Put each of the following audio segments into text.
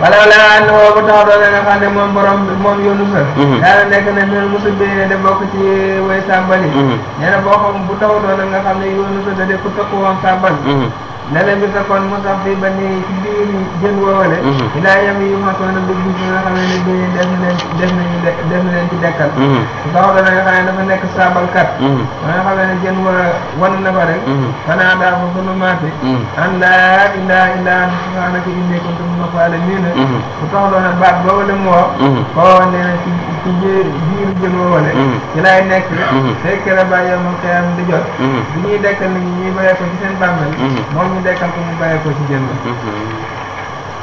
wala wala an woo bu taxaw doon nga xam ne moom borom moom Yunusa mhm. daana nekk na mel musu bi ne da bokk ci way sàmbali mhm. nee na boo xam bu taxaw nga xam ne Yunusa da def ku tëkk woon sàmbal mhm. leneen bi fekkoon mu sax fii ba nii ci biir jën woowale mhm. ilaa yam yu masoon a dugg fi nga xamee ne bii def leen def nañu def leen ci dekkal soxla mhm. na nga xam nekk saabalkat mhm. ba nga wa wan na ko rek fanaa daa a baat boobu la mu wax koo ci biir biir jën ci lay nekk fekk la ba yow ma xeyam di jot bi ñuy dekkal nit ñuy bàyyi ko ci seen bàmmeel moom ñu dekkal ko mu bàyyeekoo ci jënd. Mm-hmm.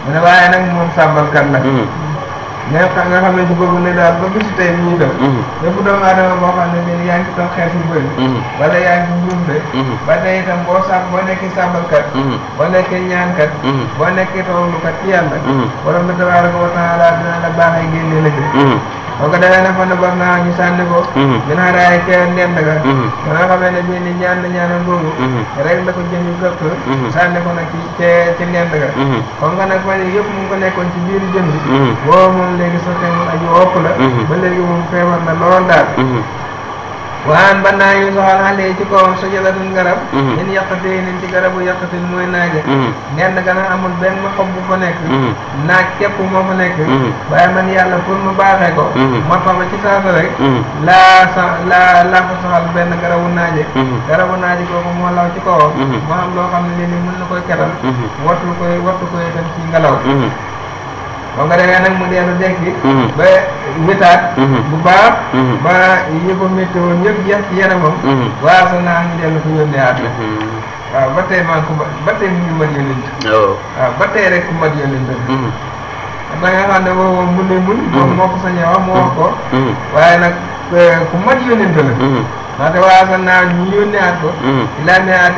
mu ne waaye nag moom sàmbalkat la. Mm. mais xam nga xam ne bëggu ne daal ba bisu tey bi ñuy def lépp doomu aadama ba xam ne nii yaa ngi toog xeet yu bëri wala yaa ngi juumte mhm. ba tey itam boo sàmm boo nekkee sàmbalkat mhm. boo nekkee ñaankat mhm. boo nekkee tawlukat ci yàlla borom bi na wa taala dina la baaxee génne la ci boo ko defee nag fan bor naa ñu sànni ko dinaa raay kee ndend ga ba nga xamee ne bii ni ñaan na ñaanal boobu rek la ko jëmi gëpp sànni ko nag ci ci ndend ga comme nga nag fan yëpp mu ngi léegi sotee moom aji wopp la mhm. ba léegi moom feebar na lool daal mhm. waan ba naa ñu soxal xale ci kawam sajaratun garab mhm. ñun yàqatee nañ ci garabu yàqatin mooy naaje genn gana amul benn xob bu fa nekk naaj képp moo fa nekk waaye man yàlla pour mu baaxee ko ma faba ci saasa rek laa sa laa laa fa soxal benn garabu naaje garabu naaje kooku moo law ci kawam moo xam loo xam ne li ni na koy ketal wattu koy wattu koy dem ci ngelaw ba nga demee nag mu dellu dekki mhm. ba mitaat mhm. bu baax mhm. ba yi ko métti woon ñëpp jeex ci yaramam waaw sa naa ñu dellu ko yónnee at la waaw ba tey maa ko ba tey mu ngi mat yónnent oh. waaw ba tey rek ku ma yónnent da nga xam ne boobu moom mun ne mun moom moo ko sañee wax moo wax ko waaye nag euh, ku mat yónnent la ndaxte waaw sa naa ñu yónnee at ne at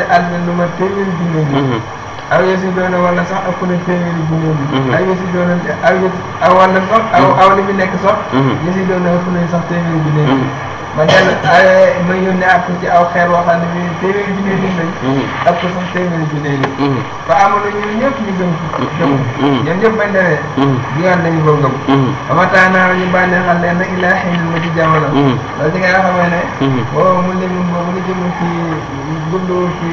aw yasiduuna wala sax ak ku ne téeméeri bu néew bi aw yasiduuna aw yë aw wala sax aw mhm. aw li fi nekk sax mhm. yasiduuna ku ne sax téeméeri bu néew bi ma dellu ma yónnee ak aw xeer boo xam ne bii téeméeri bi néew lañ mhm. ak ko sax téeméeri bi néew ba amoon na ñun ñëpp ñu gëm gëm ñoom ñëpp ko gëm ama la jëm ci gudd ci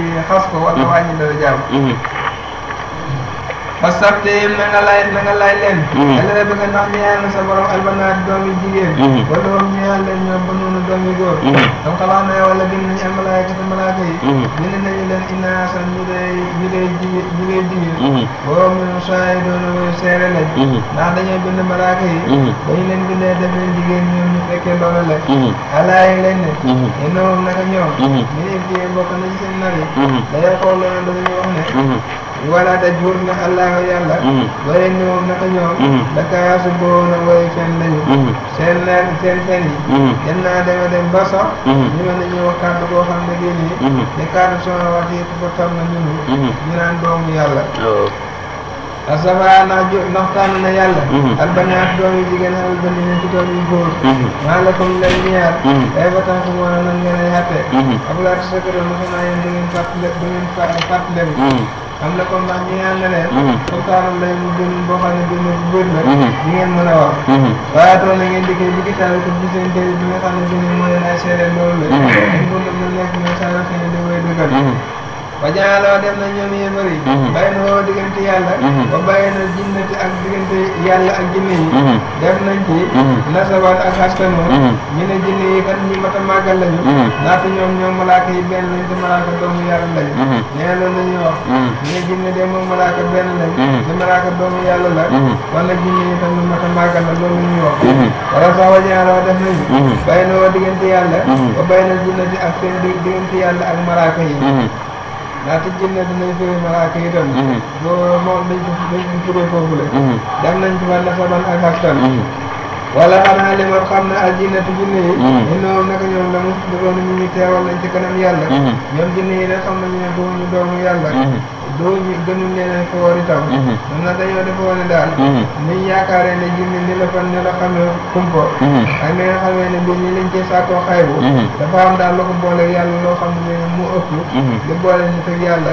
ba sartee na nga lay na nga lay leen. Mm-hmm. yàlla ba nga ndax ñaanal na sa borom albanaat doom yu jigéen. Mm-hmm. ba doom ñaanal leen ñoom ba noonu doom yu góor. donc xalaat na wala bind nañu almalaayka te malaaka yi. Mm-hmm. bind nañu leen innaa sa jigéen. boo mënoon saa yi doon seere lañ. ndax dañoo bind malaaka yi. ba ñu leen def leen jigéen ñoom ñu fekkee loolu lañ. alaay lañ ne. ñu ne woon naka ñoom. ñu ne fii bokk nañ seen nar yi. dañoo xool loolu dañuy wax ne. wala dajbur na allahu yàlla mm-hmm. wala ni moom naka ñoom mm-hmm. dakaa su boona wooyu fen lañu mm-hmm. seen leen seen fen yi dem naa dema dem ba sax ñu mel nañuy wax kàddu boo xam ne génne ñu naan doomu yàlla asaba ndax jo ndax tànn na yàlla. albanaat doom jigéen ak albanaat yi ci doom yu góor. maa la comme lay ñaar. day ba tax mu war a ngeen a yaatee. abulaat sa kër yoo xam ne da ngeen fàttali da ngeen fàttali. am na combat mhm. ñu ñaan na leen comtaaram lay mu gën boo xam ne gën bu bëri la mhm. di ngeen mën a wax mhm. waaye toon na ngeen liggéey bi gitaabi te bi seen téere bi ne gën mooy naa seere loolu la dañ ne saa yoo xam ne di wéy fa jaaloo dem na ñoom yéefar mhm. yi bay na woo diggante yàlla mhm. ba bàyyi na jinnati ak diggante yàlla ak jinne yi mhm. def nañ ci nasaban ak askanoo ñu ne yi kan ñu mat a lañu naata ñoom ñoom malaaka yi benn lañ te malaaka doomu yàlla la ñu ne jinne de moom malaaka benn lañ te malaaka doomu yàlla la wala jinne yi kan ñu mat a la loolu la ñuy wax wala sax wa def nañu bàyyi na woo diggante yàlla ba bàyyi na jinnati ak seen diggante yàlla ñaata jinne dinañ firee malaaka itam boo mhm. moom dañ ko dañ ko firee foofu la mhm. dem nañ ci wàlla saban ak xartan mhm. wala xanaa li ma xam ne aljinatu jinne yi ñu ne woon naka ñoom la mu doon ñu ñu teewal lañ ci kanam yàlla ñoom jinne yi nag xam nañu ne doomu doomu yàlla loolu gënuñ leen ko war itam. mun mhm. na dañoo defoon ne daal. niñ mhm. yaakaaree ne jinne ni la fa ni la xamee kumpa. Mhm. ak ni nga xamee ne mbir ñi lañ cee sàkkoo xaybu. dafa am daal lu ko boole yàlla loo xam ne mu ëpp. li boole ñu teg yàlla.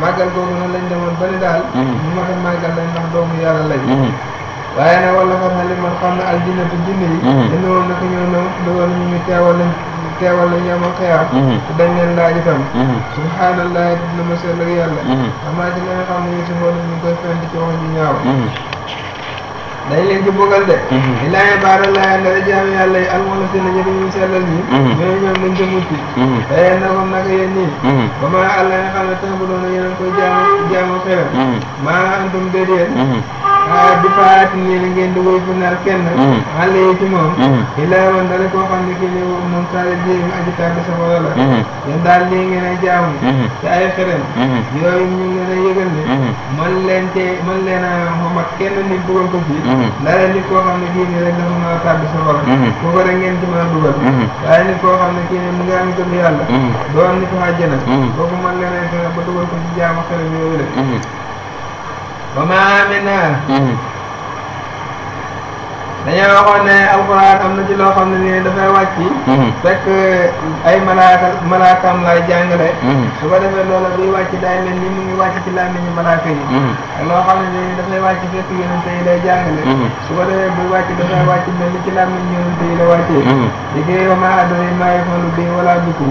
màggal googu noonu lañ demoon ba ne daal. ñu ma ko màggal lañ ndax doomu yàlla lañ. waaye nag wala nga xam ne man xam na aljina mhm. te yi. dina woon naka ñëw na dogal ñu teewal lañ teewal lañ yom a xeyaam. te dañ leen laaj itam. Mhm. subhanallah dina ma seetlu ak yàlla. Mhm. amaa ci li nga xam ne ñu si xool ñu koy fent ci wax ju ñaaw. dañ leen ci bëggal de. ilaahi baara laa ndara jaam yàlla yi a si na ñëpp ñu sellal ñi. ñoom dañ ca mucc. te yéen nag nii. ba ma àlla nga tax bu doon yéen a ngi koy jaamu jaamu xewal. maa antum di faat ñi ngeen di fu nar kenn mm-hmm. xale yi ci moom mm-hmm. ilaa xam ne kii ne moom sali jéem aji tàgg sa wala la mm-hmm. yéen daal lii ngeen a jaamu te ay xerem yooyu ñu ngi leen a yëgal ne man leen te a xomat kenn nit dugal ko fii dara nit koo xam ne kii ne rek dafa mën a tàgg sa wala kooku rek ngeen ci mën a dugal waaye nit koo xam ne kii ne mu ngi am gëm yàlla doon nit ko àjjana kooku man leen a fexe ba dugal ko ci xerem wa maa min dañoo waxoon ne alxuraan am na ci loo xam ne nii dafay wàcc. Mhm. fekk ay malaaka malaakaam lay jàngale. Mhm. su ko defee loola buy wàcc day mel ni mu ngi wàcc ci làmmiñu mhm. loo xam ne nii dafay wàcc fekk yonente yi lay jàngale. su ko defee buy wàcc dafay wàcc mel ni ci làmmiñu yonente yi la wàccee. liggéey ba maa adduna maa yefalu bi wala bikum.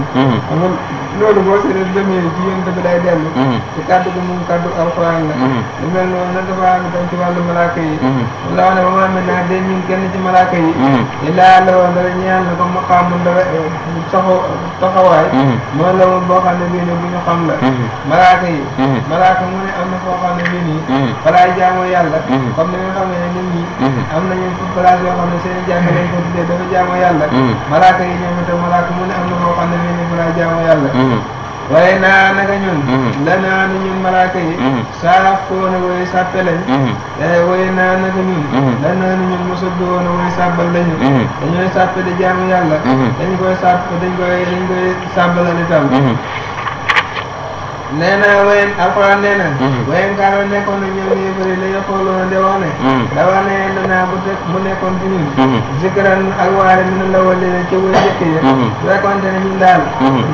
loolu boo seetlee demee ci yonente bi day dellu. ci kàddu gi moom kàddu alxuraan la. lu dafa am tam ci wàllu malaaka yi. min kenn ci malaaka yi mhm. illaa la woon dara ñaan na ko maqaamu dara eh, taxaw taxawaay mhm. moo la woon boo xam ne bii ne bu ñu xam la mhm. malaaka yi malaaka mu ne am na foo xam ne bii nii balaa jaamoo yàlla comme ni nga xam ne nit ñi am nañu place yoo xam ne seen jàkka lañ ko tuddee dafa yàlla malaaka yi ñoom itam malaaka mu ne am na foo xam ne bii nii balaa jaamoo yàlla waaye naa naka ñun la mm-hmm. naa nu ñun malaaka yi mm-hmm. saafoona way sàppe lañ mm-hmm. waaye naa naka ñun la naa nu ñun musabboona way sàbbal lañu dañooy sàppe di jaamu yàlla dañ koy sàpp dañ koy dañ koy sàbbalal itam nee naa a alxuraan nee na. wéyum mhm. kaaba nekkoon na ñoom ñu bëri la ñu xooloon de wax ne. dafa a danaa bu dëkk bu nekkoon ci ñun. Mhm. zikran ak waare mi a la wala la ca wala njëkk ya. Mhm. su fekkoon ne ñun daal.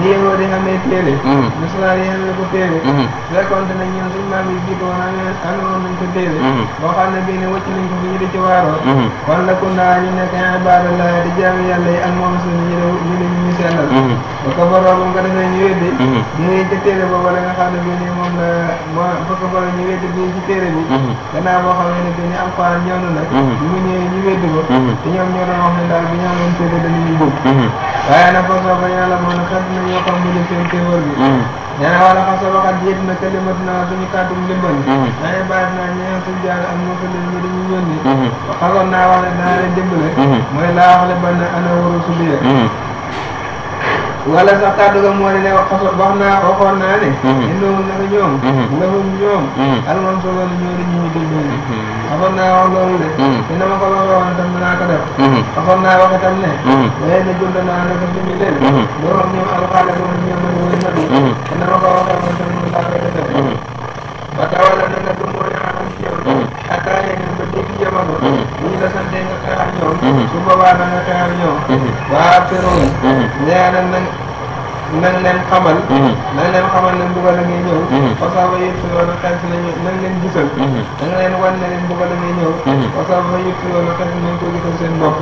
ni yow di amee téere. musulmaan yi amee ko téere. su fekkoon ne ñun suñu maam yi jiitu woon amee amoon nañ ko téere. ne bii ne wëcc nañ ko fi ñu di ci waaroo. kon la ku naa ñu nekk ibaadallah di jaamu yàlla yi ak moom suñu ñu ñu ñu sellal. ba ko borom nga defee ñu weddi. ñu ngi ci téere nga xam bii nii moom la moo bëgg boole ñu wedd ci téere bi mhm. gannaaw boo xam bii nii alquran ñëw na nag mhm. ñu mu ñëwee ñu wedd ko mhm. te ñoom ñoo doon wax ne daal bi ñu amoon téere na ñoo xam mu jëm seen téewóor bi nee na wala xam sa naa suñu kàddum limbal daane bàyyi naa ñeen suñ jaar ak naa wax ne danaa leen dimbale mooy laa wax le ban ana waru su wala sax kàddu ga moo ne ne wax wax naa waxoon naa ne. indoomu mhm. naka ñoom. Mhm. lahum ñoom. Mhm. alman soo doon ñëw dañu ñëw jël ñoom. waxoon naa wax loolu de. dina ma ko waxoon tam naa ko def. waxoon naa wax itam ne. waaye na jënd naa naka suñu leen. loo xam ñoom alxaale ko ñoom man wóor na dina ma ko waxoon tam naa ko def. ba tawala naka du moo ne xam ci yow. Mm-hmm. ak rajo yi ba dégg jamono. bu ñu la santee nga xeexal ñoom. Mm-hmm. su boobaa na nga xeexal ñoom. Mm-hmm. waa Firawna. nee na nañ nañ leen xamal. nañ leen xamal ne mbugal a ngay ñëw. fasaafa yëpp si loolu xeex nañu nañ leen gisal. da nga leen wan ne leen mbugal a ngay ñëw. fasaafa yëpp si loolu xeex nañ ko gisal seen bopp.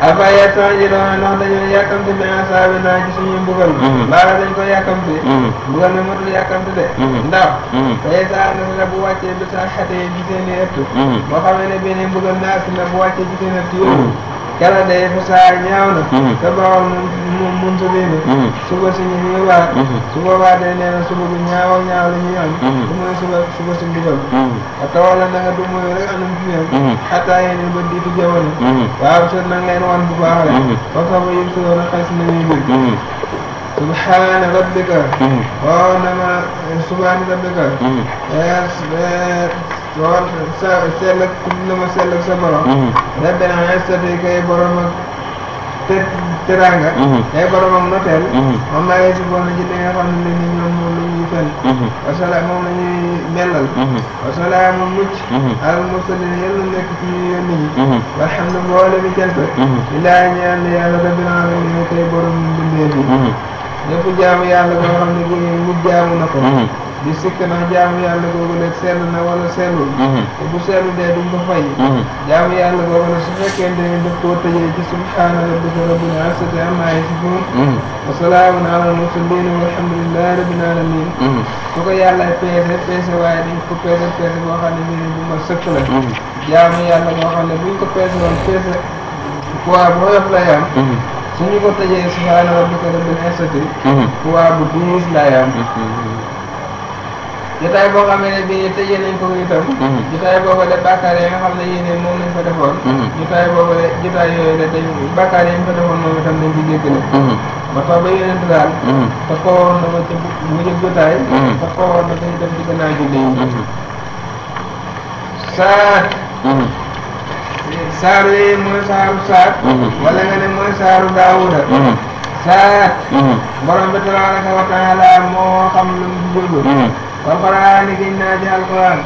afa yastajiloona ndax dañoo yàkkamti bi asaabi naa ci suñu mbugal mi mhm. baala dañ ko yàkkamti mhm. mbugal mi motul yàkkamti de mhm. ndax faye sa nasi la bu wàccee bi sa xate yi ci seen i ëtt boo xamee ne beneen mbugal na asi na bu wàccee ci seen ëtt yooyu yàlla day xasaar ñaaw na mhm. te bawal mu mun sa diine suba si ñu ngi waat mhm. su boobaa nee na suba bu ñaaw ak ñaaw la ñuy am mhm. du mooy suba suba si mbugal ata wala na nga du mooy rek anam fi am xataa yéen ba diitu jawoon waaw seen nag leen wan bu baax rek ba sama yëg si woon a xas na ñuy bëgg subhaana rabbika waaw na eh, lool sa sell ak na ma sa borom. Mhm. kay borom ak teraanga. Mhm. kay borom ak noteel. Mhm. moom maa ngi si bon ci li nga moom la ñuy fenn. moom la ñuy mellal. moom mucc. al mursalin nekk ci ñu yónni ñi. walhamdu yàlla borom bindee bi. jaamu na ko. di sikk ndax jaamu yàlla googu nag sell na wala sellul mhm. te bu sellu dee duñ ko fay mhm. jaamu yàlla googu nag su fekkente ni daf koo tëjee ci subhaana rabbika rabbil izzati ammaa yasifuun mhm. wa salaamun alal mursaliin walhamdulillaahi rabbil aalamiin su ko yàlla peese peese waaye dañ ko peese peese boo xam ne nii bu ma sëkk la jaamu yàlla boo xam ne buñ ko peese woon peese poids bu woyof lay am suñu ko tëjee subhaana rabbika rabbil izzati poids bu diis lay am jotaay boo xam ne bi tëjee nañ ko itam mm-hmm. jotaay boobu de bàkkaar yi nga xam ne yéen moom lañ fa defoon mm-hmm. jotaay boobu de jotaay yooyu de mm-hmm. te koo woon na ma ci mu jëg saar saar yooyu mooy saaru saar wala nga ne mooy saaru daawuda saar borom bi tabaaraka wa taala moo xam lu mu jublu wa quraan giñ naa mhm. ci alquran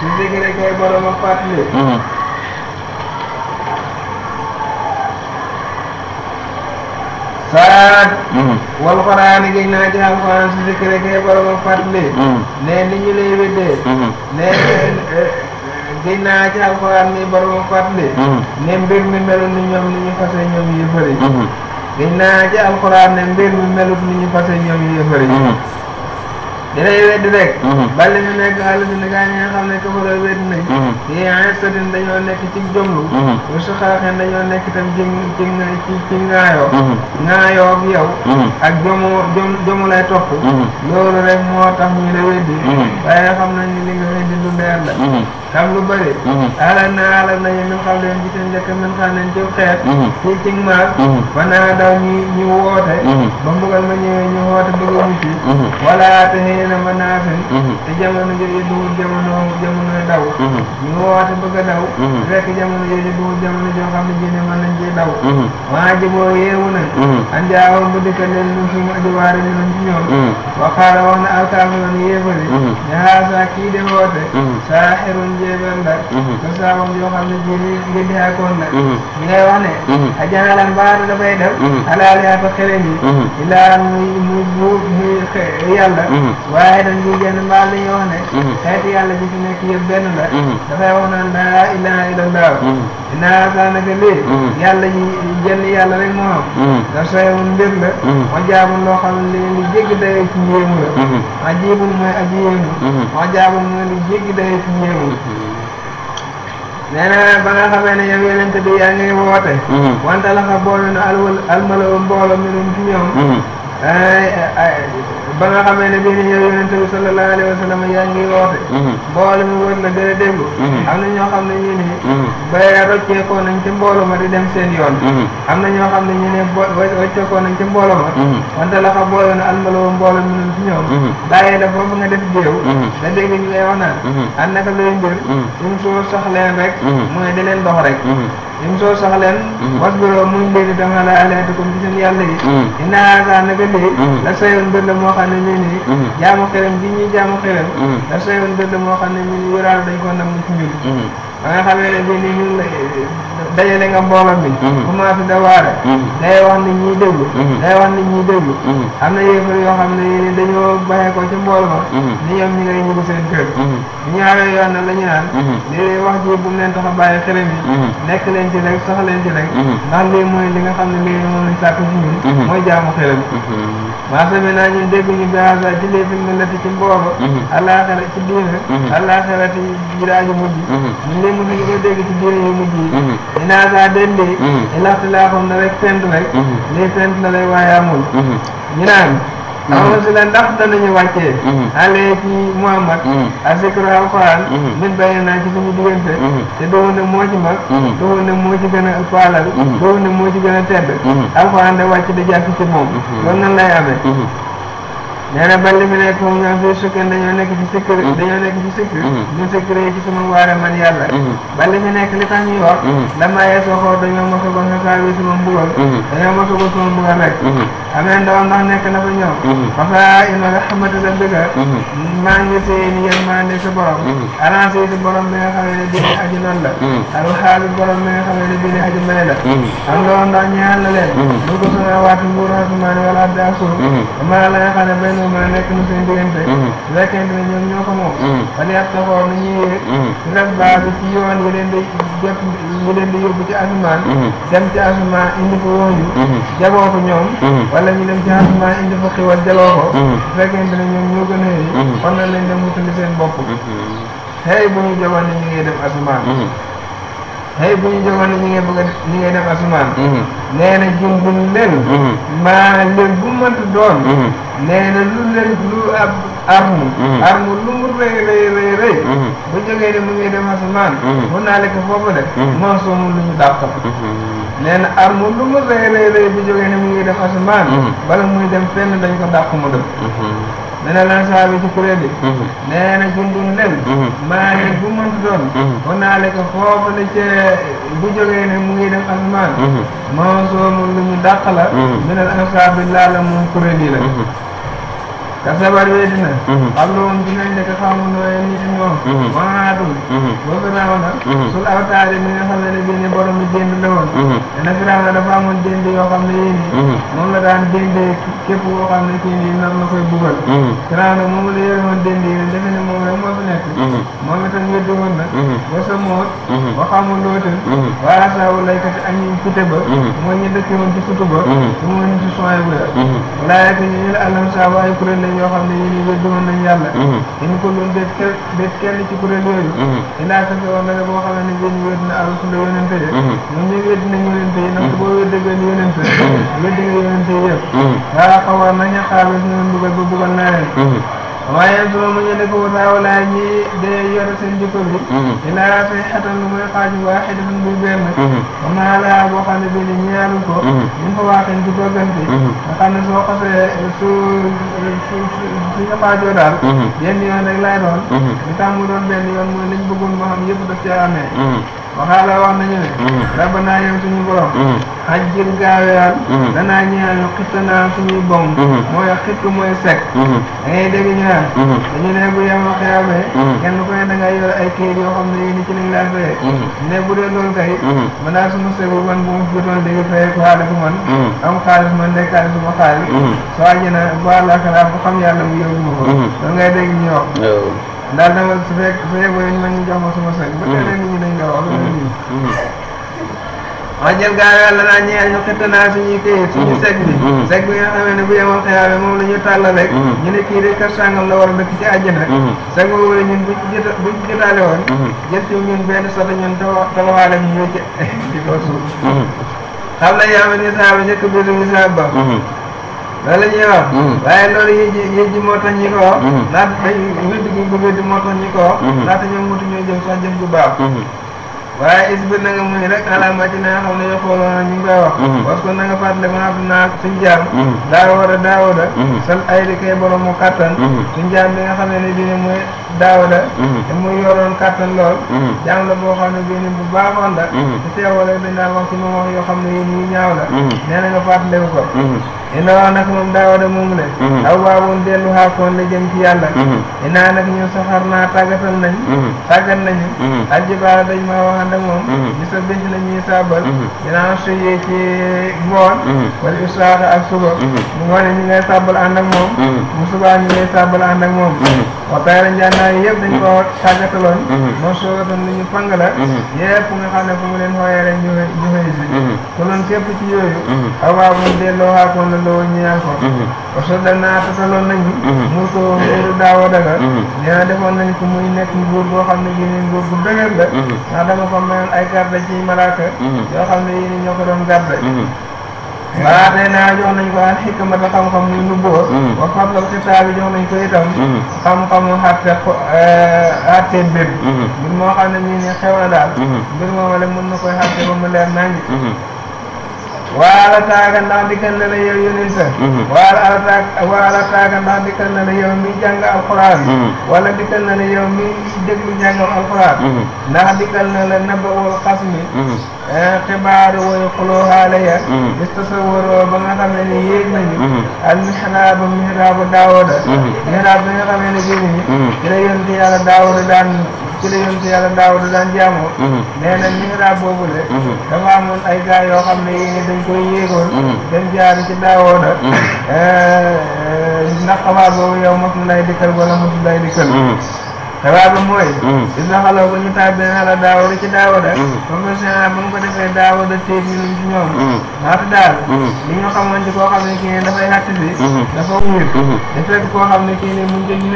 su zikri kay borom ak fàttali mhm. saad mhm. wal quraan giñ naa ci alquran su zikri kay borom ak fàttali ne ni ñu lay weddee ne eh, eh, giñ naa ci alquran ni borom ak fàttali ne mbir mi melu ni ñoom ni ñu fase ñoom yi fëri giñ naa ci alquran ne mbir mi melut ni ñu fase ñoom yi fëri dinañ weddi rek. Mhm. bala ñu nekk àll bi gaa ñi nga xam ne kafaroo weddi nañ. yéen mhm. ay sotin dañoo nekk ci jomlu. Mhm. bu su xaaxee dañoo nekk itam ci ci ci ak yow. ak jomu jom jomu lay topp. loolu rek moo tax ñu la weddi. waaye xam nañ ni nga weddi lu leer la. xam lu bëri mhm. alan na alal nañu min xam leen ci seen njëkk min xam leen mhm. ci xeet fii cig maar banaa daw ñu woote mhm. ba mbugal ma ñëwee ñu woote bëgg a mucc te xëy na ma naafin te jamono jooju duwul jamono a joo xam ne jinne mën nañ ciy daw maa jiboo yeewu nañ andiaawam bu dëkka leen lu fi mu ajuwaare ñu nañ ci ñoom waxaala wax na alkaafiroon yéefari ñaxaasa kii de woote saaxirun jéeméem la mu saabam yoo xam ne jini ngindi akoon la ñi mhm. ngay wax ne mhm. a janalan mbaara dafay def mhm. alaaliha fa xelam yi ilaa muy muy bu muy yàlla waaye dañ ñi génn mbaal la ñuy wax ne xeeti yàlla bi fi nekk yëpp benn la dafay wax naan laa ilaha illallah naa daanaka lii yàlla yi jënd yàlla rek moo xam da soyoon mbir la ma jaabul loo xam ne li jéggi dayoo ci njéemu la ma jiibul mooy ak yéemu ma jaabul mooy li jéggi dayoo ci njéemu nee na ba nga xamee ne yow yonent bi yaa ngi woote. Mm-hmm. wante la nga boole na alwal almalawu mbooloo mi ba nga xamee ne bii ni yow yonente bi sallallahu alayhi wa sallam yaa ngi woote mhm. mbooloo mi wër la gën a déglu mhm. am na ñoo ne ñu ne mhm. ba rocceekoo nañ ci mbooloo ma di dem seen yoon am na ñoo xam ne ñu ne rocceekoo nañ ci mbooloo ma wante la xa booloon almaloo mbooloo mi noonu si ñoom bàyyee la foofu nga def jéew da dégg ñu lay wax naan an naka lay mbir suñ soo soxleen rek mooy di leen dox rek ñun soo soxleen mm-hmm. was boroo muy léegi dama la alaytukum ci seen yàlla yi mm-hmm. inna haasa naka léegi mm-hmm. la sayoon bët la moo xam ne mii nii jaamu xerem bi ñuy jaamu xerem la sayoon bët la moo xam ne mii nii wéraal dañ ko nam ci mbir ba nga xamee ne bi ni ñu dajale nga mbooloo mi commencé da waare day wax nit ñi déglu mm-hmm. day wax nit ñi déglu mm-hmm. na yéefar yoo xam ne yéen dañoo bàyyee ko ci mbooloo ma mm-hmm. ni ñoom ñi ngay ñëw seen kër ñu la wax ji bu leen tax a bàyyi nekk leen ci rek sox leen ci rek ndax lii nga xam ne léegi moom lañ sàkk ci ñun mooy jaamu xërëm maa sami naa ñun dégg ñu yu mujj yi nga dégg ci diine yu mujj yi inasa den de mhm. ilaxti laa xam rek tent rek mhm. lii tent la lay waaye amul mhm. ñu naan amoon si la ndax danañu wàccee ale ci Muhammad asikro alquran nit bàyyi naa ci suñu diggante te doon ne moo ci mag doon ne moo ci gën a faalal doon ne moo ci gën a tedd alquran da wàcc da jàkk ci moom loolu nan lay amee nee na bal li mu nekk moom ñoom fii sukkan dañoo nekk fi sikk mm-hmm. dañoo nekk fi sikk ñu sikkiree ci sama waare man yàlla bal mm-hmm. li mu nekk li tax ñuy wax damaa mm-hmm. yees waxoo dañoo moso ba nga saa wi sama mbugal nekk na fa ñoom fasaa ina nga xamante la dëgg maa ngi téye ni yéen maa ne si borom arrangé si borom bi nga xamee ne bii aji noonu la ak xaalis borom bi nga xamee ne bii aji mane la am ndawam ndax ñaal na leen bu ko suna waatu mbuuru xasumaani wala abdi ak suuf amaa la nga xam ne moom la nekk mu seen diggante lekkente mhm. ne ñoom ñoo ko moom waneet mhm. sa xool na ñuy yéeg mhm. ñu def base ci yoon yi leen di def yi leen di yóbbu ci asamaan dem ci asamaan indi fa woon yu jaboo ko ñoom wala ñu dem ci asamaan indi fa xiwal jaloo ko lekkente ne ñoom ñoo gën a yéeg kon na leen dem wutali seen bopp xëy bu ñu jaboon ne ñu ngi dem asamaan tey bu ñu jógoon ne ñu ngi bëgg a ñu ngi def asamaan. Mhm. nee na jumbuñ leen. Mhm. maa leen bu mënti doon. Mhm. nee na lu leen lu ab arme. arme lu mu rëy rëy rëy bu jógee ne mu ngi def asamaan. mun naa lekk foofu de. moo soomu lu ñu dàq. nee na arme lu mu rëy rëy rëy bu jógee ne mu ngi def asamaan. bala muy dem fenn dañ ko dàq mu dem. minal ansaabi ci kuréel yi mhm. nee na jundun leen mhm. maa ne bu mën doon mhm. on naa le ko foofu la ca bu jógee ne mu ngi dem asmaan moo soomu lu ñu dàq la minal ansaabi laa la moom kuréel yi la ka sabar we dina xabloom mm-hmm. dinañ nekk xamu nooye nit ñoom wanaatum nga xam ne bii mm-hmm. na dafa yoo xam ne yéen i mm-hmm. moom la daan déndee képp koo xam ne kii nii nar na ne moom rek moo fi nekk moom itam weddi woon na ba sa moot ba xamu looten waa saawu laykati ak ñi kité ba mooy ñu dëkk woon ci kutu ba su mu ni si soy bu ya walaayete ñu ñu la alam saabu ay kuréel kuréel yoo ne yéen ñi wéddoon nañu yàlla mhm. ñu ko loolu def kenn def kenn ci kuréel yooyu mhm. ilaa ka soo na boo xam ne yéen ñi wédd na àll suñu yonente de mhm. ñoom ñu wédd nañu yonente yi ndax boo wédde benn yonente wédd nga yonente yi nañu xaabis ñoom dugal ba bugal waaye boobu ñu dëkk bu naaw laa ñi dee yore seen jëkkër bi. ilaa fay a lu muy xaaju waaxid bu muy benn. am mhm. naa laa boo xam ne bii ni ñeelu ko. ñu mhm. ko waaxee ci bëggante. Mhm. nga xam ne soo xasee su su su nga xaajoo daal. yenn yoon rek laay doon. li tax mu doon benn yoon mooy liñ bëggoon moo xam yëpp daf cee amee. waxaala wax nañu ne mhm. rabbana yow suñu borom xajjil mhm. gaaweyaan mhm. danaa ñëwal ñu xitt naa suñuy bom mooy xitt mooy sec da ngay dégg ñu naan dañu ne bu yemal xeyaamee kenn ku ne da yor ay kayit yoo xam ne yéen ci lañ laa fayee ne bu dee loolu kay man suma segu man bu ma jotoon léegi fayee ko man am xaalis man nekk xaalis suma xaalis soo àjjana bu àllaakalaa bu xam yàlla mu yóbbu ma ko da dégg ñu wax daal na ma su fekk su fekk ba ma ñu jox ma sama sëñ. ba tey rek nit ñi dañ koy wax. wax mm-hmm. mm-hmm. jël gaal yàlla naa ñëwaat ñu xëtt naa suñuy këyit. suñu mm-hmm. sec bi. sec bi nga xamee ne bu yemal xëyaale moom la ñu tàllal rek. ñu ne kii de kër sàngam la war a dëkk ci àjjana. sec boobu la ñun buñ ci jota buñ ci jotaale woon. jël ci ñun benn sotti ñun tawa tawaale ñu ñëw ci ci kaw suuf. xam nañ yaa ma ni saa ba njëkk bi du misaab ba. loolu la ñuy wax. waaye loolu yéen ji yéen ji moo tax ñi ko. naata mm-hmm. day wéddi moo tax ñi ko. naata mm-hmm. ñoom motu ñoo jëm sax jëm bu baax. Mm-hmm. waaye is bi na nga muy rek alaama ci na nga xam ne yow xooloon na ñu ngi koy wax. parce que na nga fàttali ma ab naag suñ jaam. daawoo da daawoo da. sal ay di kay borom mu kattan. suñ jaam bi xam ne nii dina mooy. daawda mhm. te muy yoroon kàttan lool jaam mhm. la boo xam ne bii bu baaxoon la mhm. te teewoo la dinaa wax ci moom wax yoo xam ne yéen ñu ñaaw la nee na nga fàttaliku ko inna nag moom daawada moom la aw waawoon dellu xaakoon la jëm ci yàlla inaa nag ñun saxar naa tàggatal nañ tàggat nañu aljibaara dañ maa waxande moom sa bés la ñuy saabal dinaa suyee ci ngoon wala usraata ak suba mu ngoone ñu ngay saabal ànd ak moom mu subaa ñu ngay saabal ànd ak moom waxtaan yëpp dañ ko mm-hmm. tàggataloon moom soogatam lu ñu pang la mm-hmm. yëpp nga xam ne bu mu leen xooyee rek ñu ñu xëy si konoon mm-hmm. képp ci yooyu awaa moom parce que danaa tasaloon nañu mur ko nguuru daaw a daga nee na defoon nañ ko muy nekk nguur boo xam ne yéen nguur bu dëgër la ndax dama ko mayoon ay garde ci malaaka yoo xam ne yéen ñoo ko doon garde waa tey naa jox nañ ko an xikmata xam-xam muy nu bóor wa mm-hmm. fadlal xitaab yi jox nañ ko itam mm-hmm. xam-xamu xatte eh, mm-hmm. xam ne mii na la mën na koy xatte ba mu leer nañ waala taaga ndax na la yow yonente wala dikkal na la xas mi xibaar wala xuloo xaale ya bis tasawwaroo ba nga xam ne ni yéeg nañu al mihraaba mihraabu daawuda mihraab bi nga xam ne ni bii nii ci la yonte yàlla jaamoo nee na mihraab boobu le dafa ay gaa yoo xam ne yéen dañ koy yéegoon dem jaar ci daawuda ndax xabaar boobu yow mosul lay dikkal wala mosul lay dikkal a mooy i daxaloo ba ñu tàbbee na la daawada ci daawada comme ça ba nga ko defee daawada téeg ñu luñ ci ñoom mm-hmm. daal mm-hmm. li ñu xamoon ci koo xam ne kii ne dafay xàtt si mm-hmm. dafa wér da fekk koo xam ne kii ne mu taxoon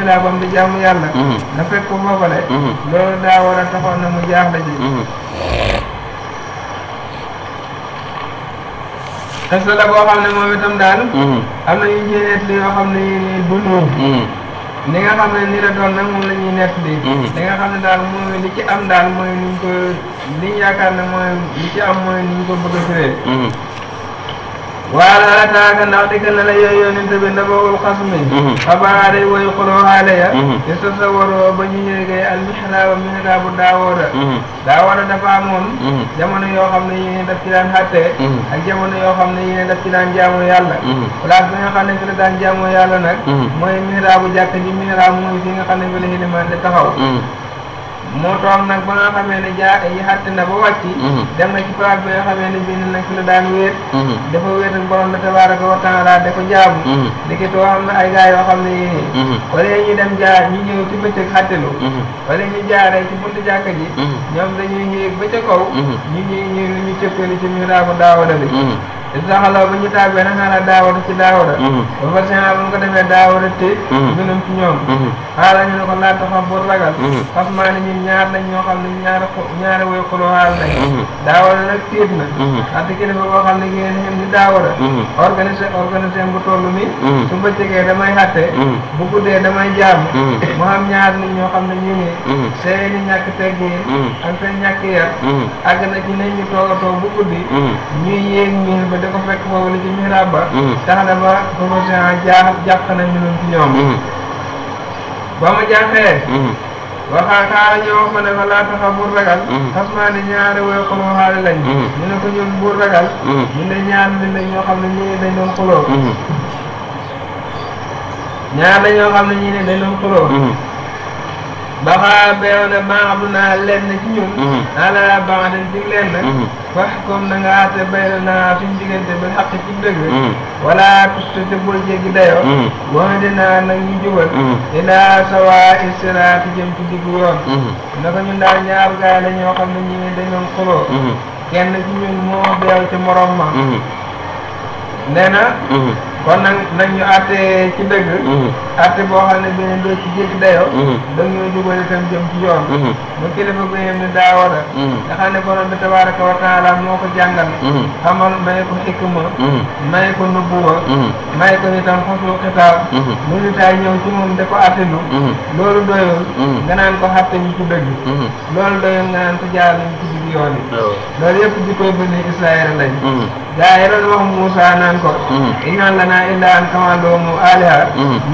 na mu jaaxle ci xes la boo xam ne moom itam daal am na yu njëriñ yoo xam ne yi li nga xam ne ni la doon nag moom la ñuy nekk di mhm. nga xam ne daal mooy li ci am daal mooy ni ko li ñu yaakaar ne mooy li ci am mooy ni ñu ko bëgg a waala la taaka ndax digal na la yooyu yonent bi nabawul xas mi mm-hmm. xabaar yi woy xuloo ya mm-hmm. di sa sa ba ñu yéegee al mihraaba mihraabu daawooda mm-hmm. daawooda dafa amoon yoo xam ne yi ne daf ci daan xàttee ak jamono yoo xam ne yi ne daf ci daan jaamu yàlla place bi nga xam ne fi la daan jaamu yàlla nag mooy mihraabu jàkk ji mihraab mooy fi nga xam ne fi la xilimaan di taxaw mu toog nag ba nga xamee ne jaa yi xatte na ba wàcc mhm. dem na ci place bi nga xamee ne bii nag fi la daan wéet mhm. dafa wéet ak borom bi tabaraka wa taala da ko jaabu mhm. ndiki too xam ne ay gars yoo xam ne yéenee wala ñu dem jaar ñu ñëw ci bëccëg xattelu wala ñu jaaree ci buntu jàkka ji ñoom dañuy yéeg ba ca kaw ñu ñu ñu ñu cëppali ci miraabu daawada bi isaxaloo ba ñu taag be nag xaala daawada ci daawada mhm. ba far sina bu ñu ko defee daawada téeg binum mhm. ci ñoom mhm. xaala ñu ne ko laata xam bul ragal fas maa ne ñun ñaar lañ ñoo xam ne ñaar ñaari woy xuloo xaal nañ daawada nag téeg na damay xatte bu guddee damay jaam mu xam ñaar nit ñoo xam ne ñu ne seeni ñàkk teggee ak seen ñàkk yar àgg na ci nañ ñu toog a toog bu guddi ñuy yéeg miir ba dafa fekk boobu la ci mihraab ba mm. tax na ba promotion jaa jàpp nañu ñun ci ñoom mm. ba mu jàppee mm. waxaa xaaral ñu wax ko ne ko laata xam buur ragal. xasmaani ñaari wéy ko lañ. ñu ne ko ñun buur ragal. ñu ne ñaar nit la ñoo xam ne ñii dañ doon xuloo. ñaar la xam ne ñii dañ doon xuloo. baxaa beew na maa xam naa lenn ci ñun mm-hmm. ala baax den ci lenn wax comme na nga àtte bay naa suñ diggante ba xaq ci dëgg mm-hmm. wala kustate bul jéggi dayoo moo mm-hmm. dinaa nag ñu jubal ilaa sawaa istiraati jëm ci diggu yoon naka ñun daal ñaar gaay la ñoo xam ne ñi ngi dañoon xuloo kenn ci ñun moo beew ci morom ma na kon nag nag ñu àttee ci dëgg. Mhm. àtte boo xam ne beneen doo ci jéggi dayoo. Mhm. dañoo jubal itam jëm ci yoon. Mhm. ba kilifa bu yem ni daa war a. nga xam ne borom bi tabaaraka wa moo ko jàngal. xamal may ko xikma. may ko nubuwa. may ko itam xosu xitaab. mu ngi taay ñëw ci moom da ko àtte lu. loolu doyul. nga naan ko xàtte ñu ci dëgg. loolu doyul nga naan ko jaar nañ ci digg yoon yi. loolu yëpp jikko bani Israayil lañ. gaa yi doon wax Moussa naan ko. iñaan la naan inna illaa anta ma'akum aaliha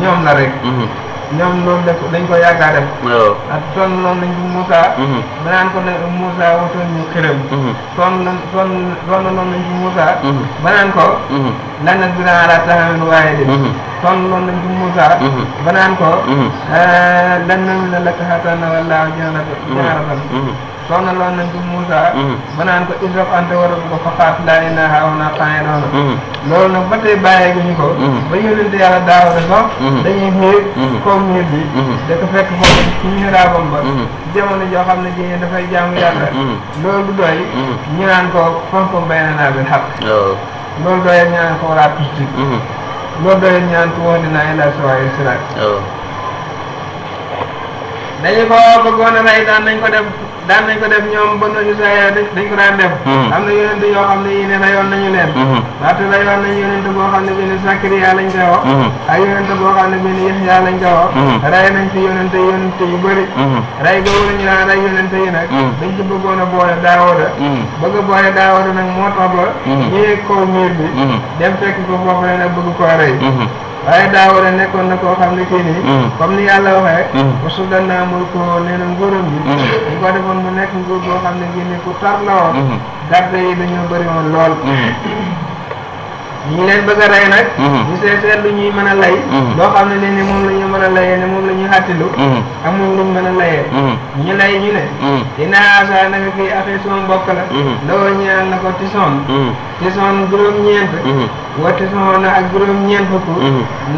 ñoom la rek mhm. ñoom loolu def dañ ko yaakaar def ak toon noonu nañ ko Moussa banaan mhm. ko ne Moussa wutoon ñu xiram mhm. toon la toon toon noonu nañ ko Moussa banaan ko lan nag bi naa laa taxawen waaye de kon loolu lañ ko Moussa. Mhm. Eh, mhm. mhm. ba ko. lan na mu jaarata. jaarata. kon loolu lañ ko Moussa. ba naan ko Israëf ante war ko fa xaat laa ilaha illa anta ko. ba yónnente yàlla daaw rek ba. dañuy xëy. comme ñëpp bi. ko joo xam ne jii dafay jaamu yàlla. loolu doy. ñu naan ko foofu mbay na naa bi xaq. Oh. loolu doyee ñu naan ko walaat tuuti. moo bere ñaan tu wondi naa ilaa suwaayil siraat dañu ko bëggoon a rey daan nañ ko def daan nañ ko ñoom ba nañu saa dañ ko daan def hmm. am na yonent yoo xam ne yii ne reyoon nañu leen ndaxte hmm. reyoon nañu yonent boo xam ne bi ni Sakariya lañ koy wax ak yonent boo xam ne bi ni Yaxya lañ koy wax hmm. rey nañ fi yonent yonent yu bëri rey googu a daan rey yonent yi nag dañ ko bëggoon a boole Daawuda bëgg a boole Daawuda nag moo tax ñu yëg kaw miir bi dem fekk ko foofu nag bëgg koo rey waaye daawara nekkoon na koo xam ne kii nii mm. comme ni yàlla waxee mosul mm. danaa mul ko nee na nguuram bi ñu mm. ko defoon mu nekk nguur boo xam ne kii nii ku tar la woon garde woon lool ñu leen bëgg a rey nag mhm. ñu see seet lu ñuy mën a lay mhm. loo xam ne ne moom la ñu mën a layee ne moom la ñuy xàttilu mhm. ak moom lu mën a layee ñu lay ñu ne dinaa asa naka kii affaire sama mbokk la loo ñaan na ko tisoon tisoon juróom-ñeent wa tisoon ak juróom-ñeent fukk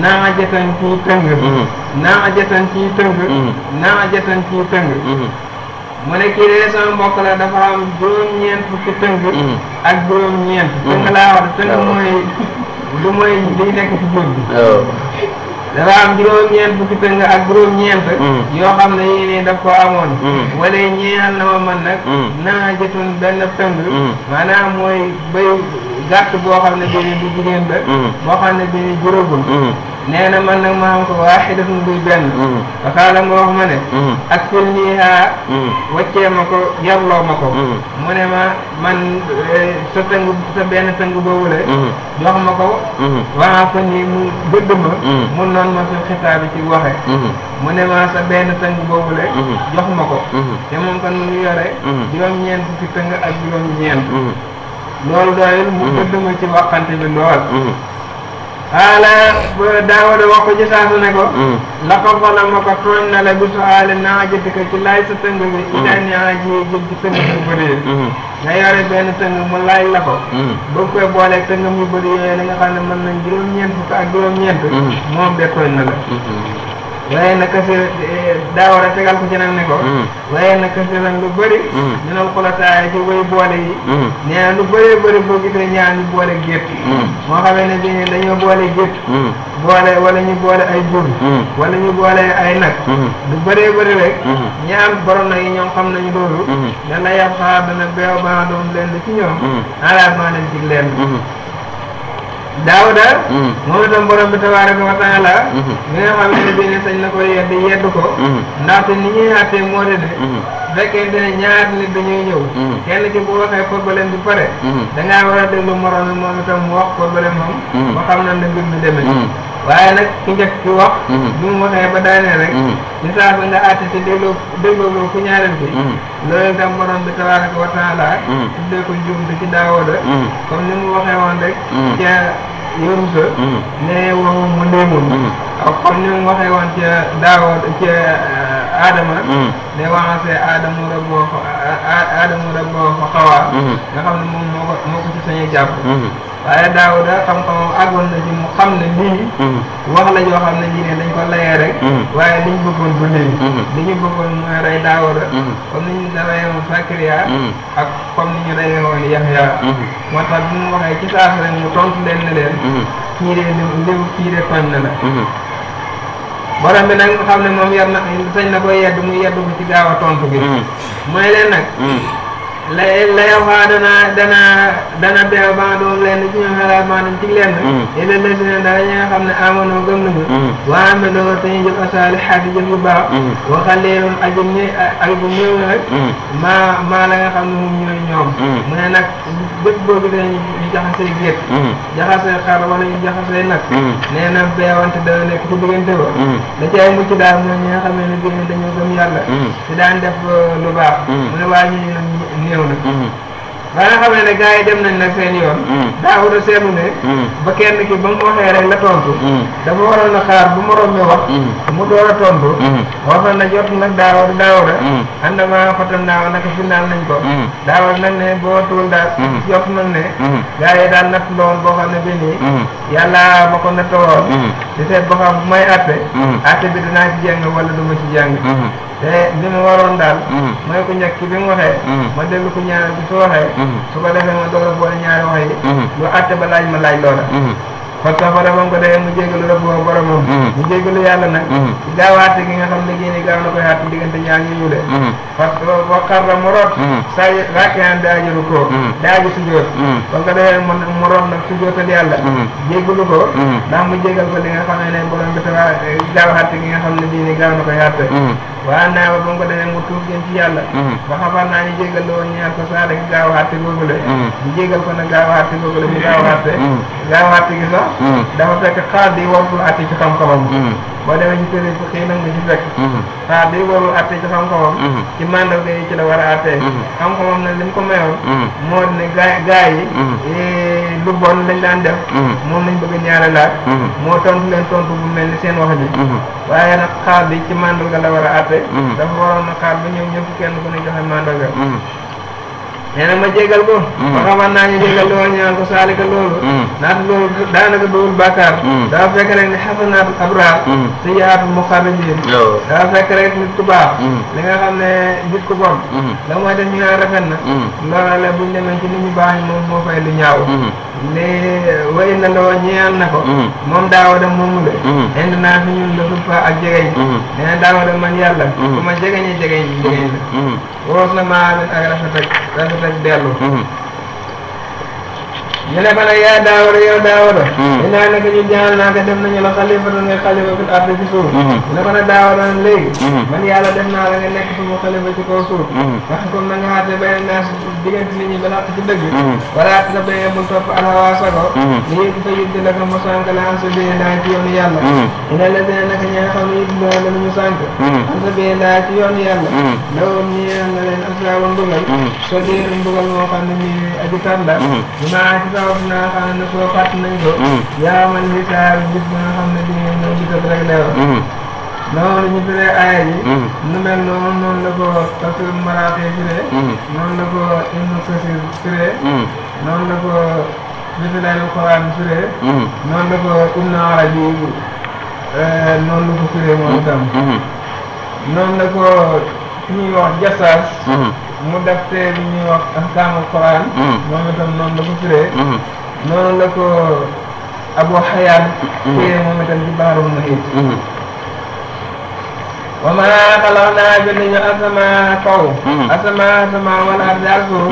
naa jëtan ciy tëng naa jëtan ciy tëng naa jëtan ciy tëng mu ne kii de sama mbokk la dafa am juróom-ñeent fukki tënk. Mm-hmm. ak juróom-ñeent. Mm-hmm. tënk laa wax tënk du oh. mooy liy nekk ci jur gi. Oh. dafa am juróom-ñeent fukki ak juróom-ñeent. Mm-hmm. yoo xam ne yéen daf ko amoon. wala ñeexal na ma man nag. naa jotoon benn tënk. maanaam mooy béy gàtt boo xam ne bii du jigéen la. boo xam ne bii juróogul. nee na man na maa ngi ko waaxidatun buy benn. Mm-hmm. fa qaala mu wax ma ne. Mm-hmm. ak fil niihaa. Mm-hmm. wàccee ma ko yarloo ma ko. mu ne ma man eh, sa sang sa benn sang boobu la. jox ma ko. waaw fa nii mu gëdd ma. mun ci waxe. mu ne ma benn sang boobu la. ko. te moom kon mu ngi yore. juróom-ñeent fukki sang ak juróom-ñeent. loolu doyul mu gëdd ma ci waxante bi lool. xaala daawada wax ko ci saasu ne ko mm. la ko bala ma ko tooñ na la bi su aale naa jënd ko ci laaj sa tëng bi mm. itaan yaa ji jënd tëng mm-hmm. benn tëng mu laaj la ko mm. boo koy boolee mu bëri yooyu nga xam ne juróom-ñeent fukk ak juróom-ñeent mm-hmm. moom de tooñ na la mm-hmm. waaye nag kese eh, daawara war a tegal ko nag ne ko. Hmm. waaye nag kese lan lu bëri. Hmm. ñu ne xulataay ci way boole yi. Hmm. nee na lu bëree bëri boo gisee ñaar ñu boole gétt. moo xamee ne dañuy dañoo boole gétt. boole wala ñu boole ay jur. wala ñu boole ay nag. lu bëree bari rek. ñaar borom nag yi ñoom xam nañu loolu. dana yab xaar dana beew baax doon lenn ci ñoom. alaat maa leen ci lenn. daawuda moom mm-hmm. itam borom bi tabaaraka wa taala mm-hmm. mi nga xam ne bii ne sañ na ko yedd yedd ko mm-hmm. ndaxte ni ñuy àttee moo de ne fekkente ne ñaar nit dañuy ñëw kenn ki bu waxee problème bi pare da war a déglu moroom moom itam mu wax problème moom ba xam na ne mbir mi demee waaye nag ki njëkk ki wax. Mm-hmm. bi mu waxee ba daaneel rek. li mm-hmm. saa nga àtte ci dégloo dégloo ku ñaareel bi. Mm-hmm. loolu itam borom bi tabaaraka wa taala. tuddee ko njuumte ci daawooda. comme ni mu waxee woon rek. ca yorum sa. ne waxu mu néemul. ak comme ni mu waxee woon ca daawooda ca aadama. Euh, ne waxase aadamu rabboo fa aadamu rabboo fa xawaa. nga xam ne moom moo ko ci sañee jàpp. waaye daawuda xam-xamam àggoon na ji mu xam ne lii mhm. wax la yoo xam ne ji ne dañ ko layee rek mhm. waaye li ñu bëggoon du lii mhm. li ñu bëggoon mooy rey daawuda comme ni ñu reyee woon Sakariya moo tax bi mu waxee ci saas rek mu tontu leen ne leen kii de liw kii de tooñ na la borom bi nag nga xam ne moom yar na sañ na ko yedd mu yedd ko ci gaaw a tontu bi mooy leen nag la la yow xaa dana dana dana beew ba nga doom leen ci ñoom xalaat maanaam ci lenn illa la dina daal ñi nga xam ne amono gëm nañu mm. waa am loo te ñu jëf asaali xaati jëf bu baax mm. waxaleelum ak ñi ak bu ñëw nag mm. maa maa la nga xam ne moom ñooy ñoom mu ne nag bët boobu dañu jaxasee gétt jaxasee xar wala ñu jaxasee nag nee na beewante dana nekk ci diggante ba da cay mucc daal mooy ñi nga xam ne ne dañoo gëm yàlla si daan def uh, lu baax mu ne waa ñu xew ba nga xamee ne gars yi dem nañ nag seen yoon. Mm. daawuda seetlu ne. Mm. ba kenn ki ba mu waxee rek la tontu. Mm. dafa waroon a xaar bu morom mi wax. a tontu. na jot nag daaw daawuda. ànd maa xotam nag ne boo tuul daal. jot nag ne. gars daal natt lool boo xam ne bi nii. yàlla ma ko nattoon. di seet boo xam may àtte. àtte bi dinaa ci jàng wala du ci jàng. te li mu waroon daal. mooy ku njëkk bi mu waxee. ma dellu ko ñaanal bi su waxee. Mhm. su ko defee ma door a boole ñaari wax yi lu mhm. àtte ba laaj ma laaj loola fastafara mhm. moom ko defee mu jégalu a moom boromam mu jégalu yàlla nag ci gaawaate gi nga xam ne gii nii gaaw na koy àtte diggante ñaar ñu ñu de parce que waqarra mu root sa rakkaan ko ndax mu jégal ko li nga xam ne ne borom bi tawa gaawaate gi nga xam ne nii gaaw na koy àtte waa naa ba mu ko demee mu tuub jëm ci yàlla mhm. ba xabar naa ñu jégal la woon ñaar ko saa rek gaaw xatte boobule mhm. ñu jégal ko nag gaaw xatte boobule mu gaaw xatte mhm. gaaw xatte gi sax dafa fekk xaal di wartul àtte ci xam-xamam boo demee ci tëri ko xëy nag nga ci fekk waaw bi boobu atte ci xam-xamam mhm. ci mandarga yi ci la war a atte mhm. xam-xamam nag li mu ko mayoon mhm. moo ne gaay gaa yi eh, lu bon lañ daan def moom nañ bëgg ñaare laa moo tontu leen tontu bu mel ni seen wax ji waaye nag xaar bi ci mandarga la war a atte dafa waroon na xaar ba ñëw ñëpp kenn ku ne joxe mandarga nee na ma jégal ko ba mm. xaman naa ñu di loolu ñaan ko saalika loolu mm. naata loolu daanaka dool bàkkaar mm. dafa fekk rek ni xasanaatu abraar sayyiaatu muqarrabiin dafa fekk rek nit ku baax li nga xam ne nit ku bon la mooy def ñu naan na loolu la buñ demee ci nit ñu baax yi moom moo fay lu ñaaw ne way na loo ñeel na ko mm-hmm. moom daawada moomu la mm-hmm. indi naa fi ñun la fuppa ak jegeñ mm-hmm. nee na daawada man yàlla bu ma jegeñi jegeñ jegeñ la woos na maa min dellu ñu ne ma ne yaa daawara yow daawara inaa hmm. naka ñu jaal naa ko def nañu la xalifatu ngay xalifa fil ardi ci suuf hmm. ñu ne ma ne daawara léegi hmm. man yàlla def naa la nga nekk suma xalifa ci kaw suuf wax comme na nga xaate bay naas diggante nit ñi balaa ci dëgg walaat la bayee bul topp alawaa sago li yëpp fa yitte la ko mu sànq la am sa biyee daa ci yoonu yàlla ina la dina naka ñi nga xam ne yitte la ñu sànq am sa biyee daa ci yoonu yàlla lawoon ni yàlla leen asraabu mbugal so déer mbugal moo xam ne ni aji tar la sababu naa xam ne koo fàtt nañ ko. Mm-hmm. yaa man xisaab gis ba nga mm-hmm. mm-hmm. noonu la ko tafsir Maraaxi firee. noonu la ko Ibnu Kasiir noonu la ko Jazalaa'il euh, moom itam. noonu la ko ki ñuy wax mu def tee li ñuy wax ahkaamul Quraan mm-hmm. moom itam noonu la ko firee mm-hmm. noonu la ko Abu Hayyan mm-hmm. firee moom itam ci Bahrul Muhit wa maa xalaqnaa binduñu asamaa kaw asamaa asamaa wala ardi ak suuf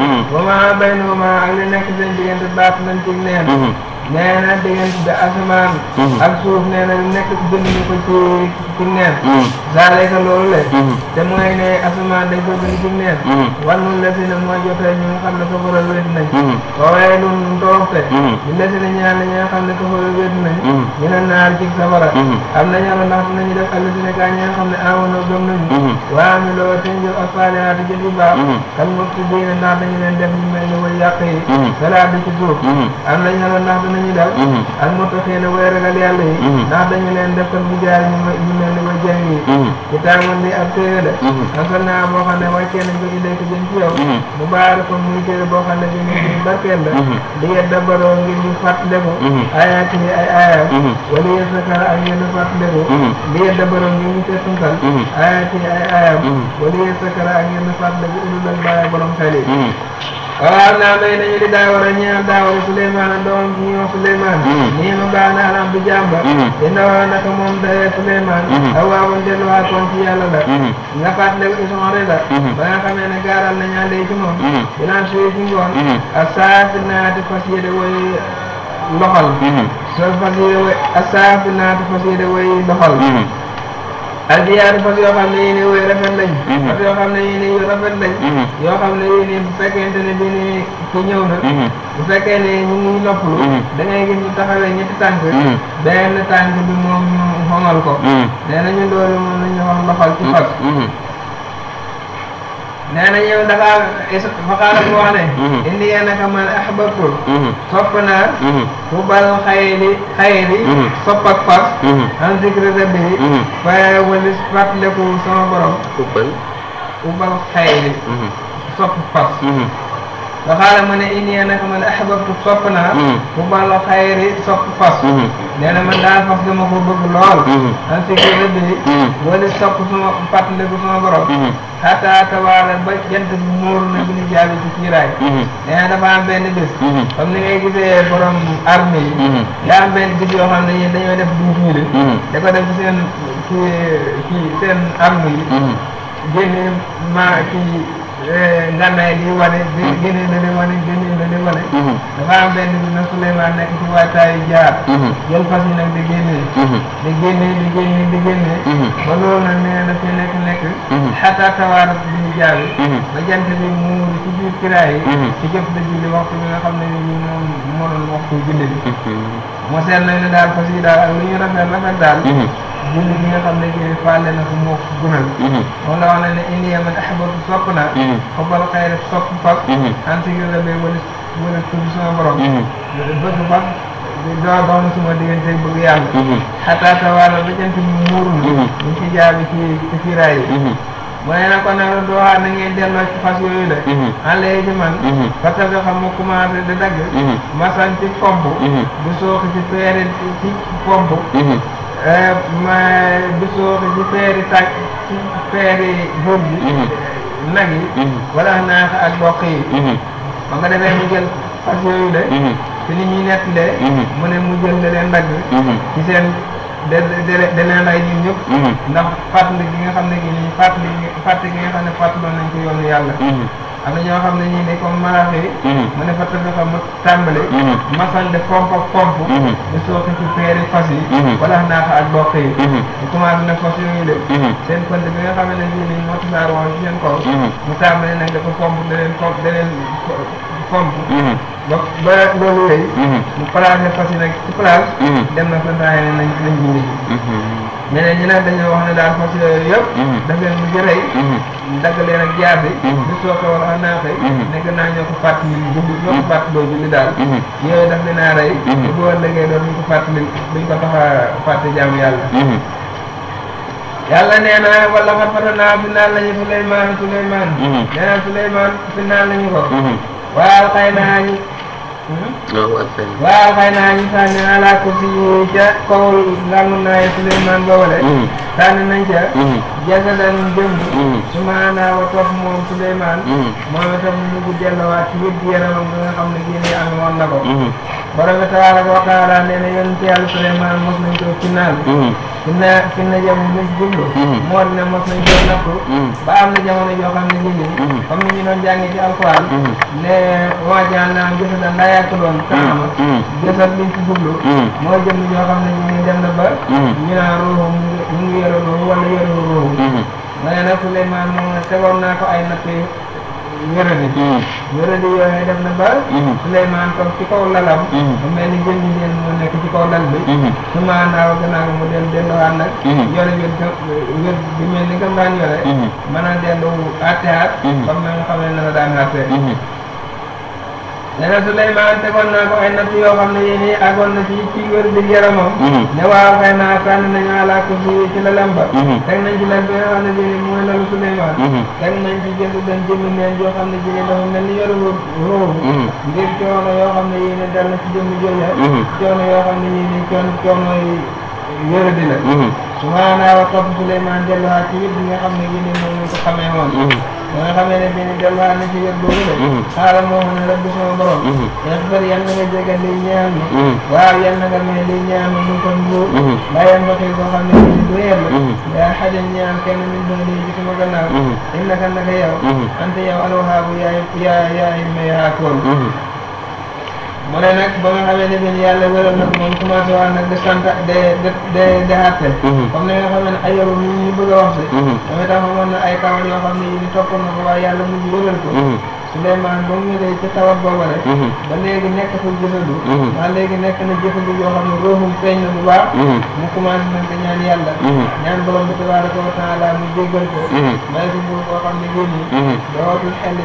maa baynahumaa ak li nekk seen diggante baat nañ ci nee na diggante asamaan. Mhm. ak suuf nee na nekk bind ñu ko ci ci neen. Mhm. zaalika loolu la. Mhm. te mooy ne asamaan dañ ko bind ci neen. wàllu la si ne mooy jotee ñu nga xam ne kafara wéet nañ. waaye lu mu toogte. ñu la si ne ñaan ñi nga xam ne kafara wéet nañ. ñu ne naar ci safara. am na ñoo ndax nañu def àll si ne gaa ñi nga xam ne amoon gëm nañu. waa mi loolu te ñu jëf ak faalihaat jëf yu baax. kan moom ci diine ndax dañu leen def ñu mel ni way yàq yi. salaat di ci suuf. am na ñoo ndax nañu dal mhm. ak moo taxee na way ragal yàlla yi mhm. ndax dañu leen def kat bu jaar ñu ñu mel ni way jëriñ yi ñu mhm. taamoon ni ab téere la asal naa boo xam ne wàccee nañ ko idéy ko jëm ci yow mu baara ko muy téere boo xam ne bi ñu barkeel la di nga dabaroo ngir ñu fàttaliku ayaat yi ay ayaat wala yéen sakara ak yéen fàttaliku di nga dabaroo ngir ñu settantal ayaat yi ay ayaat wala sakara ak yéen fàttaliku ulul albaa borom xel yi waaw naa may nañu di daawara ñeel daawara Souleymane doom bi ñëw Souleymane. Hmm. nii mu baax na alam bu jàmba. Hmm. dina war naka moom dayee Souleymane. Hmm. aw waawoon delluwaat koom ci yàlla la. nga fàttali ko Ismaël la. ba nga xamee ne gaaral nañu àll yi ci moom. dinaa suy fi ngoon. ak saa fi naati fas yéene woy loxol. soo fas yéene woy ak saa fi naati fas yéene woy loxol. ak yaari fas yoo xam ne yéen i wéy rafet lañ. fas mhm. yoo xam ne yéen i yu rafet lañ. Mhm. yoo xam ne yéen i bu fekkente ne bi ni ku ñëw na. Mhm. bu fekkee ne ñu ngi noppalu. da ngay gis ñu taxawee ñetti tànk. benn tànk bi moom ñu xomal ko. nee nañu loolu moom la ñu wax loxol ci fas. nee na yow dafa faqaala bu wax ne mhm. indi yee naka man ahbabtu sopp mhm. naa mhm. hubal xayri xayri sopp ak fas an zikri rabbi waaye walis fàttaliku sama borom hubal hubal xayri sopp fas waxaala mu ne inni naka man ahbabtu sopp naa xubbal mm-hmm. xayri sopp fas mm-hmm. nee na man daal fas dama ko bëgg lool mm-hmm. an si ko rëbbi wala sopp suma fàttaliku suma borom xataa tawaala ba jant bi muur na bi ni jaabi ci kiiraay nee na dafa am benn bis comme ni ngay gisee borom armée yi daa am benn bis yoo xam ne yéen dañoo def duuf ñi li da ko def seen ci ci seen armée yi génne maa kii gànnaay yi wane bi hmm. génne na ne wane génne na ne wane hmm. dafa am benn bi nag Souleymane nekk ci waataayu jaar hmm. jël fas yi nag di génne di génne di génne ba loolu nag nee dafay nekk nekk xataa tawaar bi ñu jaar ba jant bi muur ci biir kiraay yi ci jëf da julli waxtu bi nga xam ne ni moom moo doon waxtu julli bi moo seet daal fas yi daal ak lu ñu rafet rafet daal moom mi nga xam ne kii na ko moo ko gënal. moom la ne ne indi man ahbabtu sopp na. xobbal mhm. xayri sopp fag. Mhm. antu yu la bay wala wala tudd borom. Mhm. bëgg fag doo dox na suma diggante bëgg yàlla. xataa tawaala ba jant bi muur na. ñu ci jaabi ci ci fiiraay yi. mu ne nag doo xaar na ngeen delloo fas yooyu la. àllee ci di dagg. masan ci pomp. ci peere bisoo eh, ci feeri tàkk ci feeri góob bi mhm. nag yi mhm. wala naax ak bokk yi mhm. ba nga defee mu jël fas yooyu le ci li ñuy nettalee mu ne mu jël leen ndagg ci seen de de leen rey ñun ñëpp ndax fàttali gi nga xam ne gi ñuy fàttali fàttali gi nga xam ne yàlla am na ñoo xam ne ñii ne comme marafe mhm. mu ne fa tafixa mu tàmbale mhm. masal de pomp ak pomp mhm. di sooki ci peeri fas yi wala naaxa ak bokk yi mu commencé nag fas yooyu de seen pënd bi nga xam ne nii nii moo tasaar woon ci seen kaw mu tàmbale nag dafa pomp da leen pomp fomp mhm. ba ba loolu wéy mhm. mu placé fas yi nag ci place dem na fantane nañ nañ ñu mhm. ñeneen ñi nag dañoo wax ne daal fas yooyu yëpp daf leen mujj rey dagg leen ak jaar bi di soo a naaqey nekk naa a rey bu boo lëggee doon duñ ko fàttali duñ ko tax a yàlla yàlla nee na wala xat fata naa fi naan lañu Suleymaan Suleymaan nee na Suleymaan fi naan lañu ko waaw xëy hmm? naa ñu. waaw xëy naa ñu sànni ala kursi yi ca kaw làngu naay Souleymane boobale. Hmm. sànni nañ ca. Hmm. moom Souleymane. moom itam mu ngi delluwaat ci wér-gu-yaramam nga xam ne génne amoon na ko. borom bi wa taala nee na yonent yàlla Suleymaan mos nañ ko ci naan ci mm-hmm. na ci na jamono mm-hmm. moo ne mos nañ ko napp mm-hmm. ba am na jamono joo xam ne nit moo jëm joo xam ne ñu ba ñu naan ruuxu mu ngi yore ruuxu wala yore ma ne nag Suleymaan moom tegoon naa ko ay natt wéradi wéradi hmm. yooyu dem na ba hmm. Souleymane kon ci kaw lalam hmm. mu mel ni jëndi leen mu nekk ci kaw lal bi su maanaaw gannaaw mu del delluwaat nag yore wér wér bi mel ni nga daan yore mën a dellu àtte aat comme na xam ne na la ne na Souleymane tegoon naa ko ay yoo xam ne yéen ñii àggoon na ci ci wér mhm. ne waaw xëy na sànni nañu àllaa ko ci ci la lamba. Mhm. teg nañ ci lan bi nga xam mhm. nañ ci jënd dañ jënd neen yoo xam ne jigé dafa mel ni yoru roobu. ngir coono yoo xam ne yéen dal na ci jëmm jooja. coono yoo xam ne yéen coono coono wér di la. subhaanaa wa topp Souleymane delluwaat ci nga xam ne yéen moom ñu ko xamee woon. ba nga xamee ne bii ni delluwaat na ci wet boobu mhm. la xaaral moo xam ne rabbi sama borom mhm. yagfar yal na nga jégal liy ñeexal ma mhm. waaw yal na nga may liy ñeexal ma mu kon boobu laa yan waxee koo xam ne bii ni du yeer la yaa xajan ñeexal kenn min doon lii ci sama gannaaw innaka naka yow ante yow alwahaabu yaay yaay yaay may yaa koon mu ne nag ba nga xamee ne benn yàlla wéral nag moom commencé waat nag di de de de de àtte mhm. comme ne nga xamee ne ay yorom ñu ñu bëgg a wax si mhm. dafay tax ma mën na ay kawal yoo xam ne na ko yàlla mujj Souleymane ba mu ñëwee ca tawat boobale mhm. ba léegi nekk fa jëfandu maa mhm. léegi nekk na jëfandu yoo xam ne na bu baax mhm. mu commencé nañ ko ñaan yàlla ñaan borom bi tabaraka wa mu jéggal ko may ko nguur koo xam ne génn dootul xel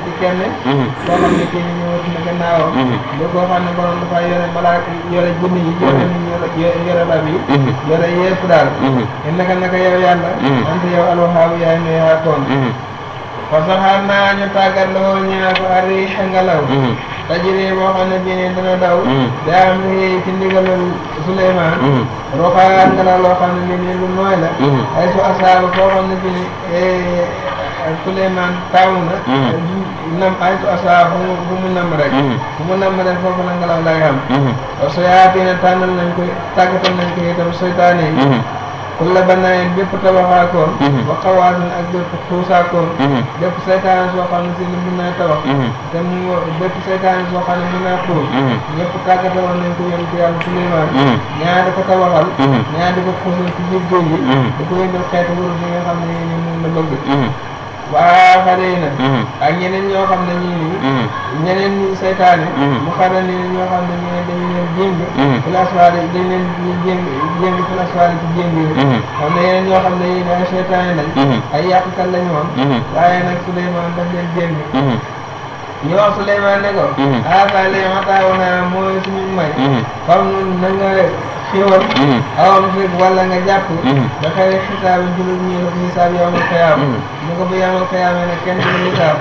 ci na gannaawam da koo xam ne yi yore nit yi yore yépp daal naka naka yow yàlla ante yow alwaxaabu yaay noyaa koon fa saxaar naa ñu tàggat la woo ñaar ko arriixa ngelaw mm-hmm. tajiri boo xam ne bii nii dana daw mm-hmm. daa am yi ci ndigalul Suleymaan mm-hmm. roxaar ngelaw loo xam ne bii nooy la ay su asaaba foo xam ne bii eh, Suleymaan taw na nam ay su asaaba fu mu nam rek fu mu nam rek foofu la ngelaw lay am soo yaatee ne tànnal nañ ko tàggatal nañ ko itam seytaane kulla banaayin bépp tabaxaakoon wa mhm. xawaasin ak bépp xuusaakoon mhm. bépp saytaane soo xam ne si ni mun naa tabax mhm. te mu bépp saytaane soo xam ne mun naa xuus ñëpp tàggatawoon nañ ko yéen ci yàlla Suleymaan ñaar ko tabaxal ñaar di ko xuusal ci biir géej gi di ko yëndal xeetu wurus yi nga xam ni moom la bëgg waa xale na mhm. ak ñeneen ñoo xam ne ñii nii mhm. ñeneen ñi seytaane mhm. mu xaral ni ñoo xam ne ñeneen dañu leen jéng filaswaale dañ leen jéng jéng filaswaale ci jéng yi xam ne yeneen ñoo xam ne yii ay seytaane lañ ay yàqkat lañu woon waaye nag Suleymaan daf leen jéng ñu wax Suleymaan ne ko ah Salé Mata wana mooy suñu may. xam nga na nga xiiwal mhm. aw am xiib wala nga jàpp da mhm. xëy na xisaab yi jullit ñi ko xisaab yawmal qiyaam mu mhm. ko bu yawmal qiyaamee nag kenn du xisaab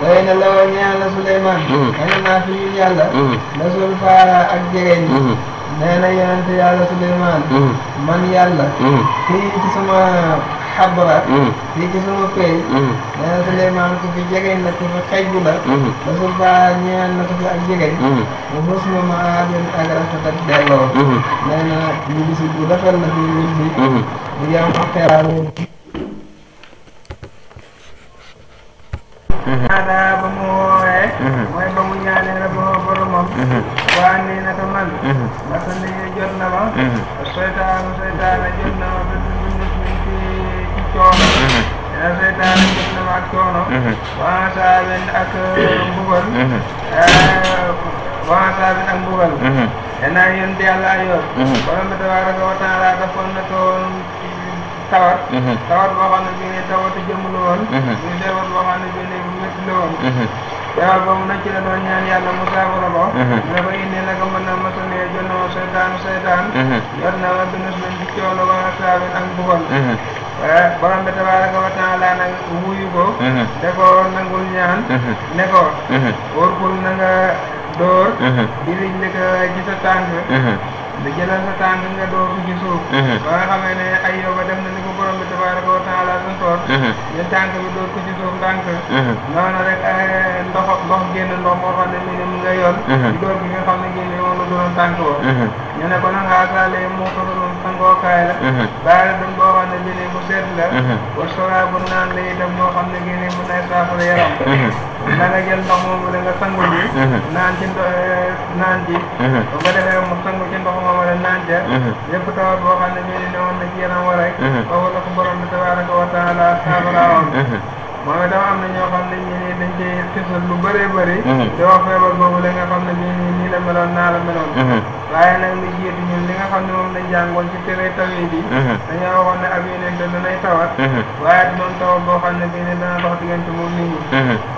waaye na la woon ñaan la Suleymaan ane naa fi ñun yàlla la sul faara ak jegeñ ñi nee na yonente yàlla Suleymaan man yàlla fii ci sama xabbala li mm. mm. ci sama pay dana Souleymane ku fi jegeñ la ku fi xejju la mm. ba su baa ñaan na ko fi ak jegeñ mu xus ma ma aadin ak rafet ak delloo nee na ñu gis bu rafet la fi ñun bi bu yam ak teeraan mm-hmm. aada ba mu woowee mm-hmm. mooy ba mu ñaanee rek boo boromam mm-hmm. waa nii naka man parce que nit ñi jot na ma seytaanu seytaane jot na ma coono dina seytaane jot na ma ak coono waa saabin ak mbugal waa saabin ak mbugal dana yonent yàlla ayoor borom bi tabaaraka wa taala defoon na ko tawat tawat boo xam ne bi ne tawatu jëmm la woon muy tawat boo xam ne bi ne bu métti la woon waaw boobu nag ci la doon ñaan yàlla mu saafara ko. Mhm. ne ko indi naka mën na ma sonné jot na ma seytaanu seytaan. jot na ma binus bi ci coono ba nga saabin ak mbugal. waaye mhm. eh, borom bi tabaaraka wa taala nag wuyu ko. Mhm. da ko nangul ñaan. ne ko. wóorkul na nga door. di liñ li ko ci sa tànk. di jëlal sa tànk nga door ko suuf. ba nga xamee ne ay yow ba dem na ni tabaraka wa taala buñ ko woon ñun tànk bi dóor ko ci suuf ndànk uh-huh. noonu rek eh, ndox ndox génn ndox moo xam ne mi ne mu nga yoon di uh-huh. dóor bi nga xam ne génn yoon la doon tànk boobu uh-huh. ñu ne ko nag aasale moo ko doon sangookaay la baara dun boo xam ne bi ne mu sedd la wasoraa bu naan la itam moo xam ne génne mu nay saafara yaram na nga jël ndox moomu da nga sangu ji naan ci ndox eh, naan ji bu ko defee mu sangu ci ndox moomu da naan ja lépp tawat boo xam ne mi ne woon na ci yaram wa rek foofu la ko borom borom bi tabaraka wa taala saabara woon mooy dama am na ñoo xam ne ñii nii lu bëree mhm. la meloon naa la meloon. Mhm. waaye nag lu jiitu ñun li nga xam ne moom lañ jàngoon ci tere mhm. dox diggante moom nit ñi.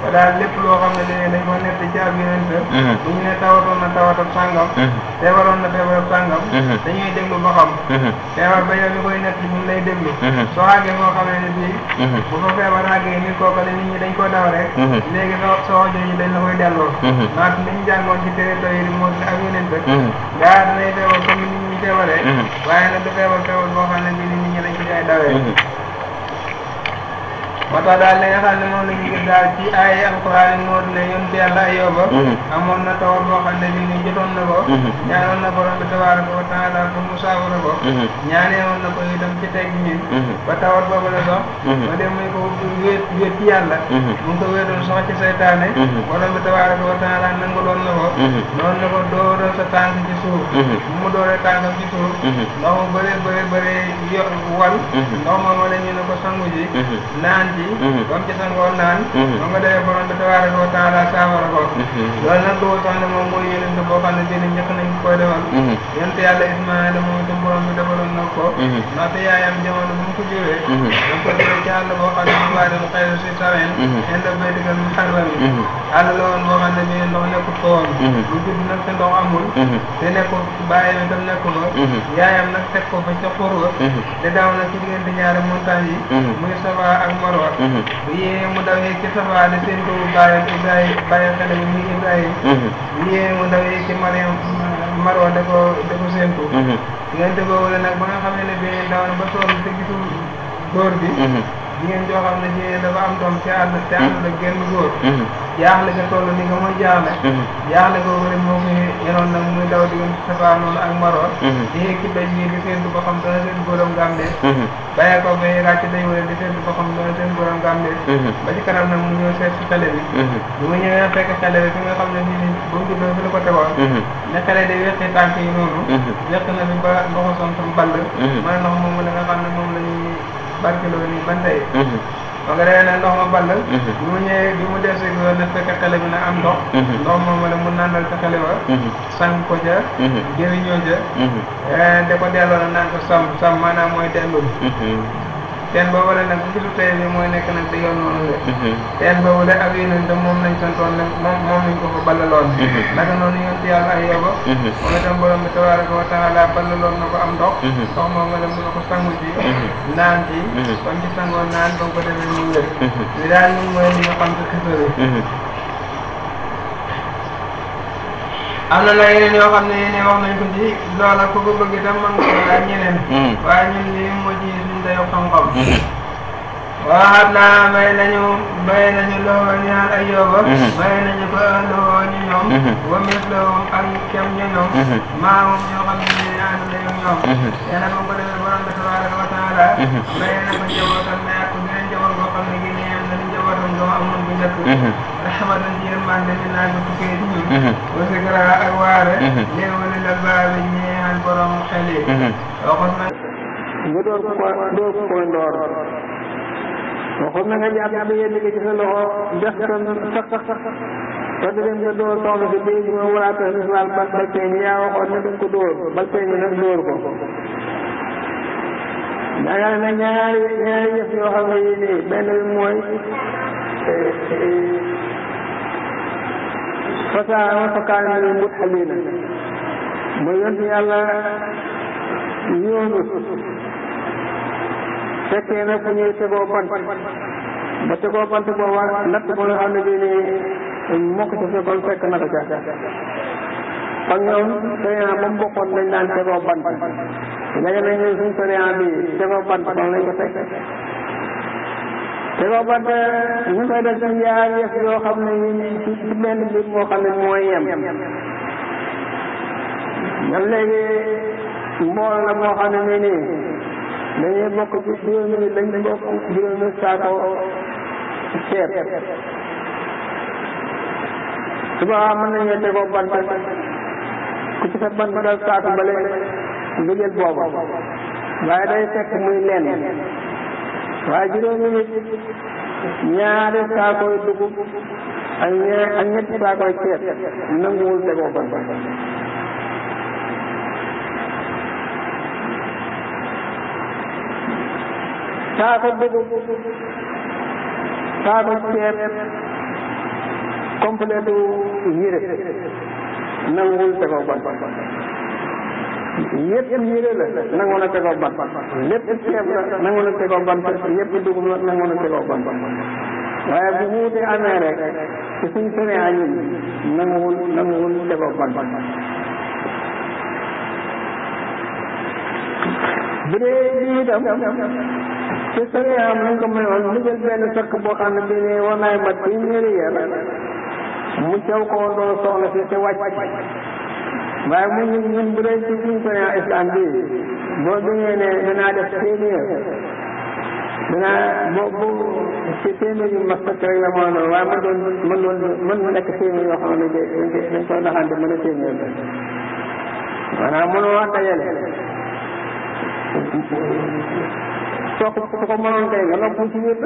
ba daal lépp loo xam ne dañuy dañ ko nett ci ab yeneen te. bu ñu ne tawatoon na tawatab sàngam. feebaroon na feebarab sàngam. dañuy déglu ba xam. feebar ba yow mi koy nett ñu ngi lay déglu. soo àggee moo xamee ne bii. bu fa feebar àggee nit kooka la nit ñi dañ koo daw rek mhm. léegi sa sa wax jooju dañ la koy delloo maanaam mhm. liñ jàngoon ci territoire yi moo ak yeneen dëkk mhm. gaa danay feebar comme nit ñi feebaree waaye nag du feebar feebar boo xam ne bi nit ñi lañ ko jaay dawee moo tax daal li nga xam ne moom la ñu gis daal ci ay alxuraan yi moo di ne yonent yàlla Ayyuba mhm. amoon na tawar boo xam ne bi ni jotoon na ko mhm. ñaanoon na borom bi tabaaraka wa taala ko mu saafara ko mhm. ñaaneewoon na ko itam ci teg ñin ba tawar boobu la sax ma dem ko wéet wéet ci yàlla mu ngi ko wéetoon sax ci seytaane borom bi tabaaraka wa taala nanguloon na ko noonu na ko dóoroon sa tànk ci suuf mu dooree tànkam ci suuf mhm. ndox mu bëree bëree bëree wal mhm. ndox moom la ñu ne ko sangu mhm. naan ji ba mu ci naan ba nga defee borom bi tabaaraka wa taala saafara ko loolu nag doo tax ne moom mooy yonente boo xam ne dina njëkk nañ koy defal yonente yàlla Ismaayla moom itam borom bi defaloon na ko ndaxte yaayam jamono bu mu ko jëwee da ko jëwee ci àll boo xam ne mu baa dem xayru si sareen enda baytikal muharram àll la woon boo xam ne bii ndox nekkul ko woon bu nag te ndox amul bàyyam itam nekku ma mhm. yaayam nag teg ko ba ca xurwa da mhm. daaw nag ci diggante ñaari montagne yi mhm. muy Safa ak Marwa bu yee mu dawee ci Safa da seen kobu bàyyam Ibrahim bàyyi xale bi muy Ibrahim bu yee mu dawee ci Marwa da ko da ko séentu diggante boobu la ba nga xam ne ne bi daw na ba tool te gisul bi jigéen joo xam ne jigéen dafa am doom ci hmm. Hmm. ni nga mooy jaaxle hmm. jaaxle googu rek moo ngi yenoon nag muy ba xam dana ba xam dana ba ci kanam nag mu ñëw seet bi nga xam ne fii nii ko tegoon ne xale day weqi tànk yi noonu weq na fi ba ndoxu son sam ball mooy ndox moom la nga xam ne moom la barkeloo nii ba tey. Mhm. ba nga demee nag ndox ma ball. Mhm. bi mu ñëwee bi mu dese bi na fekk xale bi na am ndox. Mhm. ndox moom la mu nandal ko xale wa. sang ko ja. jëriñoo ja. de eh, ko delloo na naan sa sam sam maanaam mooy delloo. teen boobu la nag gisu tey bi mooy nekk nag di yoon noonu la mhm. teen boobu la ak yonente moom lañ santoon ne moom moom lañ ko fa ballaloon mhm. naka noonu yonent yàlla ay yoba mhm. moom itam borom bi tabaraka wa taala ballaloon na ko am ndox ndox moom la mu ne ko sangu ji naan ji kon ci naan ba nga ko defee mu daal ñun mooy li nga xam ci xisa am na nag yeneen yoo xam ne yeneen wax nañ ko ci loola ku ko bëgg ko laaj ñeneen hmm. waaye ñun li moo ci suñ dayo xam-xam hmm. waxaat naa may nañu may nañu loxo hmm. ñaar ko loxo ñu ñoom wa mis loxo ak kem ñu ñoom maa moom ñoo xam ne ñu ànd na ñu ñoom yàlla moom ko defee borom bi tabaraka wa taala may na ko jabootam mais ak ku leen jaboot boo xam ne ñoo amoon bu njëkk raxmat na yéen man dañu naa ko tukkee ci ñun mhm. wasikra ak waare leen mhm. wali la baabi ñeexal borom xel yi mhm. waxoon na nga door ko door ko ndoor waxoon na nga jàpp yenn gi ci sa loxo def ko sax sax ba da dem nga door soxna si bii ñu ma waraata laal bal bal peñ yaa waxoon ne dañ ko dóor bal peñ nag dóor ko daa yàlla na ñaari ñaari yëf yoo xam ne yii nii benn bi mooy fasaara fa kaana min mudhamiina mooy yonent yàlla Yuunus fekkee na fu ñuy tegoo bant ba tegoo bant booba natt ba nga xam ne bii nii moo ko ca fegoon fekk na ko ca ak ñoom sariya mu bokkoon dañ daan tegoo bant léegi nag ñun suñ sariya bi tegoo bant fan lañ ko teg te ba ba te ñu def ci ñaar yëf yoo xam ne yi ci ci benn mbir moo xam ne mooy yem ndax léegi mbool la moo xam ne nii nii dañuy bokk ci juróomi ni dañ bokk juróomi saako ceeb suba mën nañoo tegoo bant ku ci sa bant dal saako bale nga jël boobu waaye day fekk muy leen waaye juróomi nit ñaari saakoy dugub ak ñaar ak ñetti saakoy ceeb nanguwul tegoo ban saako dugub saako ceeb complet yére nanguwul tegoo ban lépp yére la nangoon a tegoo ban lépp ceeb la nangoon a tegoo ban lépp dugub la nangoon a tegoo ban waaye bu wuute amee rek ci suñ tene a ñun nanguwul nanguwul tegoo ban bu dee bi itam ci sori am nañ ko mayoon mu jël benn sakk boo xam ne bii ne war naay mat ci ñëri yar mu caw ko woon doon si te waaye mu ñu ñun bu dee ci suñ courant islam bi boo duñee ne danaa def téeméer danaa boo bu ci téeméer yu mas rek la moo waaye mën doon mën doon mën mu nekk téeméer yoo xam ne dañ ko naxante mën a téeméer la maanaam mënoo wax dajale soo ko su ko mënoon tey nga nopp ci wér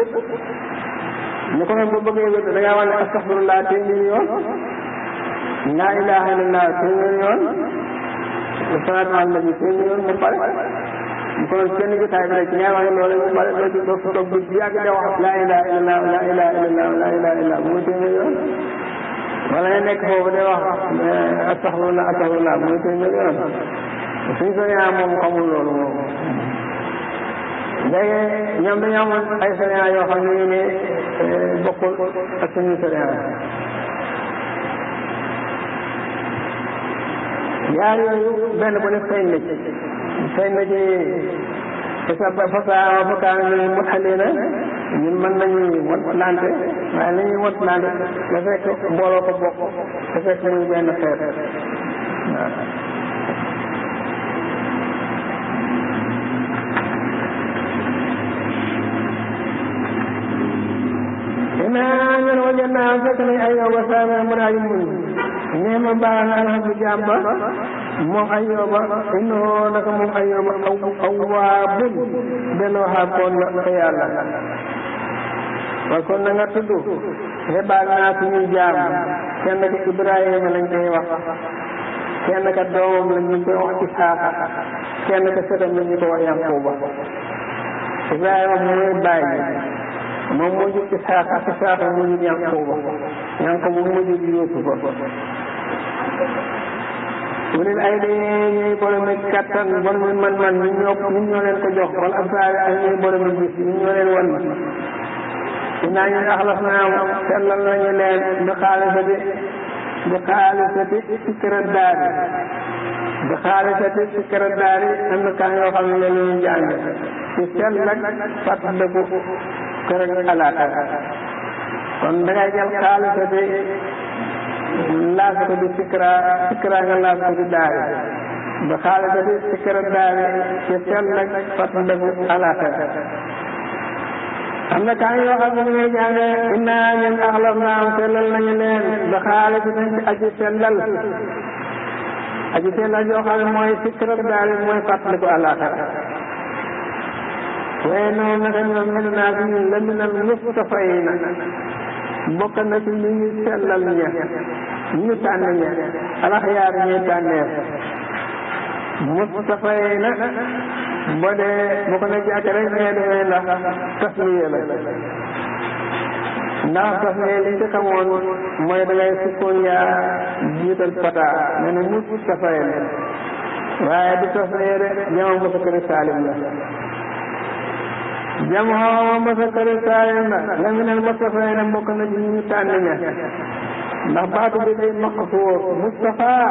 ni ko noonu boo bëggee wér da ngaa wax ne laa ilaha illallah téeméer yoon salaatu ala nabi téeméer yoon mu pare bu ko kenn jotaay bi rek ñaar wax loolu mu pare doo ci doo toog ba yàgg wax laa ilaha illallah laa ilaha illallah laa ilaha illallah bu muy téeméer yoon wala nga nekk foofu day wax eh, astaxfirullah astaxfirullah bu muy téeméer yoon suñ ko yaa moom xamul loolu moom léegi ñoom dañoo amoon ay sariya yoo xam ne eh, bokkul ak suñu sariya ñaar yooyu benn bu ne feeñ na ci feeñ na ci fa fasaa fa kaanu ñun mën nañu wat lante waaye nañuy wat lante da fekk mbooloo ko bokk da fekk muy benn xeet waaw inaa ñun wajadnaa fekk nañ ay yow wasaana mu daal muñ neema baana bu jàmba moom ay yooba inoo naka moom ay yooba aw awaabun benn waxaakoon la te yàlla waaye kon na nga tudd xebaal naa suñuy jaam kenn ka Ibrahima lañ koy wax kenn ka doomam la ñu koy wax Isaaxa kenn ka sëtam la ko wax Yaquba Ibrahima mooy bàyyi moom moo jur Isaaxa Isaaxa moo jur Yaquba Yaquba moo jur Yuusufa mu ne ay dañuy ñooy borom ak kattan borom ak man-man ñun ñoo ñun ko jox wala ab saa ay ñooy borom ak gis ñun ñoo leen wan. dinaa ñun axlas naa sellal nañu leen bi xaalisati bi xaalisati sikra bi xaalisati sikra daari am na kaa yoo xam ne loolu la ñuy jàng ci sell nag fàttaliku kër xaalisati laas ko di sikra sikra nga laas ko di daari ba xaalidati sikra daari ci seen nag fat ndagu alaxir am na kaa yoo xam ne ngay jànge inna ñun axlaf naam sellal nañu leen ba xaalidati ci aji sellal yoo xam mooy sikra daari mooy fat ndagu alaxir waaye noonu naka ñoom ñu naa ci mustafayna bokk na ci ñu ñu sellal ña ñu tànn ña alaxyaar ñuy tànneef Mustafa yi nag boo dee bu ko ne jàkk rek ñee demee ndax tasmiye la ndax tasmiye li ci xamoon mooy dangay sukkoon yaa jiital pataa nee na Mustafa yi waaye du tasmiye de jama Mustafa Salim la jam xooxoo masa kari saayam la laminal mustafaa na mbokk na ci ñu tànn ndax baatu bi day maq suur mustafaa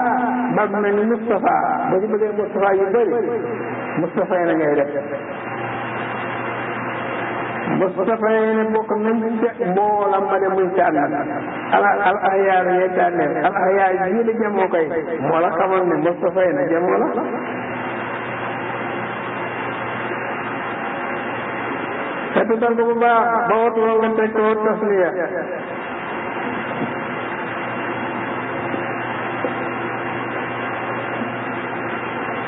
ba mu mel ni mustafaa bëggee mustafaa yu bëri mustafaa na ngay def mustafaa na bokk nañ ca mboolam ma de muy tànn al al ayaar yee tànneen jii la jamoo koy moo la xamal ne mustafaa na jamoo la xeetu tànk bu baax ba wootuloo nga teg ko tasliya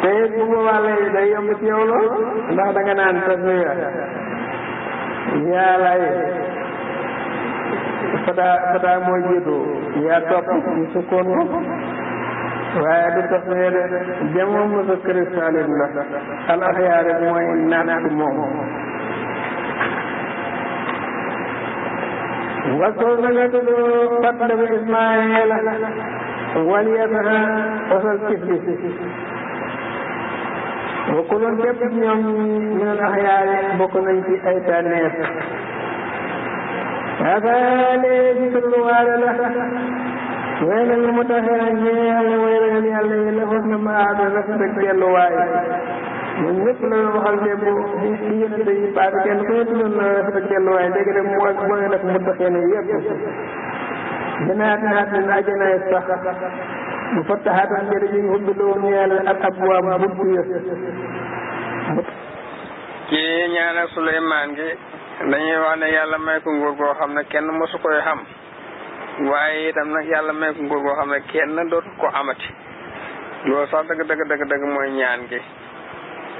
te it bu boobaa léegi day yomb ci yow lool ndax da nga naan tasliya yaa lay fadaa fadaa mooy jiitu yaa topp ci sukkoon ko waaye du tasliya de jamoo musakkari saalim la al axyaar rek mooy naat moom وكنا ندعو قبل إسماعيل وليدها وصل كفلي وكلهم كيف ñoom من الأحياء bokk nañ ci ay tànneef هذا ذكر الوالدة وين المتهيئ وين الذي يلفظ ما هذا نفسك يلوائي ñun ñëpp la doon waxal ne bu bu bu yëkkate yi paase kenn ku nekk doon na rafet kenn waaye léegi nag mooy mooy nag mu doxee ne yëpp. janaat naat min ajanaay sax mu fattaxaatan jëri ñu ubbi loo ñeel ak abwaab buntu yëpp. ci ñaanal Suleymaan gi dañuy wax ne yàlla may ko nguur goo xam ne kenn mosu koy xam waaye itam nag yàlla may ko nguur goo xam ne kenn dootu ko amati loolu sax dëgg dëgg dëgg dëgg mooy ñaan gi.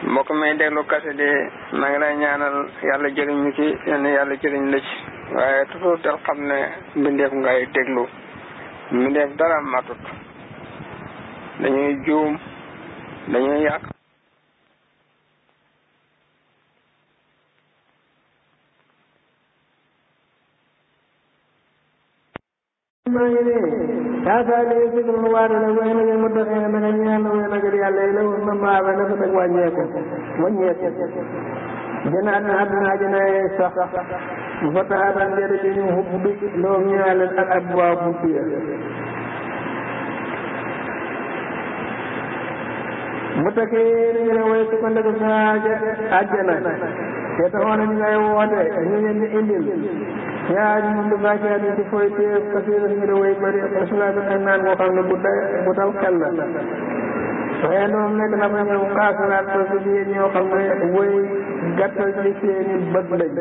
mbokk may déglu kase de maa ngi lay ñaanal yàlla jëriñ ñu ci yenn yàlla jëriñ la ci waaye toujours del xam ne mbindeef ngay déglu mbindeef dara matut dañuy juum dañuy yàq kaasaalee si dama waate la mooy na ngeen ma doxee na ma ne ñu ànd mooy ragal yàlla yi la woon na maaba na ko teg wàññeeku wàññeeku janaat na àdduna janaay sax mu fa taxaataan dee ci ñu hubbi loom ñu àll ak ab waa bu fiya mu takkee ni ne way su ko ndegu saa àjjana te taxoon nañ ngay woote ñu leen di indil yaa ji mun dafaa ci àddi ci fooy téef kasiira ñu di way bëri asula bi ak naan boo xam ne bu day bu taw xel la waaye na may moom xaasalaat ko si yéen ñoo xam ne way gàttal ci seeni bët lañ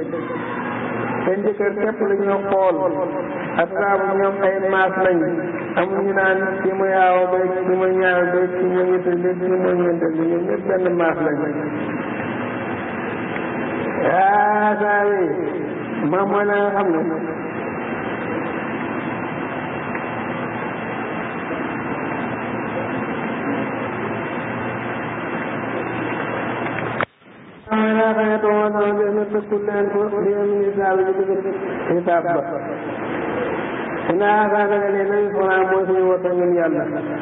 seen jëkkër képp la xool ak saabu ñoom ay maas lañ amuñu naan ci mu yaaw ba ci mu ñaaw ba ci mu ñett ba ci mu ñeent bi ñoom ñëpp benn maas lañ xaasaare moom mooy la nga xam ne aa a a a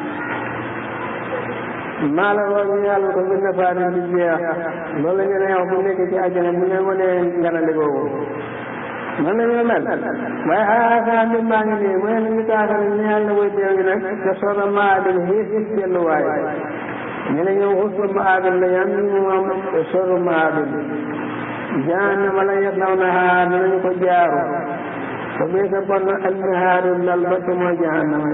maa la woo ñu yàlla ko mën na faa di jeex loolu la ñu ne yow bu nekkee ci àjjana bu ne wanee nganale boobu man la ñu mel waaye xanaa saa mbir maa ngi nii mu ne ñu taasal ñu yàlla way deew gi nag te sooda maa dem xiis xiis delluwaay ñu ne ñoom xusba ma aadul la yam ñu moom sooda ma aadul jahannama la yaslaw na xaar danañu ko jaaru te bii sa bon na ak ñu xaarul lal ba te mooy jahannama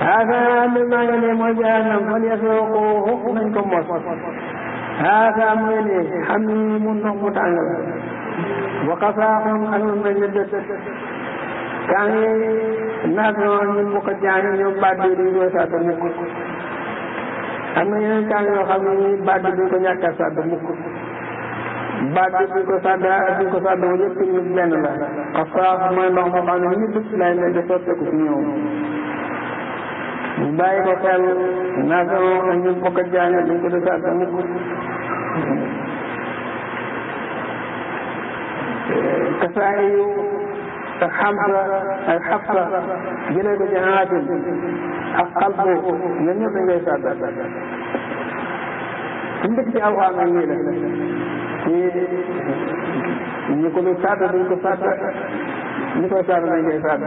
haasaa mi maa nga ne mooy jahannam fan yasluquuhu nañ ko mos haasaa mooy lii xam ni mu ndox mu tàng la wa qasaaqun ak lu mel ne dëkk kaa ngi naatoon ñu mu ko jaani ñoom baat bi duñ koy sàdd mukk am na yeneen kaa yoo xam ne baat bi duñ ko ñàkk a sàdd mukk baat bi duñ ko sàdd duñ ko sàdd wu yëpp ñu benn la qasaaq mooy ndox moo xam ne ñëpp lay mel di sotteeku ci mu bàyyi ko xel naag moom ak ñun bokk ak jaañu ko defaat ba mukk kasaay yu ak xamsa ak xafsa jëlee ko ci aatin ak xalbu ñoom ñëpp dañ koy sàddal su ko du sàdd duñ ko sàdd li koy sàdd nañ koy sàdd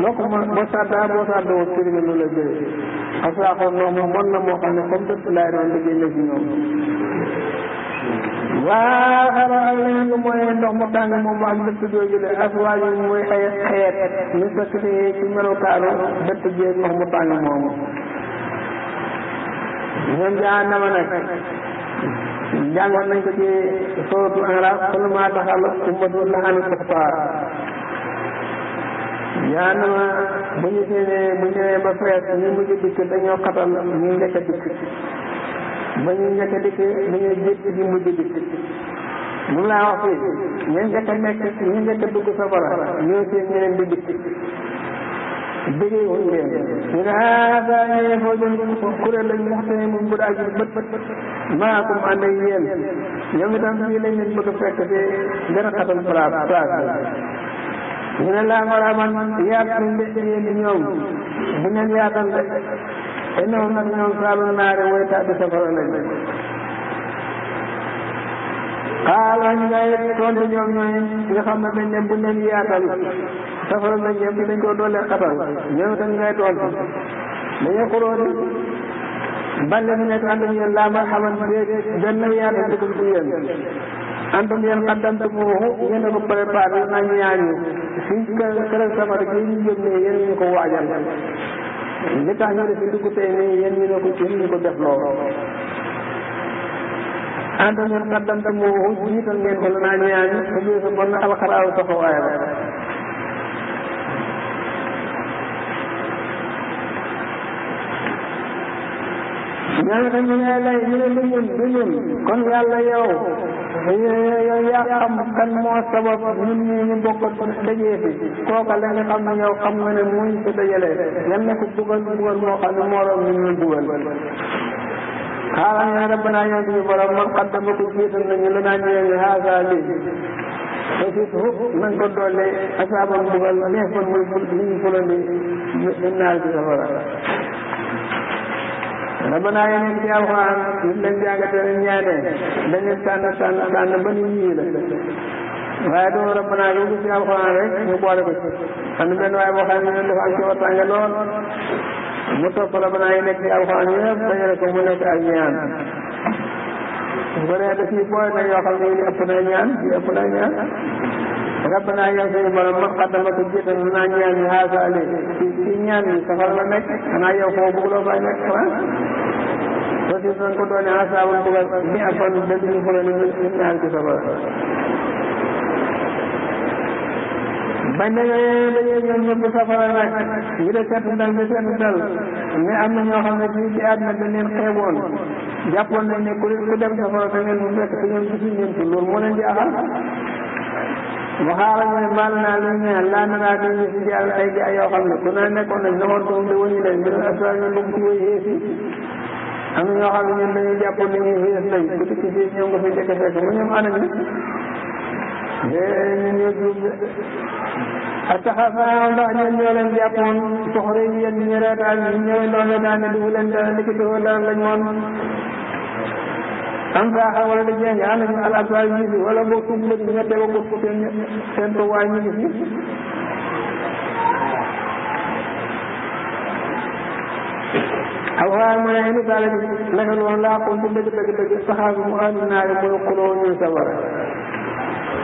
loo ko mën boo la jëlee parce que moom mën na moo xam ne comme dëkk laay doon liggéey la waa xara ak leneen mooy ndox mu tàng moom ak dëkk jooju le aswaaj yi muy ay xeet ñu fekk ci melokaanu dëkk jee ndox mu tàng moomu ñoom jaanama nag jàngoon nañ ko ci sootu Araaf kullu maa taxal ummatun lahanat kuffaar ñaan bu ñu séenee bu ñëwee ba fees ñu mujj dikk dañoo xatal ñu njëkk a dikk ba ñu njëkk a dikk dañoo ñu mujj dikk mu laa wax fii ñu njëkk a nekk ñu njëkk a dugg safara ñoo seen ñeneen di dikk bëggee wuñ leen ñu ne ah saa ñëwee foo jëm kuréel lañ wax ne moom bu daal ji bët maa ko ànd ak yéen ñoom itam fii lañ bëgg a fekk te gën a xatal place place ñu ne laa ngoraaman yaat min de yéen ñoom bu leen yaatal de te ñoom nag ñoom saalu naare way tàbbi safara lañ xaala ngay tontu ñoom ñooy nga xam ne dañ bu leen yaatal safara lañ jëm dañ ko doole xatal ñoom itam ngay tontu dañoo xuloo de balle mi nekk ànd ak yéen laa ma xaman benn yaatal dugub ci antum yéen qaddamtumuuhu yéen a ko préparé na ñaañu fii kër kër ñu jëm ñu ko waajal li tax ñu def dugg tey nii yéen ñu ne ko yéen ñu ko def loolu antum yéen qaddamtumuuhu jiital ngeen ko la naa ñaañu sa biir sa bon alxaraaru taxawaay la ñooñu dañ ñu ne lay ñu ne lu ñun lu ñun kon yàlla yow yow yaa xam kan moo sabab ñun ñii ñu bokk dajee fi kooka la nga xam ne yow xam nga ne muñ ko dajale yan ne ko bugal bugal moo xam ne mooroom ñu ñu bugal xaaral ñu ne rabbana yow suñu borom man qaddama ko jiital nañu la naa ñëwee ne haasa lii te si suuf nañ ko doole asaabam bugal neexoon muy ñu fulandi ñu naar ci safara rabbana yi nekk ci alxuraan ñun dañ jàngatee ne ñaate dañu tànn tànn tànn ba nit ñi la waaye doon rabbana yi ci alxuraan rek ñu boole ko ci xam benn waaye boo xam ne ñun dafa am ci waxtaange lool mu topp rabbana yi nekk ci alxuraan yëpp dajale ko mu nekk ay ñaan su ko defee daf ñuy boole nag yoo xam ne ëpp na ñaan yi ëpp na ñaan rabbana yow suñu borom ma xaddama ko jiital naa ñaan yi haasa ali ci ñaan yi safar la nekk xanaa yow foo bëgg loo fay nekk ah? ba si doon ko doone asaabul bugal ñi akoon da duñu bugale ñu ñaar ne fii ci àdduna leen xeeboon jàppoon nañ ne ku ku dem safara ñu lu ku naa nekkoon de wëñu leen ñu ne assurance lu mu ci wëy am na ñoo xam ne ñun dañuy jàpp ne ñu ngi leen lay ku tukki ci ñoom nga fi njëkk a fekk mu ñoom anam yi ñun ñoo juum de asaxaafaa ndax ñun ñoo leen jàppoon soxore yi yéen ñu reetaan ñu ñëwee doon reetaan ne du leen dara nekk doo dara lañ moon am saa xaw wala di jeng ana ñu al aswaay ñu fi wala boo tuub la ñette ba ko seen seen tuwaay ñu ngi fi aw xaar mu ne xëy na naka noonu laa ko ci dëgg dëgg dëgg saxaaru mu ànd naa rek mooy xuloo ñu sawara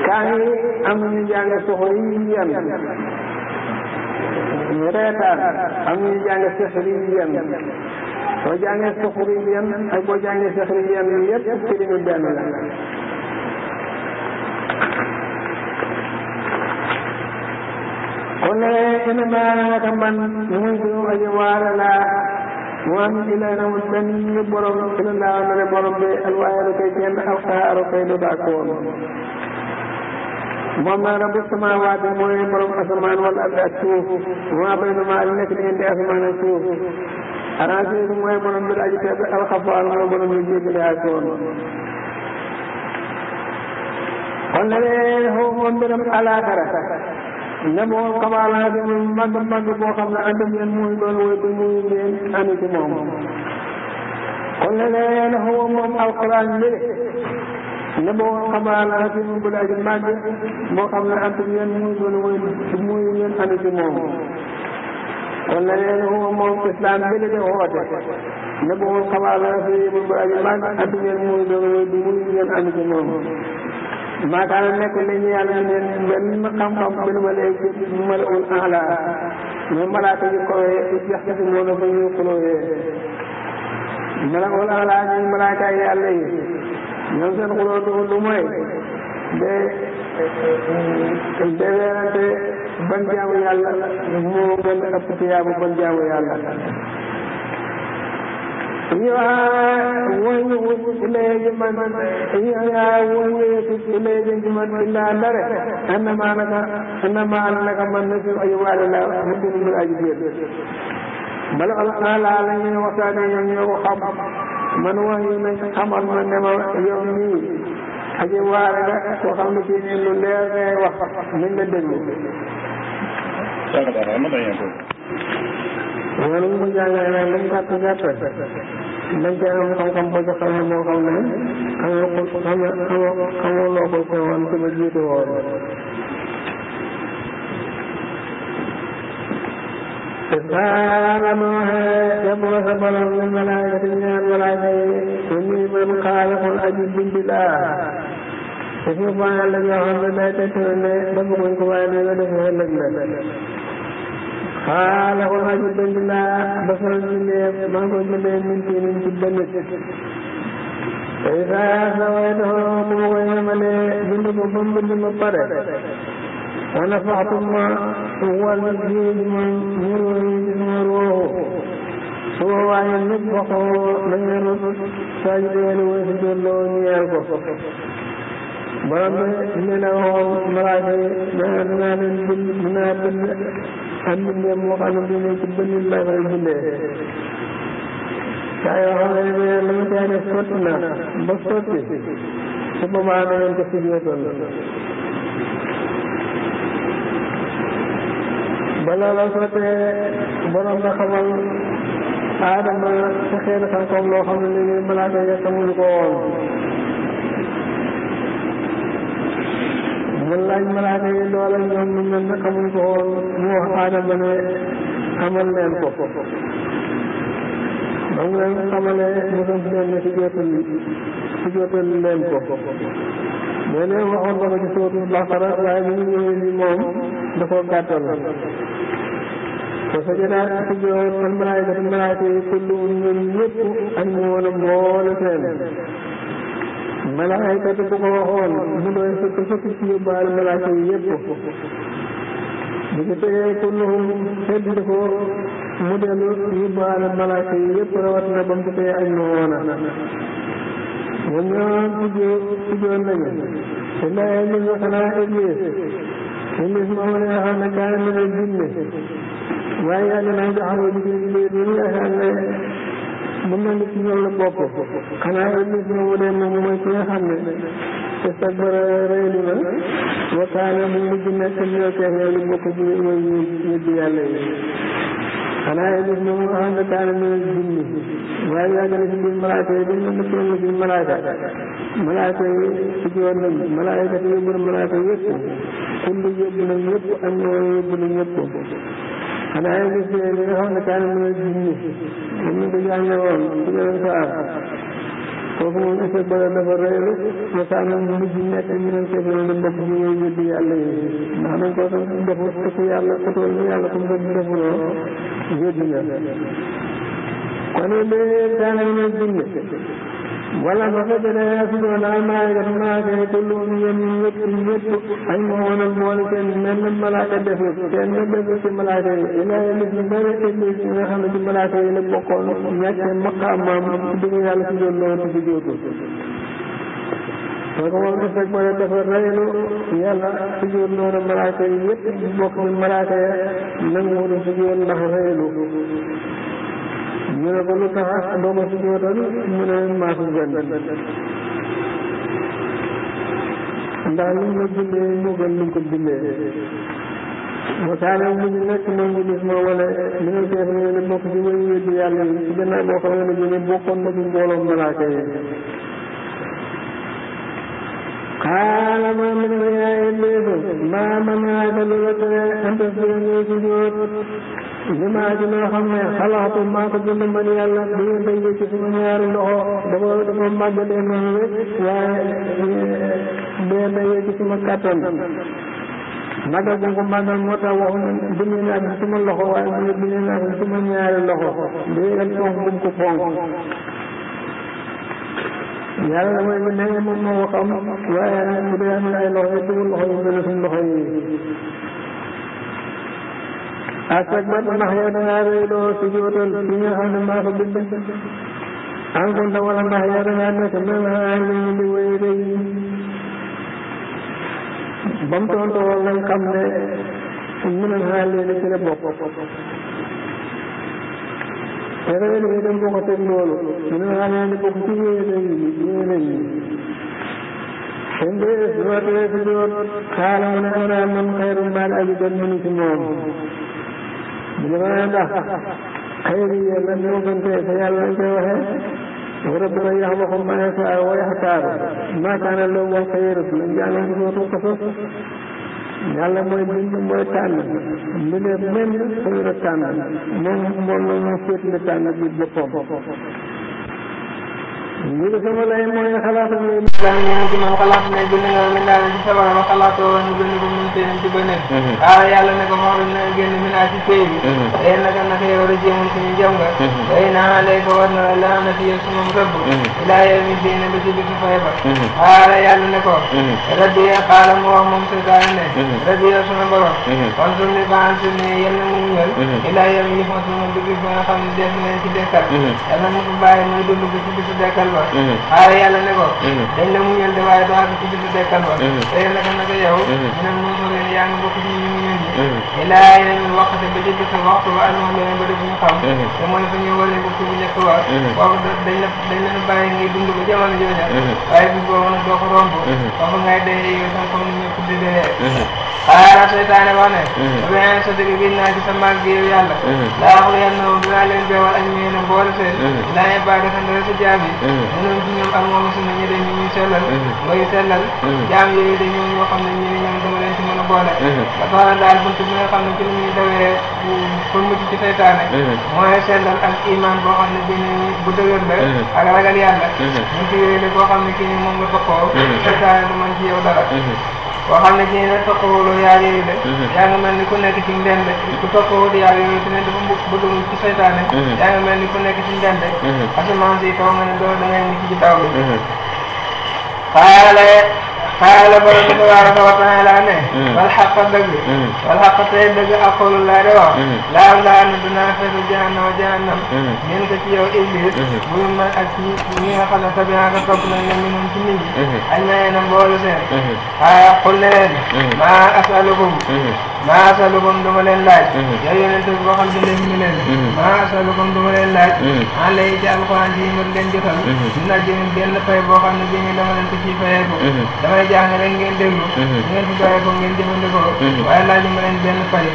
kaa ngi am ñu jàng soxla yi yan ñu reetaan am ñu jàng soxla yi yan boo jàngee soxla yi yan ak boo jàngee soxla yi yan yëpp kilimu benn la. kon nag yenn maanaam naka man mu ngi aji waara laa. moo am ci lay amul borom ci la daaw borom bi alwaayee lu koy kenn alxaaru koy du dàkk woon moom na rabbu samawaati mooy borom asamaan wala ardi ak suuf maa bay na maa nekk diggante asamaan ak suuf arrangé bi mooy borom bi aji tedd alxafaar mooy borom bi jéggale ak woon kon la ne xaw moom mbiram alaakara ne boo xabaala bi muy màgg màgg boo xam ne ànd ak yéen mooy doon wooy bu muy ngeen ànd ci moom kon nag nee na xaw moom alxuraan ne boo xabaala bi mu bu boo xam ne ànd ak yéen mooy doon wooy bu muy ngeen ànd islam bi la de ne boo xabaala bi mu bu aji màgg ànd ak yéen mooy maakaana nekk nañu yàlla ne benn xam-xam bi nu ma lay malaul ala ñoom malaaka yu kowee jax si noonu ba ñu xulóoyee malaul ala ñun malaaka yàlla yi ñoom seen xulóo du lu mooy de de weerante ban jaamu yàlla moo gën a ëpp ci yaabu ban jaamu yàlla yaa woy wuti léegi man yaa woy wuti léegi man illaa ndare annamaa naka annamaa naka man na si ay waale la haddini mu aji biir bala alaa la ñuy waxtaane ñoom ñoo ko xam man wax yu ne xamal ma ne ma yow nii aji waare la koo xam ne kii nii lu leer ngay wax nañ la déglu loolu mu jàngale lañ gàtt gàtt dañ cee am xam-xam ba ca xam moo xam ne xamoo ko xamoo xamoo loo ko ko woon ku la jiitu woon te saala ma waxee yàpp nga sa borom li malaaka di ñaan malaaka yi te nii man xaalixul aji bindi laa te suuf maa la ñoo xam ne day tekki ne dafaguñ ko waaye nee na defi ëllëg la ah la ko laaj ba faral di leen maa ngi koy bindee min ci min ci benn tey saa saa waaye bu ma koy mu bind ma pare. wala faxtu ma wala jiw su waaye nit waxoo nañu ne saa yu dee lu wéy si delloo ñu yeel ko. borom bi nee na waxoon malaaka sànni ngeen moo xamante ne ci bënn laa koy bindee saa yoo xam ne ne la ma caa def sotti na ba sotti su boobaa da ngeen ko sujjootoon ba loola sottee borom nga xamal sa xeetu xam-xam loo xam ne ni malaaka ya xamuñu mun laaj malaaka yi loola ñoom ñu mel ne xamuñ ko woon mu wax aadama ne xamal leen ko ba mu leen mu def leen ne si jotal si jotal leen ko mais leen waxoon na ko ci sóotu Baqara waaye bi mu ñëwee ni moom da koo gàttal te sa jotaay si jotal malaayka malaayka yi kullu ñun ñëpp ak ñu woon a boole seen malaayikatu bu ko waxoon mu doy fukk fukk ci yóbbaale malaaka yi yëpp bu ko tegee kulluhum xedd ko mu dellu yóbbaale malaaka yi yëpp rawat na ba mu ko tegee aj ma woona ñoom ñoo tijjoo tijjoon nañu te laaye li nga xanaa iblis iblis moom la nga xam ne kaay na jinne waaye yàlla naa joxam ne mën na ni ci ñoom la bokk xanaa iblis moomu de moom mooy ki nga xam ne te sag ba rëylu na wakaana mu mujj nekk ñooteex yow lu yàlla yi xanaa iblis moomu nga xam ne kaana mu waaye yàgg na ci biir malaaka yi dañ na ko yi ci joon nañ malaaka yi yóbbu na malaaka yëpp kullu yóbbu ak ñoo yóbbu na xanaa gis ngeen li nga xam ne kaanu mën a junni moom lañ ko jànge woon ci yeneen saar kooku moom effet ba la dafa rëylu masaanam mujj nekk ñu leen koy gën a mbokk ñu ñuy weddi yàlla yi ndax dañ koo tam defu te ku yàlla ku toll ni yàlla comme ko defuloo weddi nga kon léegi kaanu mën a junni wala ma ko jëlee yaasidona maaye def maakene te luum yéen ñëpp ñëpp ay moonal boole seen menn malaaka defu kenn defu ci malaaka yi ilaa nit ñu bëri iblis la bokkoon ñàkk maqaamaam di ko yàlla si loolu si jootul kooku fekk mooy dafa reylu yàlla sujjóot noonu malaaka yëpp bokk ni ya nangu woon sujjóot ndax reylu ñu ne ko lu tax dooma si ñëwatan mu ne maa si gën ndax lu mu la bindee moo gën lu mu ko bindee boo saanee mu ñu nekk moom ñu gis ma wala li nga def ne bokk ci wéy weddi yàlla yi ci gannaaw boo xam ne ne bokkoon na ci mbooloom malaaka yi xaala maa mi ne yaa ngi dégg maa man naa dalu la tere ante si li maa ci loo xam ne xalaatu maa ko bind man yàlla di ngeen day yëkki sama ñaari loxo dama dama màggalee noonu rek waaye di ngeen day naa ci loxo waaye mu ne bind bu mu ko fonk yàlla damay bi ne moo ko xam waaye bu dee am ay loxo yi loxo yi mel ne suñu loxo yi aswaj man ndax yow dangaa rëyloo sujootal ki nga xam ne maa ko bind ankunta wala ndax yow dangaa nekk mel aliin di wéy rëy ba mu tontoo lañ xam ne minal ci la bokk te rëylu yi dem boo ko teg loolu minal aliin di bokk ci wéy rëy wéy rëy seen bés su ma tee sujoot xaaral mu ne ana man xayru mbaal aji gën mënu moom ñu ne ndax xëy na yéen lan ñoo gën tey te yàlla lañ koy waxee. وربنا يخلق ما يشاء ويختار ما كان لهم الخير من جعل سورة القصص yàlla mooy bind mooy tànn mbindeef mel dañu la tànn moom moom la ñu tànn bi boppam lii sama lay mooy xalaat am nañu daal ñeneen ci man xalaat ne génn nga min naa ci sabara ma xalaatoo woon génn ko mun seen ci bënn waaw yàlla ne ko moom ne génn min naa ci pay bi day naka naka yow rek jéemoon suñu jam nga day naa lay ko war na la am na ci yow sumam rëbb ilaa yow mi dina ba ci bisu fay ba waaw yàlla ne ko rabbi xaala mu wax moom seytaane ne rabbi yow suma borom kon sumni baan su ne yal na muñ ñël ilaa yow mi yëf ma suma dugg bi nga xam ne def nañ ci dekkal yal na mu ko bàyyi muy dund ba ci bisu dekkal ba mm-hmm. xaala yàlla ne ko mm-hmm. dañ la muñal de waaye doo àgg ci bisu dekkal ba tey naka naka yow mm-hmm. ñu ne mun so leen yaa ngi bokk ci ñu muñal ñi ilaa yeneen waxte ba jëgg sa waxtu ba alma leneen ba defuñu xam te moo ne fa ñuy waree bokk bu njëkk ba boobu dañ la dañ la bàyyi ngay dund ba jamono jooja waaye bis boobu nag doo ko romb boobu ngay dee yow sax comme ni ñëpp di dee xalaala seytaane wax ne abien sa dëgg giñ naa ci sa mbaag gi yow yàlla mhm. laa waxul yan na moom dinaa leen beewal ak ñee na mboole seen laaye mhm. baa defandala sa jaam yi ñoom mhm. ci ñoom ak moom suñu ñi dañ ñuy sellal mooy sellal jaam yooyu dañ ñoo ñoo xam ne ñu ne ñoom dama leen ci mën a boole da toxla daal bunt bi nga xam ne ci li ñuy dawee pour mucc ci seytaane mooy sellal ak iman boo xam ne bin bu dëgër la ak ragal yàlla ñu ci yooyu de koo xam ne kii ni moom nga toppoo seytaane du mën ci yow dara boo xam ne ci nag toppoo loolu yaa yooyu de mhm. yaa nga mel ni ku nekk ci ndende mhm. ku yaa yooyu te ne dafa mbëgg bëgg mhm. yaa nga mel ni ku nekk ci ndende asamaan si kaw nga ne doo da ngay mucc ci taw bi xaala borom bi tabaraka wa taala ne mm. Mm. wal xaqa dëgg mm. wal xaqa tey dëgg aqulullaa de wax laaw laa ne dinaa fekk jahannama jahannam ñeen ko ci yow iblis buyu man ak ñi ñi nga xam ne tabianka topp nañ la minum ci nit ñi añ na yeenam boolu seen xaa qul ne leen maa asalukum maa asalukum du ma leen laaj. Mhm. yow yonent bi waxal bi leen ni leen. Mhm. maa asalukum du ma leen laaj. Mhm. maa lay boo xam ne bii ñu dama leen ko ciy fayee ko. damay jaax ne rek ngeen déglu. ngeen fi bàyyi ko ngeen jëfandikoo. waaye laaj ma leen benn fay.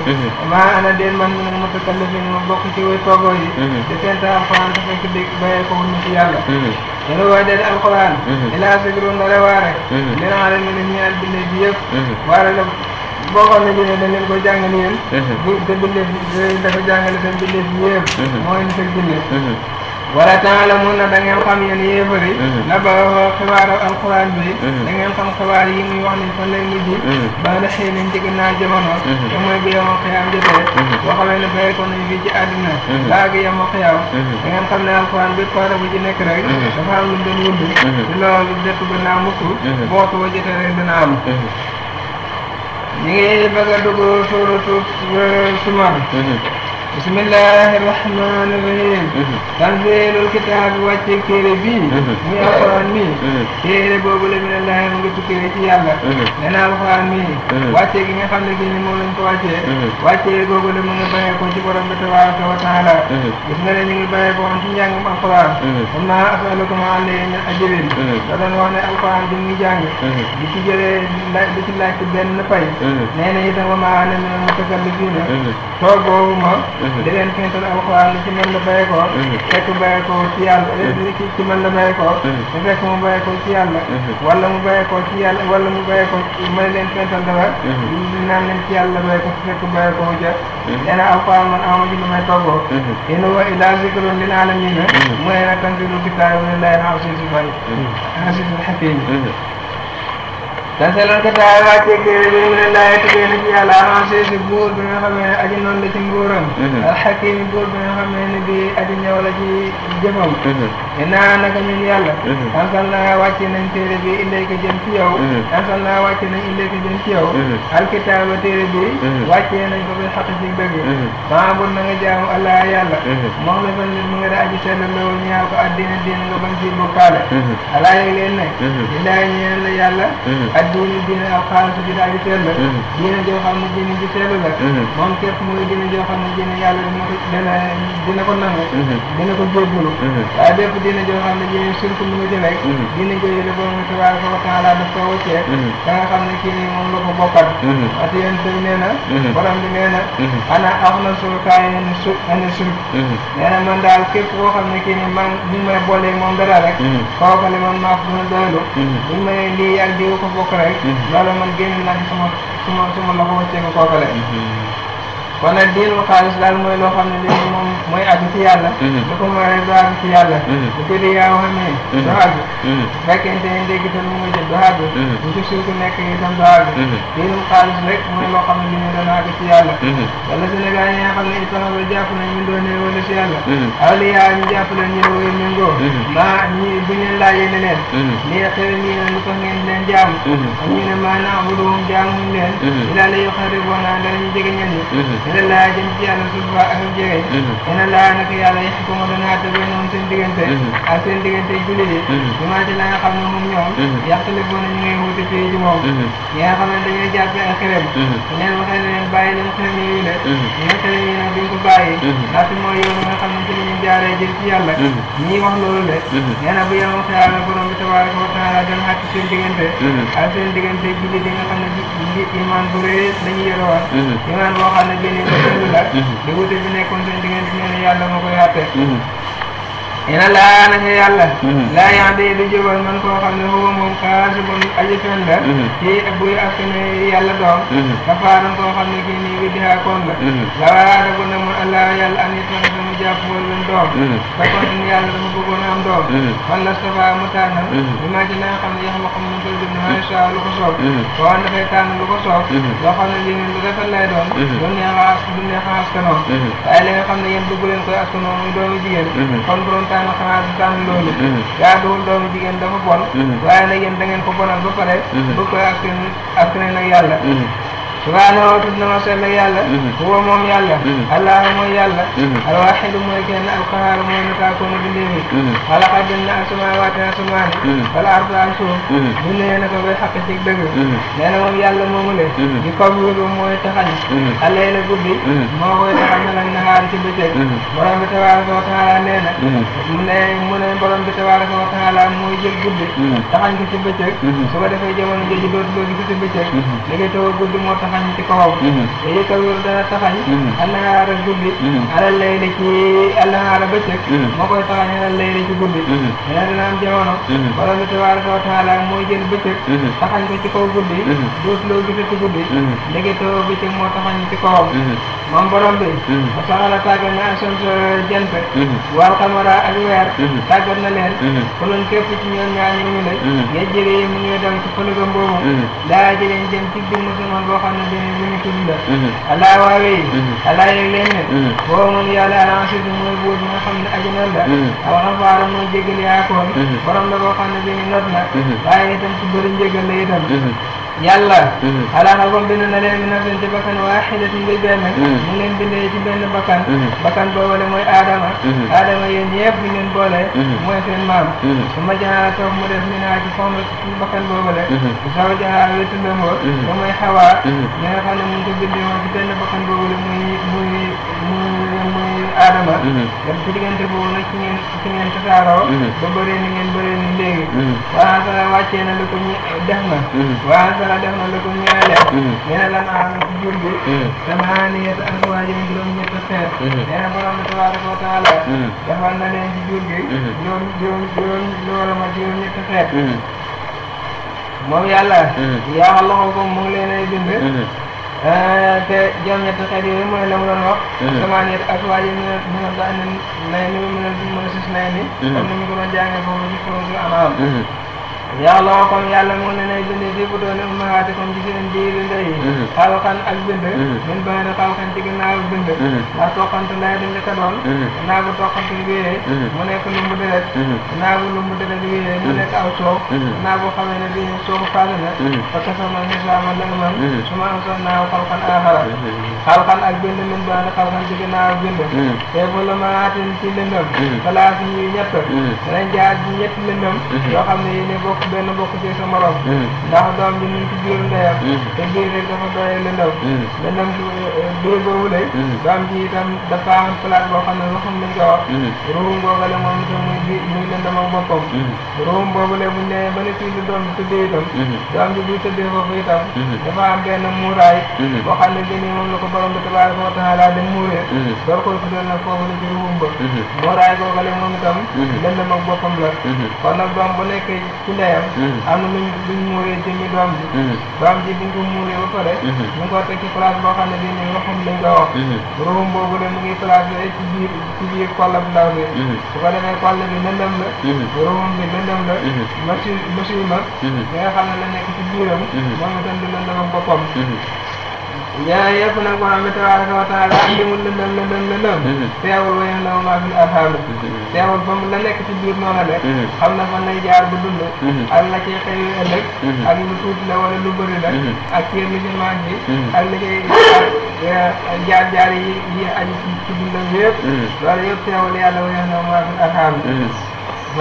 maa ana deen man mi nag mutakallifin ma bokk ci way toogoo yi. di fenta alxuraan te fekk dégg bàyyi ko ñu ci yàlla. yéen a waa dale alxuraan. dinaa sëgru na la waare. dinaa leen ne ñaar bindee bi yëpp. waare la boo xam ne bii dañ leen koy jàngal yéen. Mhm. bu te bindeef bi dafa jàngale seen bindeef yéen. Mhm. mooy li seen bindeef. Mhm. wala temps la mun na da ngeen xam yéen yéefar yi. na ba xibaaru alxuraan bi. da ngeen xam xibaar yi muy wax ni fan la nit yi. ba la xëy nañ ci ginnaaw jamono. te mooy bi yow xiyaam jotee. boo xamee ne bàyyi ko nañ fii ci àddina. laa gi yow xiyaam. da ngeen xam ne alxuraan bi koore bu ci nekk rek. dafa am lu mu doon wund. te loolu dëkk bi naa mukk. boo ko jotee rek dina am. ñu ngi bëgg a dugg suuratu Zumar بسم الله الرحمن الرحيم تنزيل الكتاب wàcce téere bii mm-hmm. muy alxuraan mi mm-hmm. téere boobu la min allah mu ngi tukkee ci yàlla mm-hmm. nee na alxuraan mi wàcce gi nga xam ne kii ni moom lañ ko wàccee wàccee googu la mu ngi bàyyee ko ci borom bi tabaraka wa taala gis nga ne ñu mi bàyyee ko woon ci njàngum alxuraan am naa asalukum alayhi min ajrin da doon wax bi ngi jàng di ci jëlee di ci laajte benn pay nee na itam wa maa ana minal mutakallifiin toog boobu di leen féetal alxuraan li ci mën la bàyyi ko fekk bàyyi ko ci yàlla ci ci mën la bàyyi ko te fekk mu bàyyi ko ci yàlla wala mu bàyyi ko ci yàlla wala mu bàyyi ko mën leen féetal dara di naan leen ci yàlla bàyyi ko fekk bàyyi ko ja nee na alxuraan man awma ci lu may toggoo in huwa illaa zikrun lil aalamiin mu ne nag tanziilul kitaabi min allaahil aziizil hakiim taseloon ko taay wàccee téere bi mu ne laa yetubee na ci yàlla avancé si buur bi nga xamee ne aji noonu la ci nguuram alxakim buur bi nga xamee ne bi aji ñëw la ci jëfam naa naka ñun yàlla ansal naa wàcce nañ téere bi illee ko jëm ci yow ansal naa wàcce nañ illee ko jëm ci yow alkitaaba téere bi wàccee nañ ko bay xaq ci dëgg maa bur na nga jaamu allah yàlla moom la fan mu nga da aji sell loolu ñaaw ko addina diina nga bañ ci bokkaale alaa yég leen ne ilaa ñeen la yàlla ak diine diine ak xaalis bi daal di teel la mm-hmm. diine joo xam ne diine ji teel mm-hmm. xam ne dina ko nangu mm-hmm. dina ko jéggalu waaye bépp diine joo xam ne diine surtout mu ngi ci nekk diine jooju da nga xam ne kii nii moom la ko bokkal ati yéen tey nee na borom bi nee na ana ax na surkaa yéen su ana na man daal képp koo xam ne kii nii man ñu ngi may boolee moom dara rek koo xam ne man maa ko a doylu ñu may lii ak diw ko bokkal rek. Mm-hmm. loolu man génn naa ci sama sama sama loxo wàccee ko kookale. kon nag diirul xaalis daal mooy loo xam ne lii moom mooy aju ci yàlla. Mhm. lu ko mooy rek du aju ci yàlla. Mhm. bu ko di yaa xamee. Mhm. du aju. bu fekkente ne dégg te lu muy jël du aju. bu ci suuf nekk itam du aju. diirul xaalis rek mooy loo xam ne lii dana aju ci yàlla. wala Sénégal yi nga xam ne itam ba jàpp ñu doon wala ñu jàpp leen ñu woy méngoo. maa leen. lii xëy na ñu ne lu tax ngeen leen jaam. ñu ne maanaam bu doon jaamuñ leen. la yoo xam ne boo naan dina laa jëm ci yàlla suuf ba ak jege mm-hmm. dina laa nag yàlla yàq ko ma doon àtte ba ñoom seen diggante mm-hmm. ak seen diggante jullit yi mm-hmm. bi maa ci la nga xam ne moom ñoom yàqtale boo na ñu ngay wuute fii ci moom ñi nga xam ne dañoo jàppe ak xerem leen waxee ne leen bàyyi leen xerem yooyu la ñi nga xerem yi nag duñ ko bàyyi ndaxte mooy yoon nga xam ne ci la ñu jaaree jëm ci yàlla ñii wax loolu de nee na bu yemoo xeyala borom bi tabaraka wa taala doon àtte seen diggante ak seen diggante jullit yi nga xam ne imaan bu rëy dañu yorowaat imaan boo xam ne bi mm-hmm. nekkoon seen diggante nee na yàlla ma koy àtte mm-hmm. ina laa naka yàlla laa yande du jubal man koo xam ne huwa moom xaasibun aji fen la mm-hmm. kii buy ak ne yàlla doom kafaaran mm-hmm. koo xam ne kii nii widdi haa koom la mm-hmm. lawaada bu na mu allah yàlla an it man mu jàpp wallum doom fekkoon in yàlla dafa bëggoon am doom man la safaa mu tànn bi ma ci la nga xam ne yaxma xam mun koy bind maa sha lu ko soob koo xam dafay tànn lu ko soob loo xam ne lii lu rafet lay doon du neex a du neex a askanoon waaye li nga xam ne yéen bëgg leen koy askanoo muy doomu jigéen kon borom kaana xanaa daanu loolu mhm. yaa doon doomu jigéen dafa bon mhm. waaye nag yéen da ngeen ko bonal ba pare ne mhm. koy ak yàlla subhaana wa tudd na ma sell yàlla mhm. huwa moom yàlla mhm. allahu mooy yàlla mhm. alwaxidu mooy kenn alqahaar mooy nu taakoonu bindéefi xalaqa bind na asamawaati asamaani wala ardu ak suuf bind nee na ko bay xaq ci dëgg nee na moom yàlla moomule di koblu mooy taxañ allee la guddi moo koy taxañ nag naxaar ci bëccëg borom bi tabaraka wa taala nee na mu ne mu ne borom bi tabaraka wa taala mooy jël guddi taxañ ko ci bëccëg su ko defee jamono jooju dootu doo gisi ci bëccëg li ngay tawa guddi moo taxañ taxañ ci kawam mhm. li ko wër dana taxañ mhm. alnahaara guddi mhm. alal layli ci alnahaara bëccëg moo koy taxañ alal layli ci guddi dana dana am jamono borom bi tabaraka wa taala mooy jël bëccëg taxañ ko ci kaw guddi dootuloo gisati guddi ndege too bëccëg moo taxañ ci kawam moom borom bi mhm. asaala tàggat na asams jant mhm. wal xamara ak weer mhm. tàggat na leen xulun képp ci ñoom ñaar ñu ñu lay yej jëre yi mu ñuy daw ci pëlugam laa jëleen jëm ci biir musulman boo xam ne dine lu ñu tudd la alaa waawe yi alaa yëg leen ne boo moom yàlla alancé bi mooy buur bi nga xam ne aji noon la aw yàlla mm-hmm. ala xalqum bind na leen min nafsin ci bakkan waaxidatin bi benn mm-hmm. mu ngi leen bindee ci benn bakkan mm-hmm. bakkan boobale mooy aadama aadama yéen ñëpp ñu leen boole mooy seen maam su ma jaxaa toog mu def mi naa ci soxna ci bakkan boobale saw jaxaa wetu lëmboo ba mooy xawaa ñi nga xam ne mu ngi ko bindee woon ci benn bakkan boobale muy muy muy muy aadama mm-hmm. dem ci diggante boobu nag ci ngeen ci ngeen tasaaroo mm-hmm. ba bëree ngeen bëree ni léegi mm-hmm. waa sala wàccee na lu ko ñu waa sala def na lu ko ñaale nee na lan am ci jur gi sama niyet ak waajam juróom ñett seet nee na borom bi tabaaraka wa ci jur gi juróom juróom juróom loolu ma juróom ñett seet moom yàlla yaa loxo ko mu ngi leen ay bind Euh, te jëm ñetti xeet yooyu mooy la mu doon wax. Mhm. semence yëpp ak waa ji ñu ñu doon daal di ne ni mu mën a mën a sus nañ ni. Mhm. comme ni ñu ko doon jàngee foofu ci foofu am. yàlla waxoon yàlla moo ne nay bind bi bu doon ummahaatikum ci seen biir mm-hmm. ndey xalqan ak bind min bayni xalqan di njëkk a doon ginnaaw bu toqante wéyee mu ne bii soow fàll na parce que sama xisaama la man su ma am sax naaw xalqan aaxara xalqan ak bind min bayni xalqan ci ginnaaw bind mm-hmm. te bu la mm-hmm. ñett ñett lëndëm yoo xam ne yéen bokk benn bokk ci sa morom. Mm. ndax doom bi ñu ngi ci biir ndeyam. Mm. te biir rek dafa doyee lu ndaw. Mm. beneen euh, biir boobu de. doom ji itam dafa am place boo xam ne lu xam nañ ko wax. ruum boobu la moom itam muy bi muy lëndam ak boppam. ruum boobu la bu ñu nee ba ne fii lu doom bi tëddee itam. doom bi buy tëddee foofu itam. dafa am benn muuraay. boo xam ne bii moom la ko borom bi tabaaraka wa taala de muuree. door ko tuddal nag foofu la ci ruum ba. muuraay boobu la moom itam. lëndam ak boppam la. kon nag doom bu nekkee ci ndeyam mhm. am na luñ luñ muuree jëmmi doom ji mhm. doom ji biñ ko muuree ba pare ñu mhm. ngi ko teg ci boo xam ne bii nii roxum lañ ko wax roxum boobu de mu ngi place bi ci biir ci biir kollam ndaw bi su ko defee koll bi lëndëm la roxum bi lëndëm la machine machine mag bi nga xam ne la nekk ci biiram moom itam di lëndëmam boppam yaa yëpp nag borom bi tabaraka wa taala ak li mu lëndëm lëndëm lëndëm teewul wa ya'lamu maa fi l-arhaam teewul fa mu la nekk ci biir noonu rek xam na fan lay jaar bu dund ak la cay xëy ëllëg ak lu tuuti la wala lu bëri la ak yéen li ci maag bi ak li cay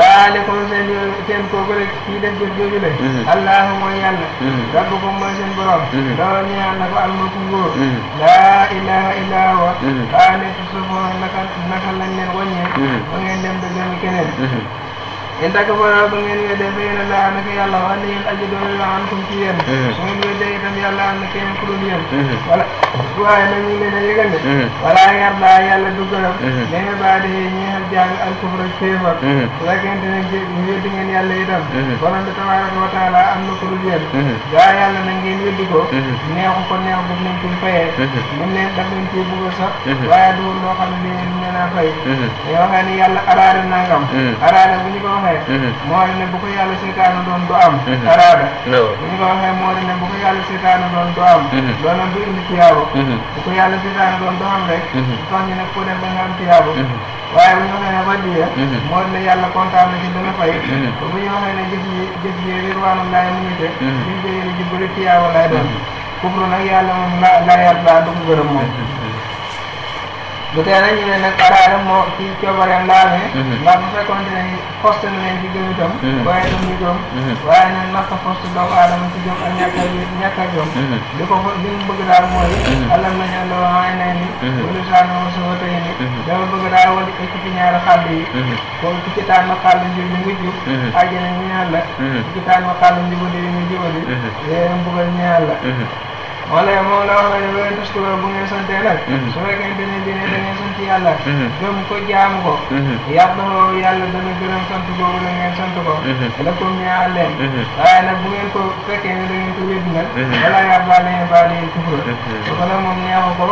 waaleykum seen seen kooku rek kii def jëf jooju le mhm. allahu mooy yàlla mhm. rabbukum mooy seen borom mhm. loolu ñaan na ko almulku nguur laa ilaha illa huwa waa nekk suufoo naka naka lañ leen wàññee ba ngeen dem keneen in takafara ba ngeen ngeen weddee itam na keneen ku dul yéen wala waaye nag ñu ngi leen a yëgal ne wala yar laa yàlla du gërëm da nga baa de ngeen yàlla itam borom bi ko neexu ko neex bu leen ci fayee buñ a fay yoo xam ne yàlla nangam araare bu ñu ko wax waxee mhm. moo di ne bu ko yàlla seytaane doon du am mhm. araada bu ñu ko waxee moo di ne bu ko yàlla seytaane doon du am mhm. loolu du indi tiyaabo bu ko yàlla seytaane doon du am rek tax ñu ne ku dem da am tiyaabo waaye bu ñu waxee ne wadiya moo di yàlla kontaan na ci dana fay bu ñu waxee ne jëf yi jëf yi ridwaanam laay mu ñu jëyee ji bëri tiyaabo lay doon kufru nag yàlla moom la la yàlla daa du ko gërëm moom bu tee rek ñu ne nag moo ci coobareem laa ne mhm. ndax bu fekkoon ne foste na leen ci gëm itam mhm. waaye itam ñu gëm mhm. waaye nag naka foste doomu aadama ci gëm ak ñàkk a ñàkk a gëm li ko li mu bëgg daal mooy alam nañu àlla waay nay ni wala saan moom sama tey ni dama bëgg daal wala ekkiti ñaari xàll yi kon ku ci tànn xàll ñu ñaan la ku ci tànn xàll njubali nga jubali léegi mu bëggal ñaan wala moom la wax ne loolu des tubaab bu ngeen santee nag. Mhm. su fekkente ne bi ne da ngeen sant yàlla. Mhm. ko jaam ko. Mhm. yàlla yàlla dana gërëm sant boobu da ngeen sant la ko ñaar ko fekkee ne ko wéddi nag. wala yàlla baal nañu baal nañu ko nag moom neexu ko.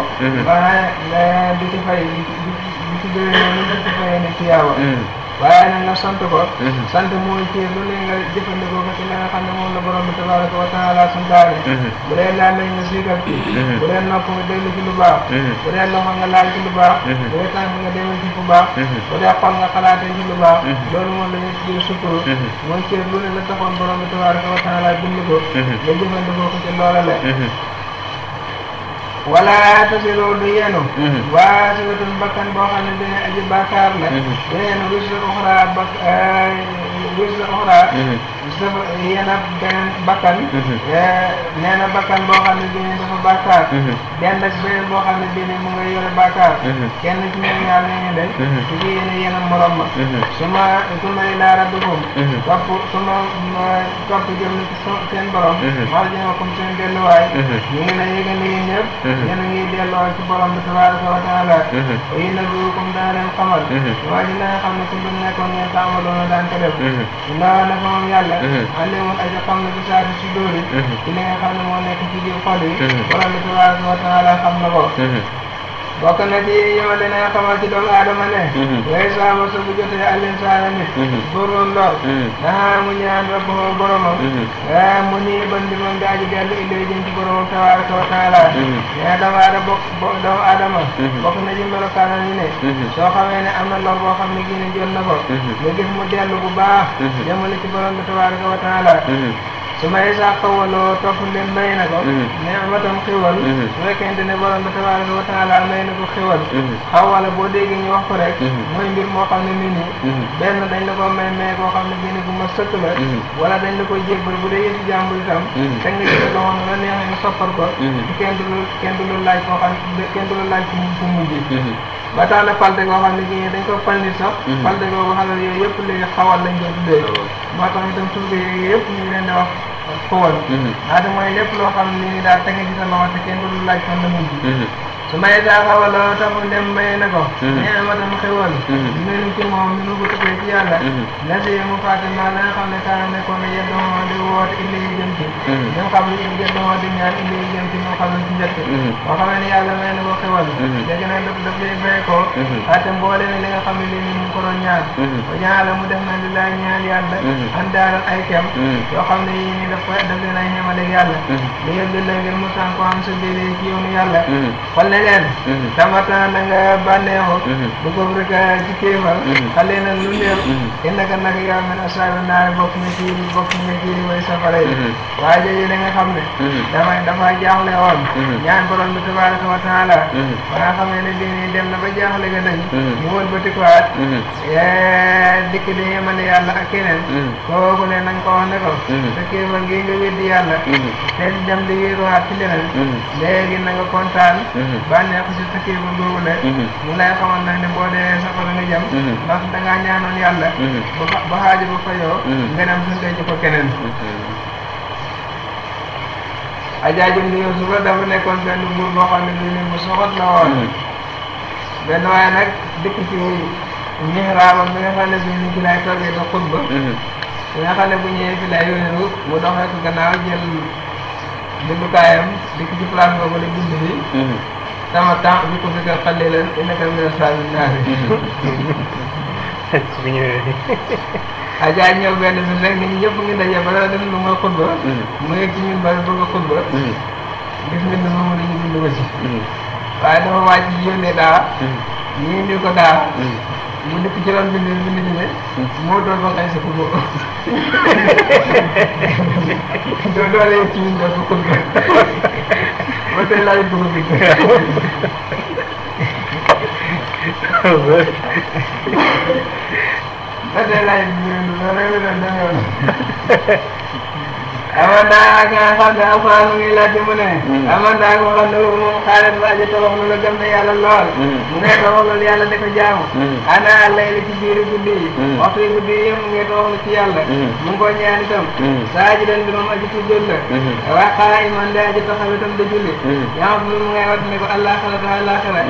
waaye eh, du ci fay du ci du ci gërëm ne lu ci fayee ne waaye nag nga sant ko mhm. sant mooy ci lu ne nga jëfandikoo ko ci la nga xam ne moom la borom bi tabaraka mhm. mhm. lu baax bu lu baax la ñuy tuddee sukkur lu ne la taxoon borom bi loola la wala tasiru du yenu mhm. waa siratun bakkan boo xam ne dina aji bàkkaar la dina mhm. yenu wis la uxra bak eh, wis la uxra mhm. yenn beneen bakkan mhm. eh, nee na bakkan boo xam ne bii dafa bàkkaar dend ak beneen boo xam ne bii ne mu nga yore bàkkaar mhm. kenn ci ñoom ñaar ne ñu day mhm. su ci yéene yéen a morom ma su ma su ma ilaa rabbikum topp su ma topp jëm na ci seen borom mar jëma comme seen delluwaay ñu ngi lay yëgal ni yéen ñëpp yéen a ngi delloo ci borom bi tabaraka wa taala yi na bu comme dana leen xamal waa ji la nga xam ne su bu nekkoon ngeen tàmbaloon daan ko def laa naka moom yàlla man de moom aja xam na bi saati si dóor yi ci li nga xam ne moo nekk ci biir xol yi borom bi tabaraka wa taala xam na ko mhm. bokk na ci yow dina xamal ci doomu aadama ne. Mm-hmm. waaye saa ma su bu jotee alinsaana ne. buruun lor. daa mu ñaan rab boobu boromam. waaye mm-hmm. ah, mu nii ban di dellu illee jëm ci boromam tabaaraka wa taala. mais mm-hmm. doomu aadama bokk doomu aadama. bokk na ci melokaana yi ne. soo xamee ne am na lor boo xam ne gii ne jot na ko. nga mu dellu bu baax. jëmale ci borom bi tabaaraka wa taala. su ma isaa xawaloo topp leen may na ko neexmatan xiwal su fekkente ne borom bi tabaraka wa taala may na ko xiwal mhm. xawala boo déggee wax ko rek mhm. mooy mbir moo xam ne ni nii mhm. benn dañ la ko may may koo xam ne génne gu ma sëkk wala dañ la koy jébbal bu dee yëfi jàmbur itam te nga ne la neexee nga ko kenn du lu kenn du lu laaj koo xam kenn ba tax na palte goo xam ne kii dañ ko palnit sax palte mhm. goo xam ne yooyu yëpp léegi xawal lañ ko tuddee ah moo tax itam tuddee yooyu yëpp ñu ngi leen di wax xawal mhm. daa te mooy lépp loo xam ne nii daal tege ci sa loxo te kenn du laaj fan la mujj mhm. may daaxa wala tamu dem may mm-hmm. na mm-hmm. ko ñee ma tam xewal minu ci moom mi nu ko tukkee ci yàlla mm-hmm. lasi mu fàtte maa la nga xam ne kaana nekkoon na yeddomoo di woote indi yi jëm ci ñoo xam ne yeddomoo di ñaan indi yi jëm ci moo ne ci njëkk ne yàlla may na ko xewal léegi nag daf daf lay fay ko fàtte mboolee li nga xam ne lii ko doon ñaan yàlla an ne yii ni daf ko daf leen yàlla li yëpp di la ngir mu sànko am sa délee ci yoonu yàlla leen mhm. tamata na nga bànneexu mhm. bu góob rek ci a mhm. xale na lu néew innaka nag yaa min asaabi naari bokk na ci bokk na ci way safara yi waaye jooju da nga xam ne damay jaaxle woon ñaan borom bi tabaraka wa taala ba nga xam ne lii nii dem na ba jaaxle ga nañ mu wër ba tikuwaat dikk di yemale yàlla ak keneen kooku ne na nga ko wax a ko sa kéemal gi nga weddi dem di wéeruwaat ci leneen léegi na nga kontaan bànneexu si tëkkee ba loolu la mhm. mu lay xamal ne boo dee safara nga jëm mhm. ndax dangaa ñaanoon yàlla mhm. ba ba xaajo ba nekkoon benn buur boo xam ne bi ne bu soxot la woon benn waaye nag dëkk ci mihraabam bi nga xam ne bii ni bu ñëwee mu doxee ko gannaaw jël bindukaayam dikk ci place boobu la bind bi sama taax bi ko fi ka xale la innaka mina saabiriin bi ñëwee. Adja ñëw benn bés rek nit ñëpp ngi daje ba dara def lu nga xutba. Mm. mu yegg ci ñun ba bëgg a xutba. Mm. gis nga ne moom la ko ci. Mm. waaye dafa wàcc ñu indi ba xay sa xutba. mooy seen laaj dugub bi. mooy seen laaj dugub bi. aman daa ak nga xam ne alxuraan mu ngi laajte mu ne aman daa ko xam ne moom xaaral ba aja tabax na la gëm na yàlla lool mu ngay tabax loolu di ko jaamu ana layla ci biir guddi yi waxtu yi guddi yi mu ngay tabax ci yàlla mu ko ñaan itam saa ji doon bi moom aji tuddul la waa xaraa iman daa aji taxaw itam da mu ngay wat ne ko allah xala taala xala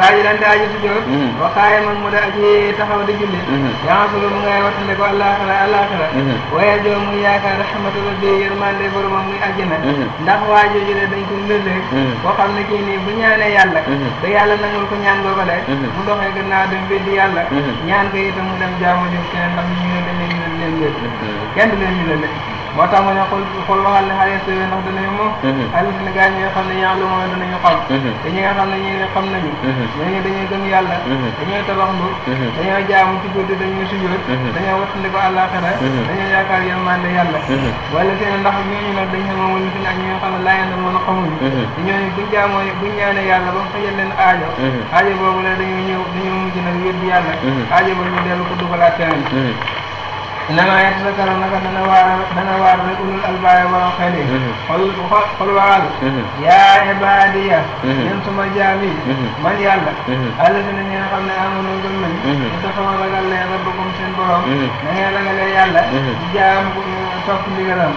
raajilan daa ji sujjoot mm-hmm. wa qaa'iman mu daa ji taxaw di julli mm-hmm. yansuru mu ngay wattande ko àllaaxira àllaaxira waaye joo muy yaakaar rahmatu rabbi yërmande boromam muy àjjana mm-hmm. ndax waa jooju de dañ ko lëlleeg koo xam ne kii nii bu ñaanee yàlla te yàlla nangul ko ñaan googu de mu doxee gannaaw dem weddi yàlla ñaan ko itam mu dem jaamu jëm keneen ndax ñu ñu leen leen kenn du leen ñu moo tax mu ne xul xul waxal ne xale yëpp yooyu ndax danañu moom. Mhm. xale si ne gars ñi nga xam ne ñaar lu mooy danañu xam. Mhm. te ñi nga xam ne ñii xam nañu. Mhm. ñooñu dañuy gëm yàlla. dañoo tabax lu. dañoo jaamu ci guddi dañuy sujjóot. dañoo wattandi ko àllaaxira. dañoo yaakaar yërmande yàlla. wala seen ndax ñooñu nag dañu moom ñu fi ak ñi nga xam ne laajal na mën a xamuñu. te ñooñu buñ jaamoo buñ ñaanee yàlla ba mu fajal leen aajo. aajo boobu la dañuy ñëw dañoo mujj nag yóbbu yàlla. aajo boobu ñu dellu ko dugalaat keneen inama yatazakkaru naka dana waar dana waar rek ulul albaab borom xel yi xol xol waxal yaa ibaadiya yéen suma jaam yi man yàlla allazina ñi nga xam ne amanu gëm nañ dafa ragal leen rabbukum seen borom na ngeen ragalee yàlla jaamu ko topp ndigalam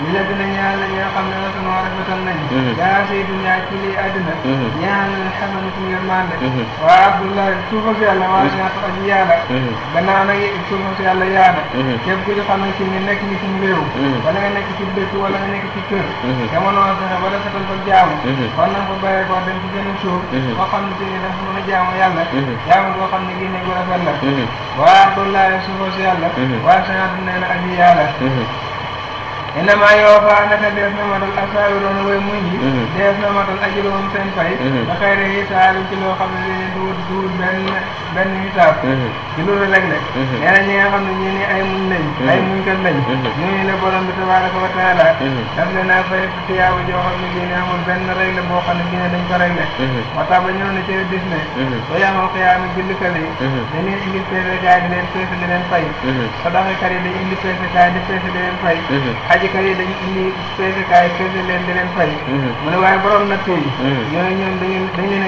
ñu nekk na ñaan la ñi nga xam ne asunoo rafetal nañ yaa say dunaa ci lii àddina ñaan la xamane ci yërmande waa abdoulahi suufas yàlla waa ñaata ak yaada gannaaw nag suufas yàlla yaada képp ku ci xam ne ci nga nekk ni ci réew wala nga nekk ci dëkk wala nga nekk ci kër jamonoo fexe ba rafetal ko jaamu kon nag ko bàyyee koo dem ci gën a suuf koo xam ne sini dafa mën a jaamu yàlla jaamu boo xam ne génne gu rafet la waa abdoulahi suufas yàlla waa sanatu nee na ak yaada innama yoofaa naka dees na matal asaawiroona way muñ yi mm-hmm. dees na matal ajurahum seen fay da mm-hmm. xay re hisaab ci loo xam ne lene duwut duwut benn benn hisaab mm-hmm. ci loolu rek la nee na ñi nga xam ne ñi ni ay muñ lañ ay muñ kat lañ ñu ni la borom bi tabaraka wa taala daf le naa fay tiyaaba joo xam ne lii ne amul benn rek la boo xam ne dina dañ ko rek la moo tax ba ñëw na ci dis ne ba yamal xiyaama jullikale yi dañuy indi peese kaay di leen fay sadaxakat yi dañ indi peese kaay di peese di aajikar yi dañu indi peesekaay peese leen di leen fay mm-hmm. mu mm-hmm.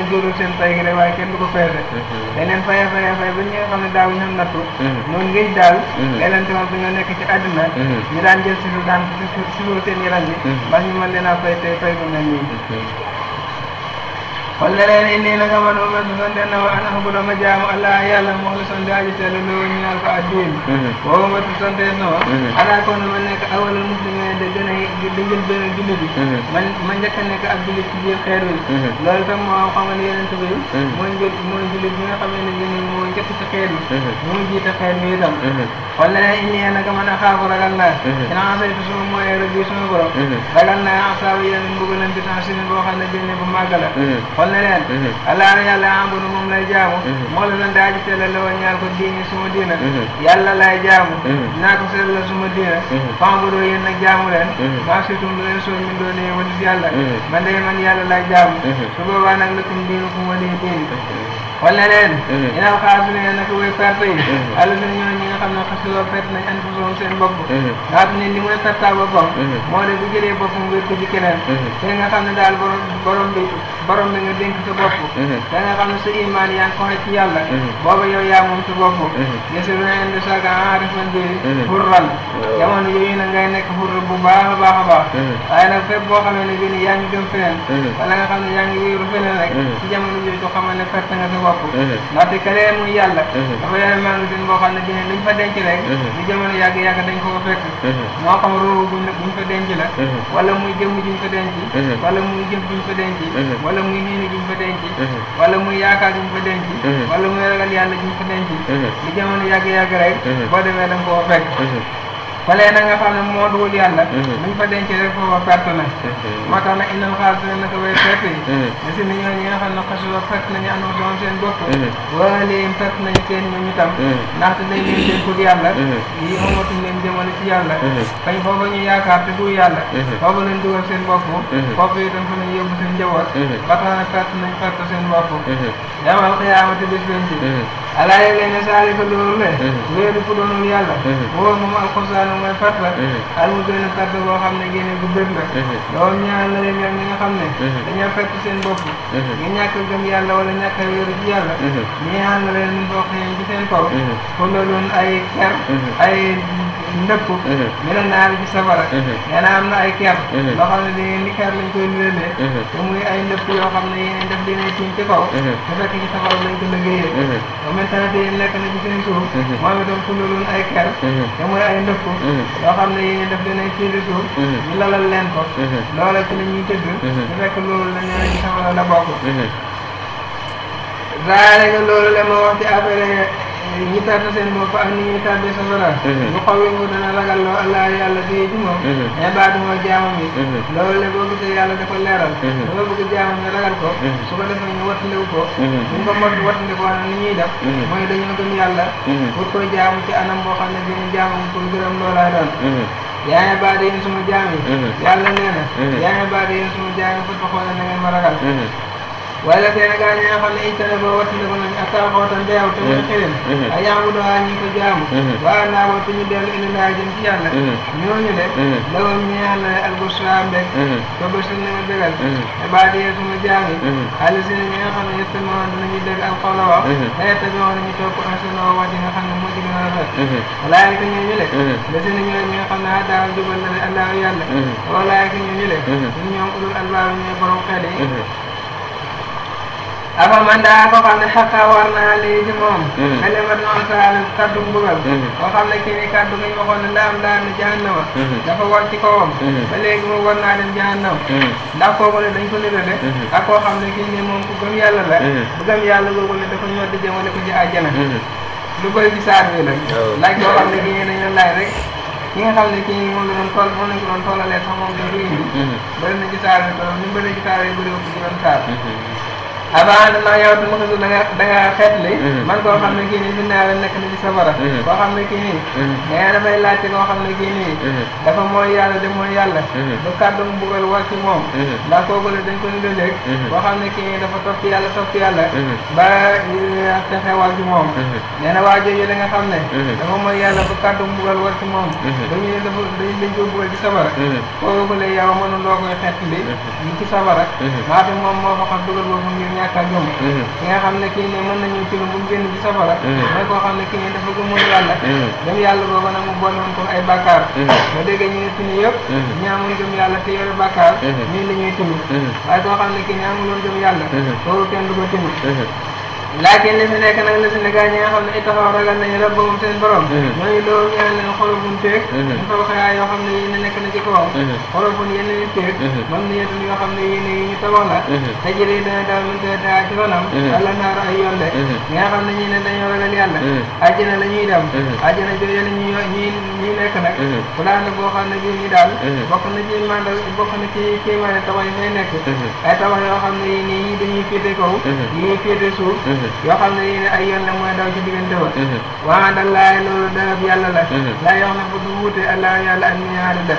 a jóoral seen fay gi de waaye kenn du ko peese mm-hmm. dañ leen fayee fayee fay ba ñi nga xam ne daaw ñu am nattu noonu ngéej daal lay leen tamit dañoo nekk ci àdduna ñu daan jël si lu daan si seen yaram bi ndax ñu mën leen a fay tey fay bu mel nii xool na leen indi naka man ma su ma dana ma ana bu dama jaamu allah yàlla moo la sant aji teel a lool ñu naan ma ma nekk awalul muslimin da gën a dëggal benn jullit bi. Mm-hmm. man a nekk ab jullit ci biir xeer wi. Mm-hmm. loolu tam moo xamal yeneen tubi. Mm-hmm. mooy njël mooy jullit bi nga xam ne nii moo njëkk wi. moo jiite xeer wi itam. xool na a si boo xam ne benn bu màgg la. wal na leen mhm. allah na yàlla ambudu moom lay jaamu mhm. mox la san daaji setla la wa ñaal ko diini suma diina mhm. yàlla lay jaamu naa ko seet la suma diina fambadoo yéen nag jaamu leen maa surtout lu leen soo min doo ne walis yàlla man day man yàlla lay jaamu su boobaa nag lëkkum diinu fu ma diin diin wal na leen inal xaas ne nag way perte yi àlla sunu ñoo nga xam ne xas loolu perte nañ andi moom seen bopp nga xam ne li mooy perta boppam moo ne bu jëlee boppam wér ko ci keneen te nga xam ne daal borom borom bi borom bi nga dénk sa bopp da nga xam ne sa imaan yaa ngi ko xëy ci yàlla booba yow yaa moom sa bopp gis lu neen di saaga en refan bi xurral jamono yooyu nag ngay nekk xurral bu baax a baax a baax waaye nag fépp boo xamee ne bi ni yaa ngi gëm feneen wala nga xam ne yaa ngi wéeru feneen rek ci jamono yooyu ko xamal ne perte nga sa bopp ndaxte ka leen muy yàlla dafa yore maa ngi seen boo xam ne bi ne fa denc rek lu jamono yàgg yàgg dañ ko fa fekk moo xam roobu buñ buñ denc la wala muy jëmm juñ fa denc wala muy jëf juñ fa denc wala muy niini juñ fa denc wala muy yaakaar juñ fa denc wala muy ragal yàlla juñ fa denc lu jamono yàgg yàgg rek boo demee da nga ko fekk walee na nga xam ne moo duwul yàlla luñ mm-hmm. fa denc rek foofa perte na mm-hmm. moo tax nag innal xaasiriin naka way perte yi masi mm-hmm. ni ñoo ñi nga xam ne xasula perte nañu am doom seen bopp waaléim perte nañu seen ñu ñu tam ndaxte dañ leen dénkul yàlla yi amatum leen jëmale ci yàlla kañ foofa ñu yaakaar te du yàlla foofa lañ dugal seen bopp foofu itam fa lañ yóbbu seen njaboot ba tax nag perte nañ perte seen bopp yamal xiyaamati bis benn ci alaaye lay na saalika loolu la wéeru fu doonul yàlla woo moom alxuraan mooy farta al mu benn farta xam ne génne bu bër la loolu ñaan leen ñi nga xam ne dañoo fekk seen bopp nga ñàkk gëm yàlla wala ñàkk wéeru ci yàlla ñaan la leen mun boo ci seen kaw fu la doon ay ker ay ndëpp mel ne naar bi safara nee na am na ay ker loo xam ne dañeen ni ker lañ koy nirelee te muy ay ndëpp yoo xam ne yeneen def dina tiim ci kaw te fekk ci safara lañ ko liggéeyee ba maintenant te nekk na ci seen suuf moom itam kulaloon ay ker te muy ay ndëpp yoo xam ne yeneen def dina tiim ci suuf ñu lalal leen ko loola ci la ñuy tëdd te fekk loolu la nee na ci safara la bokk daanaka loolu la ma wax ci affaire ñi tànn seen bopp ak ni ñuy tànnee safara bu xawee mu dana ragal loo allah yàlla fii ci moom ibaadu mm-hmm. mooy jaamam mm-hmm. yi loolu la boo gisee yàlla dafa leeral mm-hmm. dafa bëgg jaamam yi ragal ko su ko defee ñu wattandiku ko buñ ko mot wattandiku woon ni ñuy def mooy dañoo gëm yàlla pour koy jaamu ci anam boo xam ne bi ñu jaamu pour gërëm loolaa doon yaa ngi baade yéen suma jaam yi yàlla nee na yaa ngi baade yéen suma jaam yi fut fa xool na ngeen ma ragal waaye la seen gaa ñi nga ba wattu na ko nañ ak taaxootan jaaw te muy xëyam ak yaamudu waa ñi ko jaamu mm-hmm. waa naa wattu ñu dellu indi laa jëm ci yàlla mm-hmm. ñooñu de mm-hmm. lawam ñeel na albusra mbég ko ma bégal baadiyee suma jaam yi xaalis si ne yëpp ma woon dinañu dégg ak xol wax nawet bi wax nañu topp asana wax di nga xam ne moo ci gën a rafet walaay ka ñooñu le la seen ñoo ñi nga ah na ne allahu walaay ka ñooñu le ñoom ulul albaab ñooy borom afa man daa ko xam ne xaqa war naa lii ci moom xene mat moom sal kaddu mbugal koo mm-hmm. xam ne kii ni kaddu gañ waxoon ne ndaam ndaam ne jahannama mm-hmm. dafa war ci kawam mm-hmm. ba léegi mu war naa dem jahannama ndax kooku ne dañ ko nirale ak koo xam ne kii ni moom ku gëm yàlla la bu gëm yàlla googu ne dafa ñor di jëmale ko ci àjjana lu koy bi saar bi la oh. laaj koo xam ne kii dañu laaj rek ki nga xam ne kii moom la doon toll moom lañ ko doon tollalee sax moom da ruy bi bëri na ci saar bi loolu ñu bëri ci saar yi bëri ko ci doon saar abaana maa yow du ma xasul da nga da nga xeetli mm-hmm. man koo xam ne kii nii min naa la nekk na ci safara mm-hmm. koo xam ne kii nii mm-hmm. nee damay laajte koo xam ne kii nii dafa mooy yàlla de mooy yàlla du kàddu mu bugal war ci moom ndax kooku la dañ ko ni dëleeg koo xam ne kii nii dafa topp yàlla topp yàlla ba eh, texe war ci moom nee na waa jooju la nga xam ne dafa mooy yàlla du kàddu mu bugal war ci moom dañu ne dafa dañ dañ ko bugal ci safara kooku la yow mënu loo koy xeetli ñu ci safara maa te moom moo fa xam dugal boobu ngir ñàkk a gëm ki nga xam ne kii ne mën nañu ci lu bu mu génn ci safara mhm. mooy koo xam ne kii ne dafa gëmoon yàlla mhm. dem yàlla boobu nag mu boole woon ko ay bàkkaar nga mhm. déggee ñu ne yëpp ñi amoon gëm yàlla te yore bàkkaar ñii la ñuy tunu waaye koo xam ne kii ne amuloon gëm yàlla kooku kenn du ko tunu laakin li fi nekk nag li fi nekk ñi nga xam ne ittaxaw ragal nañu rab moom seen borom. Mhm. mooy loolu ñu naan leen xolofun peeg. Mhm. dafa xayaa yoo xam ne yéen a nekk na ci kawam. Mhm. xolofun yéen a ñu peeg. man ni yéen yoo xam ne yéen a ñu tabax la. te jëlee dana daal mën a daa ci fanam. wala naar ay yoon de. ñi nga xam ne ñii ne dañoo ragal yàlla. àjjana la ñuy dem. àjjana jooju la ñuy ñuy ñuy nekk nag. plan boo xam ne bii ñu daal. bokk na ci manda bokk na ci kii maanaam tabax yi fay nekk. ay tabax yoo xam ne yii nii dañuy féete kaw. yii féete suuf yoo xam ne yi ne ay yoon la mooy daw ci diggante wa waa dak laay loolu dayab yàlla la laa yox na bu du wuute allah yàlla ak niaali la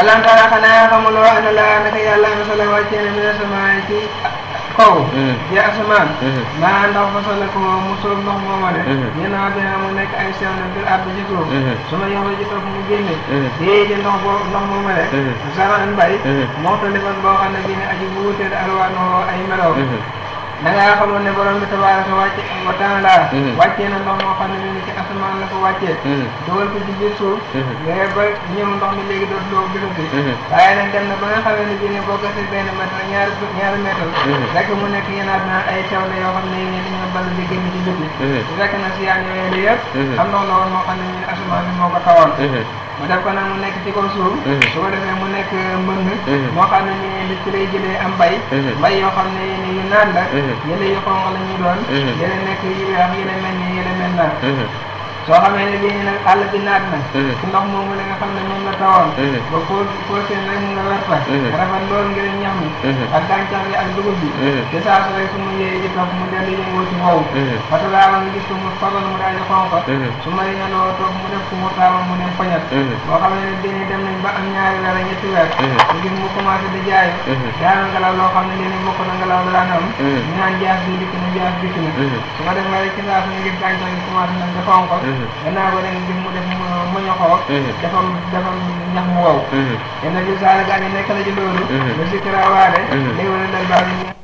alantara xanaa xamuloo ana laa naka yàlla am sala wàccee ne mina samaay ci kaw ya asamaan maa ndax fasala ko mu soob ndox moomale ñenaa bi mu nekk ay sew na bir àbb ci suuf suma yoxla ci topp mu génne yéey ji ndox boo ndox moomale samaan mbay moo talifan boo xam ne bi ne aji wuute alwaanoo ay melow da ngaa xamoon ne borom bi tabaaraka wàcce wa taala mm-hmm. wàccee na ndox moo xam ne ñu ngi ci asamaan la ko wàccee mm-hmm. dugal ko ci biir suuf mais mm-hmm. ba ñëw ndox mi léegi dootu loo gisati waaye nag dem na ba nga xamee ne bii ne boo gasee benn mètre ñaari ñaari mètre rek mu nekk yenaat na ay taw la yoo xam ne yéen dañoo bal di génn ci biti rek na si yaa ñëwee li yëpp am ndox la woon moo xam ne ñu asamaan bi moo ko tawoon mu def ko nag mu nekk ci kaw suuf mhm. su ko defee mu nekk mbënn mhm. moo xam ne nii li ci lay jëlee am mbay mhm. mbay yoo xam ne yéen yu naan la yële yu xonq la ñuy doon yële nekk yu weex yële mel ni yële mel na boo xam ne ne génn nag àll bi naat na mm-hmm. ci ndox moomu ne moom la tawoon mm-hmm. ba koo koo seen rek mu nga werta mm-hmm. rafet loolu saa su rek su mu yee ji topp mu dellu yëngoo ci wow laa nga gis mu fabal mu daal di su ma loo toog mu def ko mu taawal mu dem poñat boo xam ne dinañ dem nañ ba am ñaari a mu gis mu commencé di jaay daana ngelaw loo xam ne dina bokk na ngelaw daan am ñu naan jaas bi dikk na jaas dikk na su ko defee rek ne gis gannaaw ba nag bi mu def mu ñoxoo dafa dafa ñax mu nekk na ci loolu. ba si karawaale. léegi wala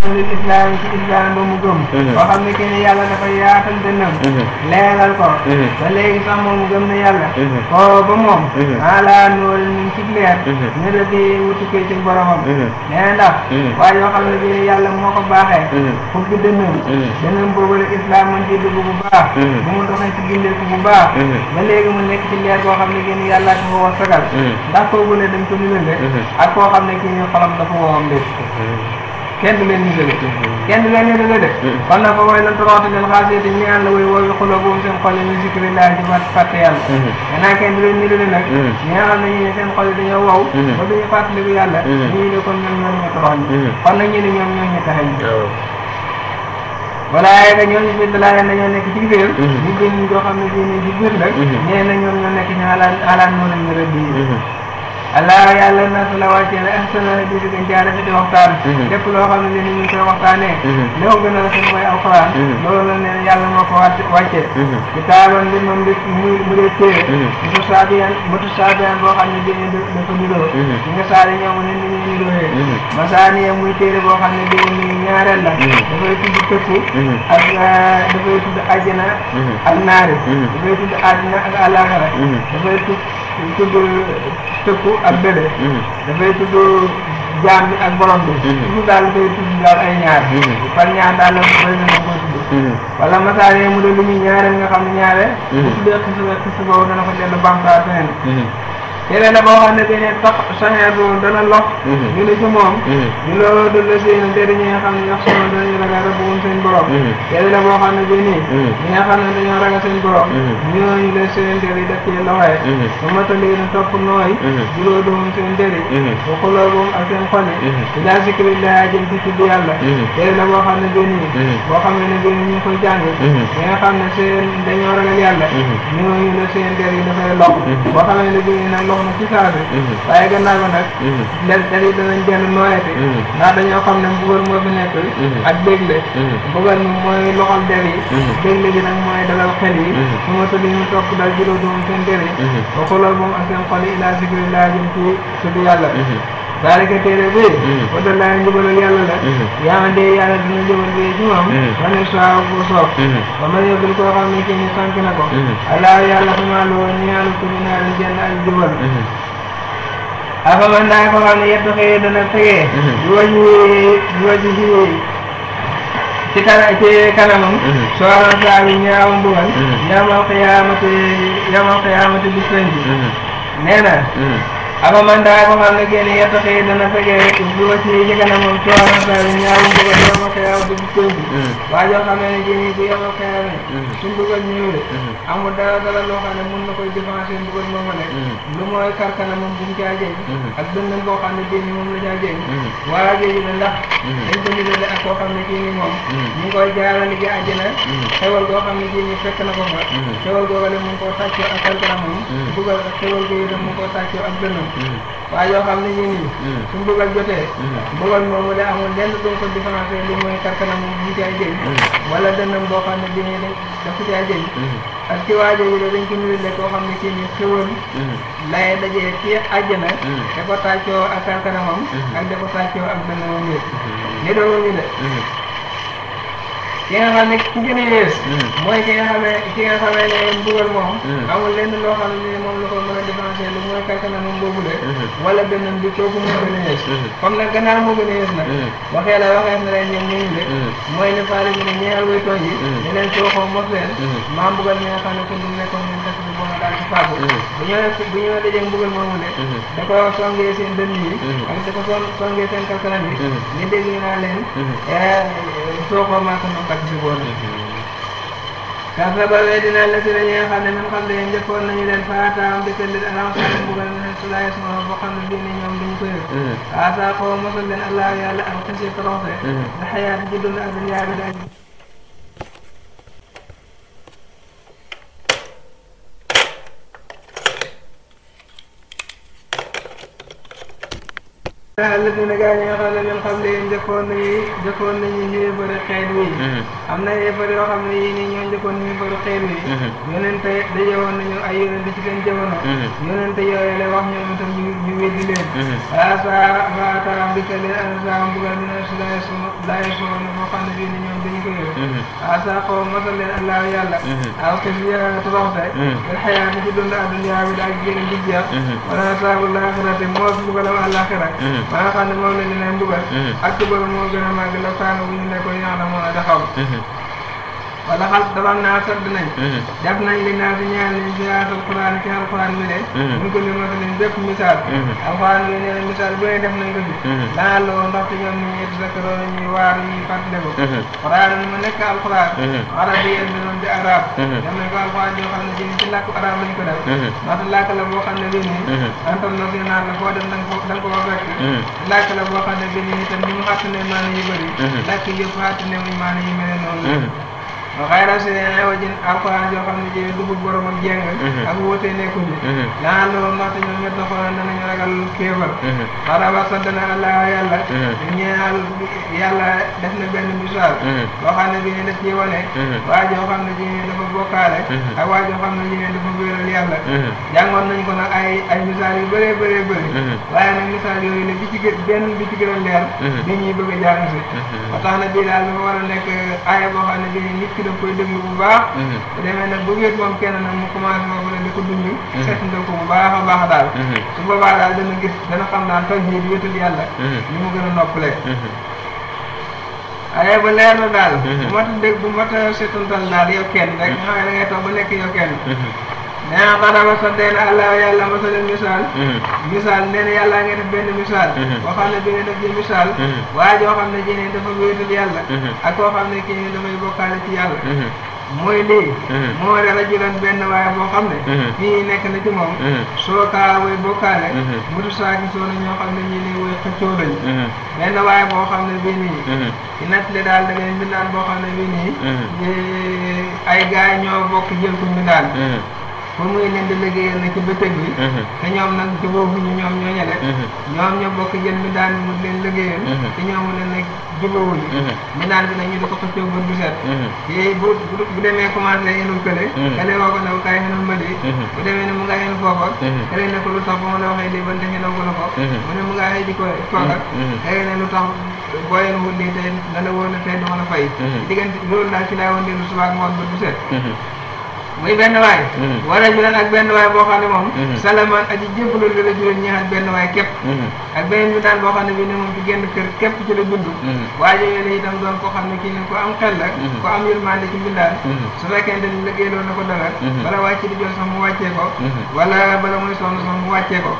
lil islaam ci islaam ba mu gëm koo xam ne kenn yàlla dafa yaatal dënnam leeral ko ba léegi sax moom gëm na yàlla koo ba moom ala nool min ci leer ñu rëddi wutukee ci boromam nee ndax waaye yoo xam ne bii yàlla moo ko baaxee fukki dënnam dënnam boobu la islaam mën ci dugg bu baax bu mu doxee ci gindeeku bu baax ba léegi mu nekk ci leer koo xam ne kenn yàlla ko war sagal ndax kooku ne dañ ko ñu lënde ak koo xam ne kii ñu xolam dafa woowam de kenn du leen musale kenn du leen ne danga def mm. kon nag fa way lan toroxte leen xaasee di ñaan la way woowi xolo boobu seen xol yi ñu zikri laa ci fat fàtte yàlla mm-hmm. danaa kenn du leen ni lale nag ñi nga xam ne seen xol yi dañoo wow mm-hmm. ba duñu fàttaliku yàlla mm-hmm. kon ñoom ñoo ñu torox ñu ne nekk ci réer. ne bii nii ci biir nag. ñeneen ñoom ñoo moo leen rëdd yi. allah yàlla na su la wàccee la ahsana la bisu gën caa rafeti waxtaan mhm. lépp loo xam ne ni ñu koy waxtaanee mhm. a rafet mooy alxuraan mhm. loolu la ne yàlla moo ko wàcc wàccee di taaroon li moom di mu mu dee téere mutu saabiyan mutu saabiyan boo xam ne bii dafa niroo ñi nga saari ñoom ne ni ñuy niroowee masaaniya muy téere boo xam ne bii ñaareel la dafay tudd tëkku ak euh, dafay tudd àjjana ak naari dafay tudd àddina ak àllaaxira dafay tudd dañ tudd tëkku ak dëdë mhm. dafay tudd jaam bi ak borom bi mhm. toujours daal dafay tudd daal ay ñaar mhm. par ñaar daal la koy dana koy tudd mu de lu muy ñaareel nga xam ne ñaare bu tuddee xisa xisa boobu dana ko dellu bamtaa feneen téere la boo xam ne dañuy topp saxee bu dana lox mhm. ñu a ci moom ñu loolu dul la seen téere ñi nga xam ne yox solo dañuy ragal rabbum seen borom téere mhm. la boo xam ne bii nii mhm. ñi nga xam ne dañoo ragal seen borom ñooñu la seen téere yi na topp nooy ñu loolu dum seen téere yi bu xulóobum dafay lox boo ne bii nii nag moom ci saa bi mhm. waaye gannaaw ba nag mhm. del del yi danañ gën a nooyati mhm. ndax dañoo xam ne mbugal moo fi nekk ak dégle mbugal mi mooy loxol der yi dégle gi mooy dalal xel yi su ma ñu topp dal juróom seen der yi ba xolal moom ak seen xol yi ilaa zikrillah jëm ci tudd yàlla baraka téere bi wata laa njëbalal yàlla la yaa ma dee yàlla dina jëbal bi ci moom ma ne soo bu soob ba ma yóbbul koo xam ne kii ni sant na ko allah yàlla fa maa loo ñaanu ko ñu naan jënd ak jëbal afaman daa ko xam ne yett xëyee dana fegee di waju di waju si ci kana ci kanamam soo xam saa bi ñaaw mbugal yaamal xiyaamati yaamal xiyaamati bis penc nee na aba man daal ba xam ne génn yett xëy dana fegee bi wa si ci kanam moom coona sabi ñaawu mbugal yooma xeyaw di këy bi mm. waa joo xamee ne jén yi bu yooma xeyawee mm. su mbugal ñëwee mm. amul dara dara loo xam ne mun na koy défensé mbugal moom a nekk lu mooy karkana moom bu mu caa jëñ ak dënnam boo xam ne jén yi moom la caa jëñ waa jooju ne ndax dañ ko nidale ak koo xam ne kii ni moom ñu ngi koy jaarale ji àjjana xewal goo xam ne jén yi fekk na ko fa xewal googale mu ngi koo tàccoo ak karkana moom mbugal ak xewal googu dem mu ngi koo tàccoo ak dënnam Mm. waa yoo xam ne ñu nii mm. suñ bëggal jotee mm. bëggal moomu da amul lenn doon ko différencé li mooy karkanam ñu ci ay jëy wala dënnam boo xam ne bi ne daf ci ay ci waajo yi dañ koo xam ne kii ni xéwal lay dajee ci àjjana da ko tàccoo ak karkanamam ak da ko tàccoo ak dënnamam yëpp ni doon ñu de ki nga xam ne ki gën a yées hmm. mooy ki nga xam ne ki nga xamee ne mbugal moom hmm. amul lenn loo xam ne moom la ko mën a défensé lu mooy karkana moom boobu de hmm. wala beneen bi kooku moo gën a yées comme nag gannaaw moo gën a yées nag waxee la waxee na leen ñoom ñu ngi de mooy ne faale bi ne ñeexal way tooñ yi ne leen sookoo mos leen maa mbugal mi nga xam ne kon du nekkoon ñun dak bu bona daal ci faagu bu ñëwee bu ñëwee dajee mbugal moomu de da ko songee seen dënn yi ak da ko songee seen karkanam yi ñu dégg ñu naa leen eh, toogoomaa ko ma faj si woon kàddaba weddina allazina ñi nga xam ne min qablihim njëkkoon nañu leen faataam di këllit alamsal mbugal ne su laa yasmaun boo xam ne bii nii ñoom duñu ko yëg mm-hmm. asa xoo mosal leen allah yàlla ak xisi trofe mm-hmm. da xayaat ji dund ak dunyaa bi alladina gaa yi nga xam ne min qablihim jëkkoon nañu jëkkoon nañu yéefari xeet mm-hmm. na yéefari yoo xam ne yii nii ñoo jëkkoon nañu yéefari xeet wi mm-hmm. yonente dajewoon nañu ay yonente ci seen jamono mm-hmm. yonente yooyu la wax ñoom itam ñu ñu weddi leen asa fataam bi ka leen anasam bugal bi nas laes laes moom na foo xam ne fii ni ñoom dañu ko yore asa allah yàlla ba nga xam ne moom a ñu leen dugal mm-hmm. ak dugal moo gën a màgg la kaanu bu ñu nekkoon yaa na mën wala xal sabab naa sodd nañ mhm. nañ li naa si ñaan liñ si alquran ci alquran bi lee mhm. ñu ko limal leen bépp misaal mhm. alquran bi nee na misaal bu nañ ko fi laa loo ndax ci ñoom ni ñuy zakkaroo na ñuy waar ñuy fàttaliku xoraan nekk alquran arab yi di arab def nañ ko alquran yoo xam ne jëriñ ci làkku arab lañ ko def ndax làkk la boo xam ne bii nii international la boo dem da nga ko da nga ko war a fekk làkk la boo xam ne bii nii itam ni ne maana yu ne muy xayra si ne lewajin alxuraan yoo xam ne ji dugub borom ak jéng mhm. ak wóote nekkuñ bi laa loolu ndaxte ñoom ñett na xoolal danañu ragal kéefal xaraba mhm. saddana allah yàlla mhm. ñeel yàlla def na benn misaal boo xam ne bi ne def dafa bokkaale ak waa joo xam ne ji dafa wéeral yàlla jàngoon nañ ko nag ay ay misaal yu bëree bëree bëri waaye nag misaal yooyu la bi ci gën benn bi ci gën a leer bi ñuy bëgg a jàng si ba na bii daal dafa war a nekk aaya boo xam ne bi nit ki daf koy déglu bu baax bu mhm. demee nag ba wéet moom kenn nag mu commencé moo ko di ko dund mhm. seetlu ko bu baax a baax daal mhm. su boobaa daal dana gis dana xam daal toj yi di wéetal yàlla ñu mu gën a noppalee waaye ba leer na daal bu mat a dégg bu ma a seetantal daal yow rek nga xam ne da ngay toog ba nekk yow nee na xanaa santee na allah yàlla masal misaal mm-hmm. misaal nee na yàlla nga def benn misaal mm-hmm. koo xam ne bi nga def di misaal mm-hmm. waaye joo xam ne jine dafa wéetal yàlla ak koo xam ne kii ne damay bokkaale ci yàlla mooy lii moo war a rajulan benn waaye boo xam ne fii nekk na ci moom so kaa way bokkaale mutu saaki soo na ñoo xam ne ñii nii way xëccoo lañ benn waaye boo xam ne bii nii ci nettali daal da ngay mbindaan boo xam ne bii nii ay gaay moom muy leen di liggéeyal na ci bëccëg bi mhm. te ñoom nag ci boobu ñoom ñoo ñele mhm. ñoom ñoo bokk jën mi mu leen liggéeyal mhm. te ñoom leen nag jubawuñu mi daan bi nag ñu di ko xëccoo bët bu set yooyu bu bu demee commencé yenul kële kële woo ko ne bu kaay yenul ma lii bu demee mu nga yenul foofa kële ne ko lu tax ma la waxee lii ba ndax yenul ko mu ne mu nga xëy di ko toogal kële ne lu tax boo yenul lii tey na la wóor na tey dama la fay diggante loolu daal ci laa woon lu subaak ngoon bët bu set muy benn waay hmm. war a julan ak benn waay boo xam ne moom hmm. salaman aji jébbalul la la julan ñaxat benn waay képp hmm. ak beneen bi daal boo xam ne bi ne moom di génn kër képp ci la dund waaye yooyu la itam doon koo xam ne kii ne ko am xel la ko am yërmande ci mbindaan su fekkente ni liggéeyloo na ko dara bala wàcc di jot sax mu wàccee ko wala bala muy sonn sax mu wàccee ko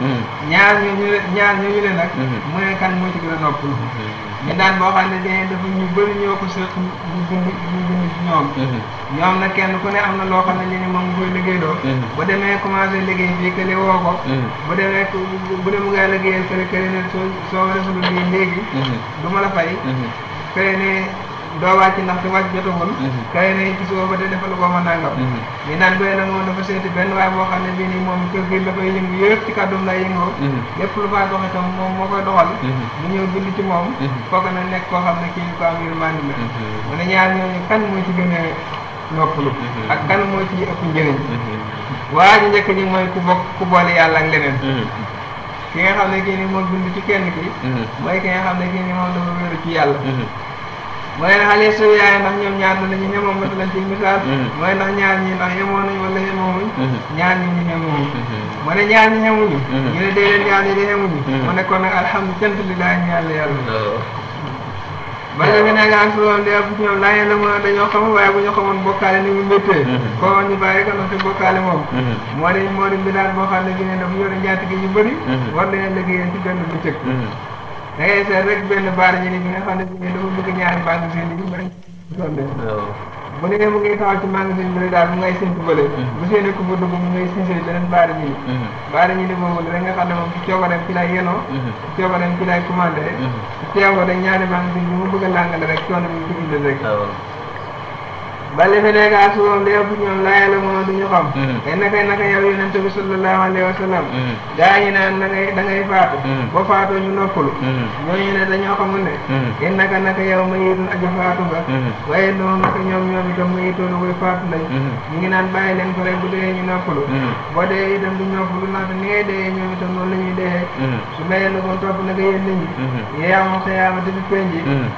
ñaar ñooñu ñaar ñooñu le nag mu ne kan moo ci gën a ñu daan boo xam ne dañuy dafa ñu bëri ñoo ko seq mu dund mu dund ci ñoom. ñoom mm-hmm. nag kenn ku ne am na loo xam ne ñu ne moom koy liggéeyloo. Mm-hmm. bu demee commencé liggéey fii kële woo ko. Mm-hmm. bu demee bu dem nga liggéeyal kële kële ne soo soo resul léegi. du ma la fay. kële ne. doo wàcc ndax di wàcc jotaxul mhm. kawe na ci suba ba te defal ko ma mhm. naan goy moom dafa seeti benn waaye boo xam ne bii nii moom kër gi dafay yëngu yëpp ci kàddum lay yëngoo mhm. lépp lu faa doxe tam moom moo koy doxal mu ñëw bind ci moom kooku na nekk koo xam ne kii ko am yërmande la mu ne ñaar ñooñu kan moo ci gën a noppalu ak kan moo ci ëpp njëriñ waa ji njëkk ji mooy ku bokk ku yàlla ak leneen ki nga xam ne kii nii moo bind ci kenn ki mooy xam ne moom dafa wéeru ci yàlla mooy xale suñu yaay ndax ñoom ñaar nañu ñemoon mos lañ ciy misaal. Mm-hmm. mooy ndax ñaar ñi ndax yemoon nañ wala yemoomuñ. Mm-hmm. ñaar ñi ñu yemoon. mu mm-hmm. ne ñaar ñi yemuñu. ñu ne déedéet ñaar ñi de yemuñu. mu ne kon nag alhamdulilah ñu yàlla yàlla. ba léegi nag su loolu de bu ñoom laajee la mën a dañoo xamul waaye bu ñu xamoon bokkaale ni mu méttee. koo ñu bàyyi ko ndax bokkaale moom. moo di moo di bi boo xam ne bi ne dafa yore njaati gi yu bëri. war nañu da ngay seet rek benn baar ñu ne bi nga xam ne bii dafa bëgg ñaari magasin bi ñu bëri. waaw bu ne mu ngay taxaw ci magasin bi rek daal mu ngay séntu bële. Mm-hmm. bu séenee ko fa dugg mu ngay séntu beneen baar ñi. Mm-hmm. baar ñi ne boobu rek nga xam ne moom ci coobareem ci lay yenoo. Mm-hmm. ci coobareem ci lay commandé. ci teewoo rek ñaari magasin bi mu bëgg a làngale rek coono bi mu ko indil rek. bale fi léegi as boobu léegi bu ñoom laa yàlla moo duñu xam. te mm-hmm. naka naka yow yonent bi sallallahu alayhi wa sallam. Mm-hmm. gaa ñi naan da ngay da ngay faatu. Mm-hmm. boo faatoo ñu noppalu. ñooñu ne dañoo xamul ne. te naka naka yow ma yitun aja faatu nga. waaye noonu naka ñoom ñoom itam ma yitoon koy faatu lañ. ñu ngi naan bàyyi leen ko rek bu dee ñu noppalu. boo dee itam du noppalu ndax ni ngay dee ñoom itam noonu la ñuy dee. su la kon topp naka yéen nit ñi. yéen a moom sa yaama te du penj.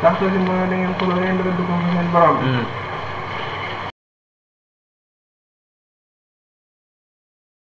tax soo si mooy da ngeen xuloo ngeen dugg ko seen borom.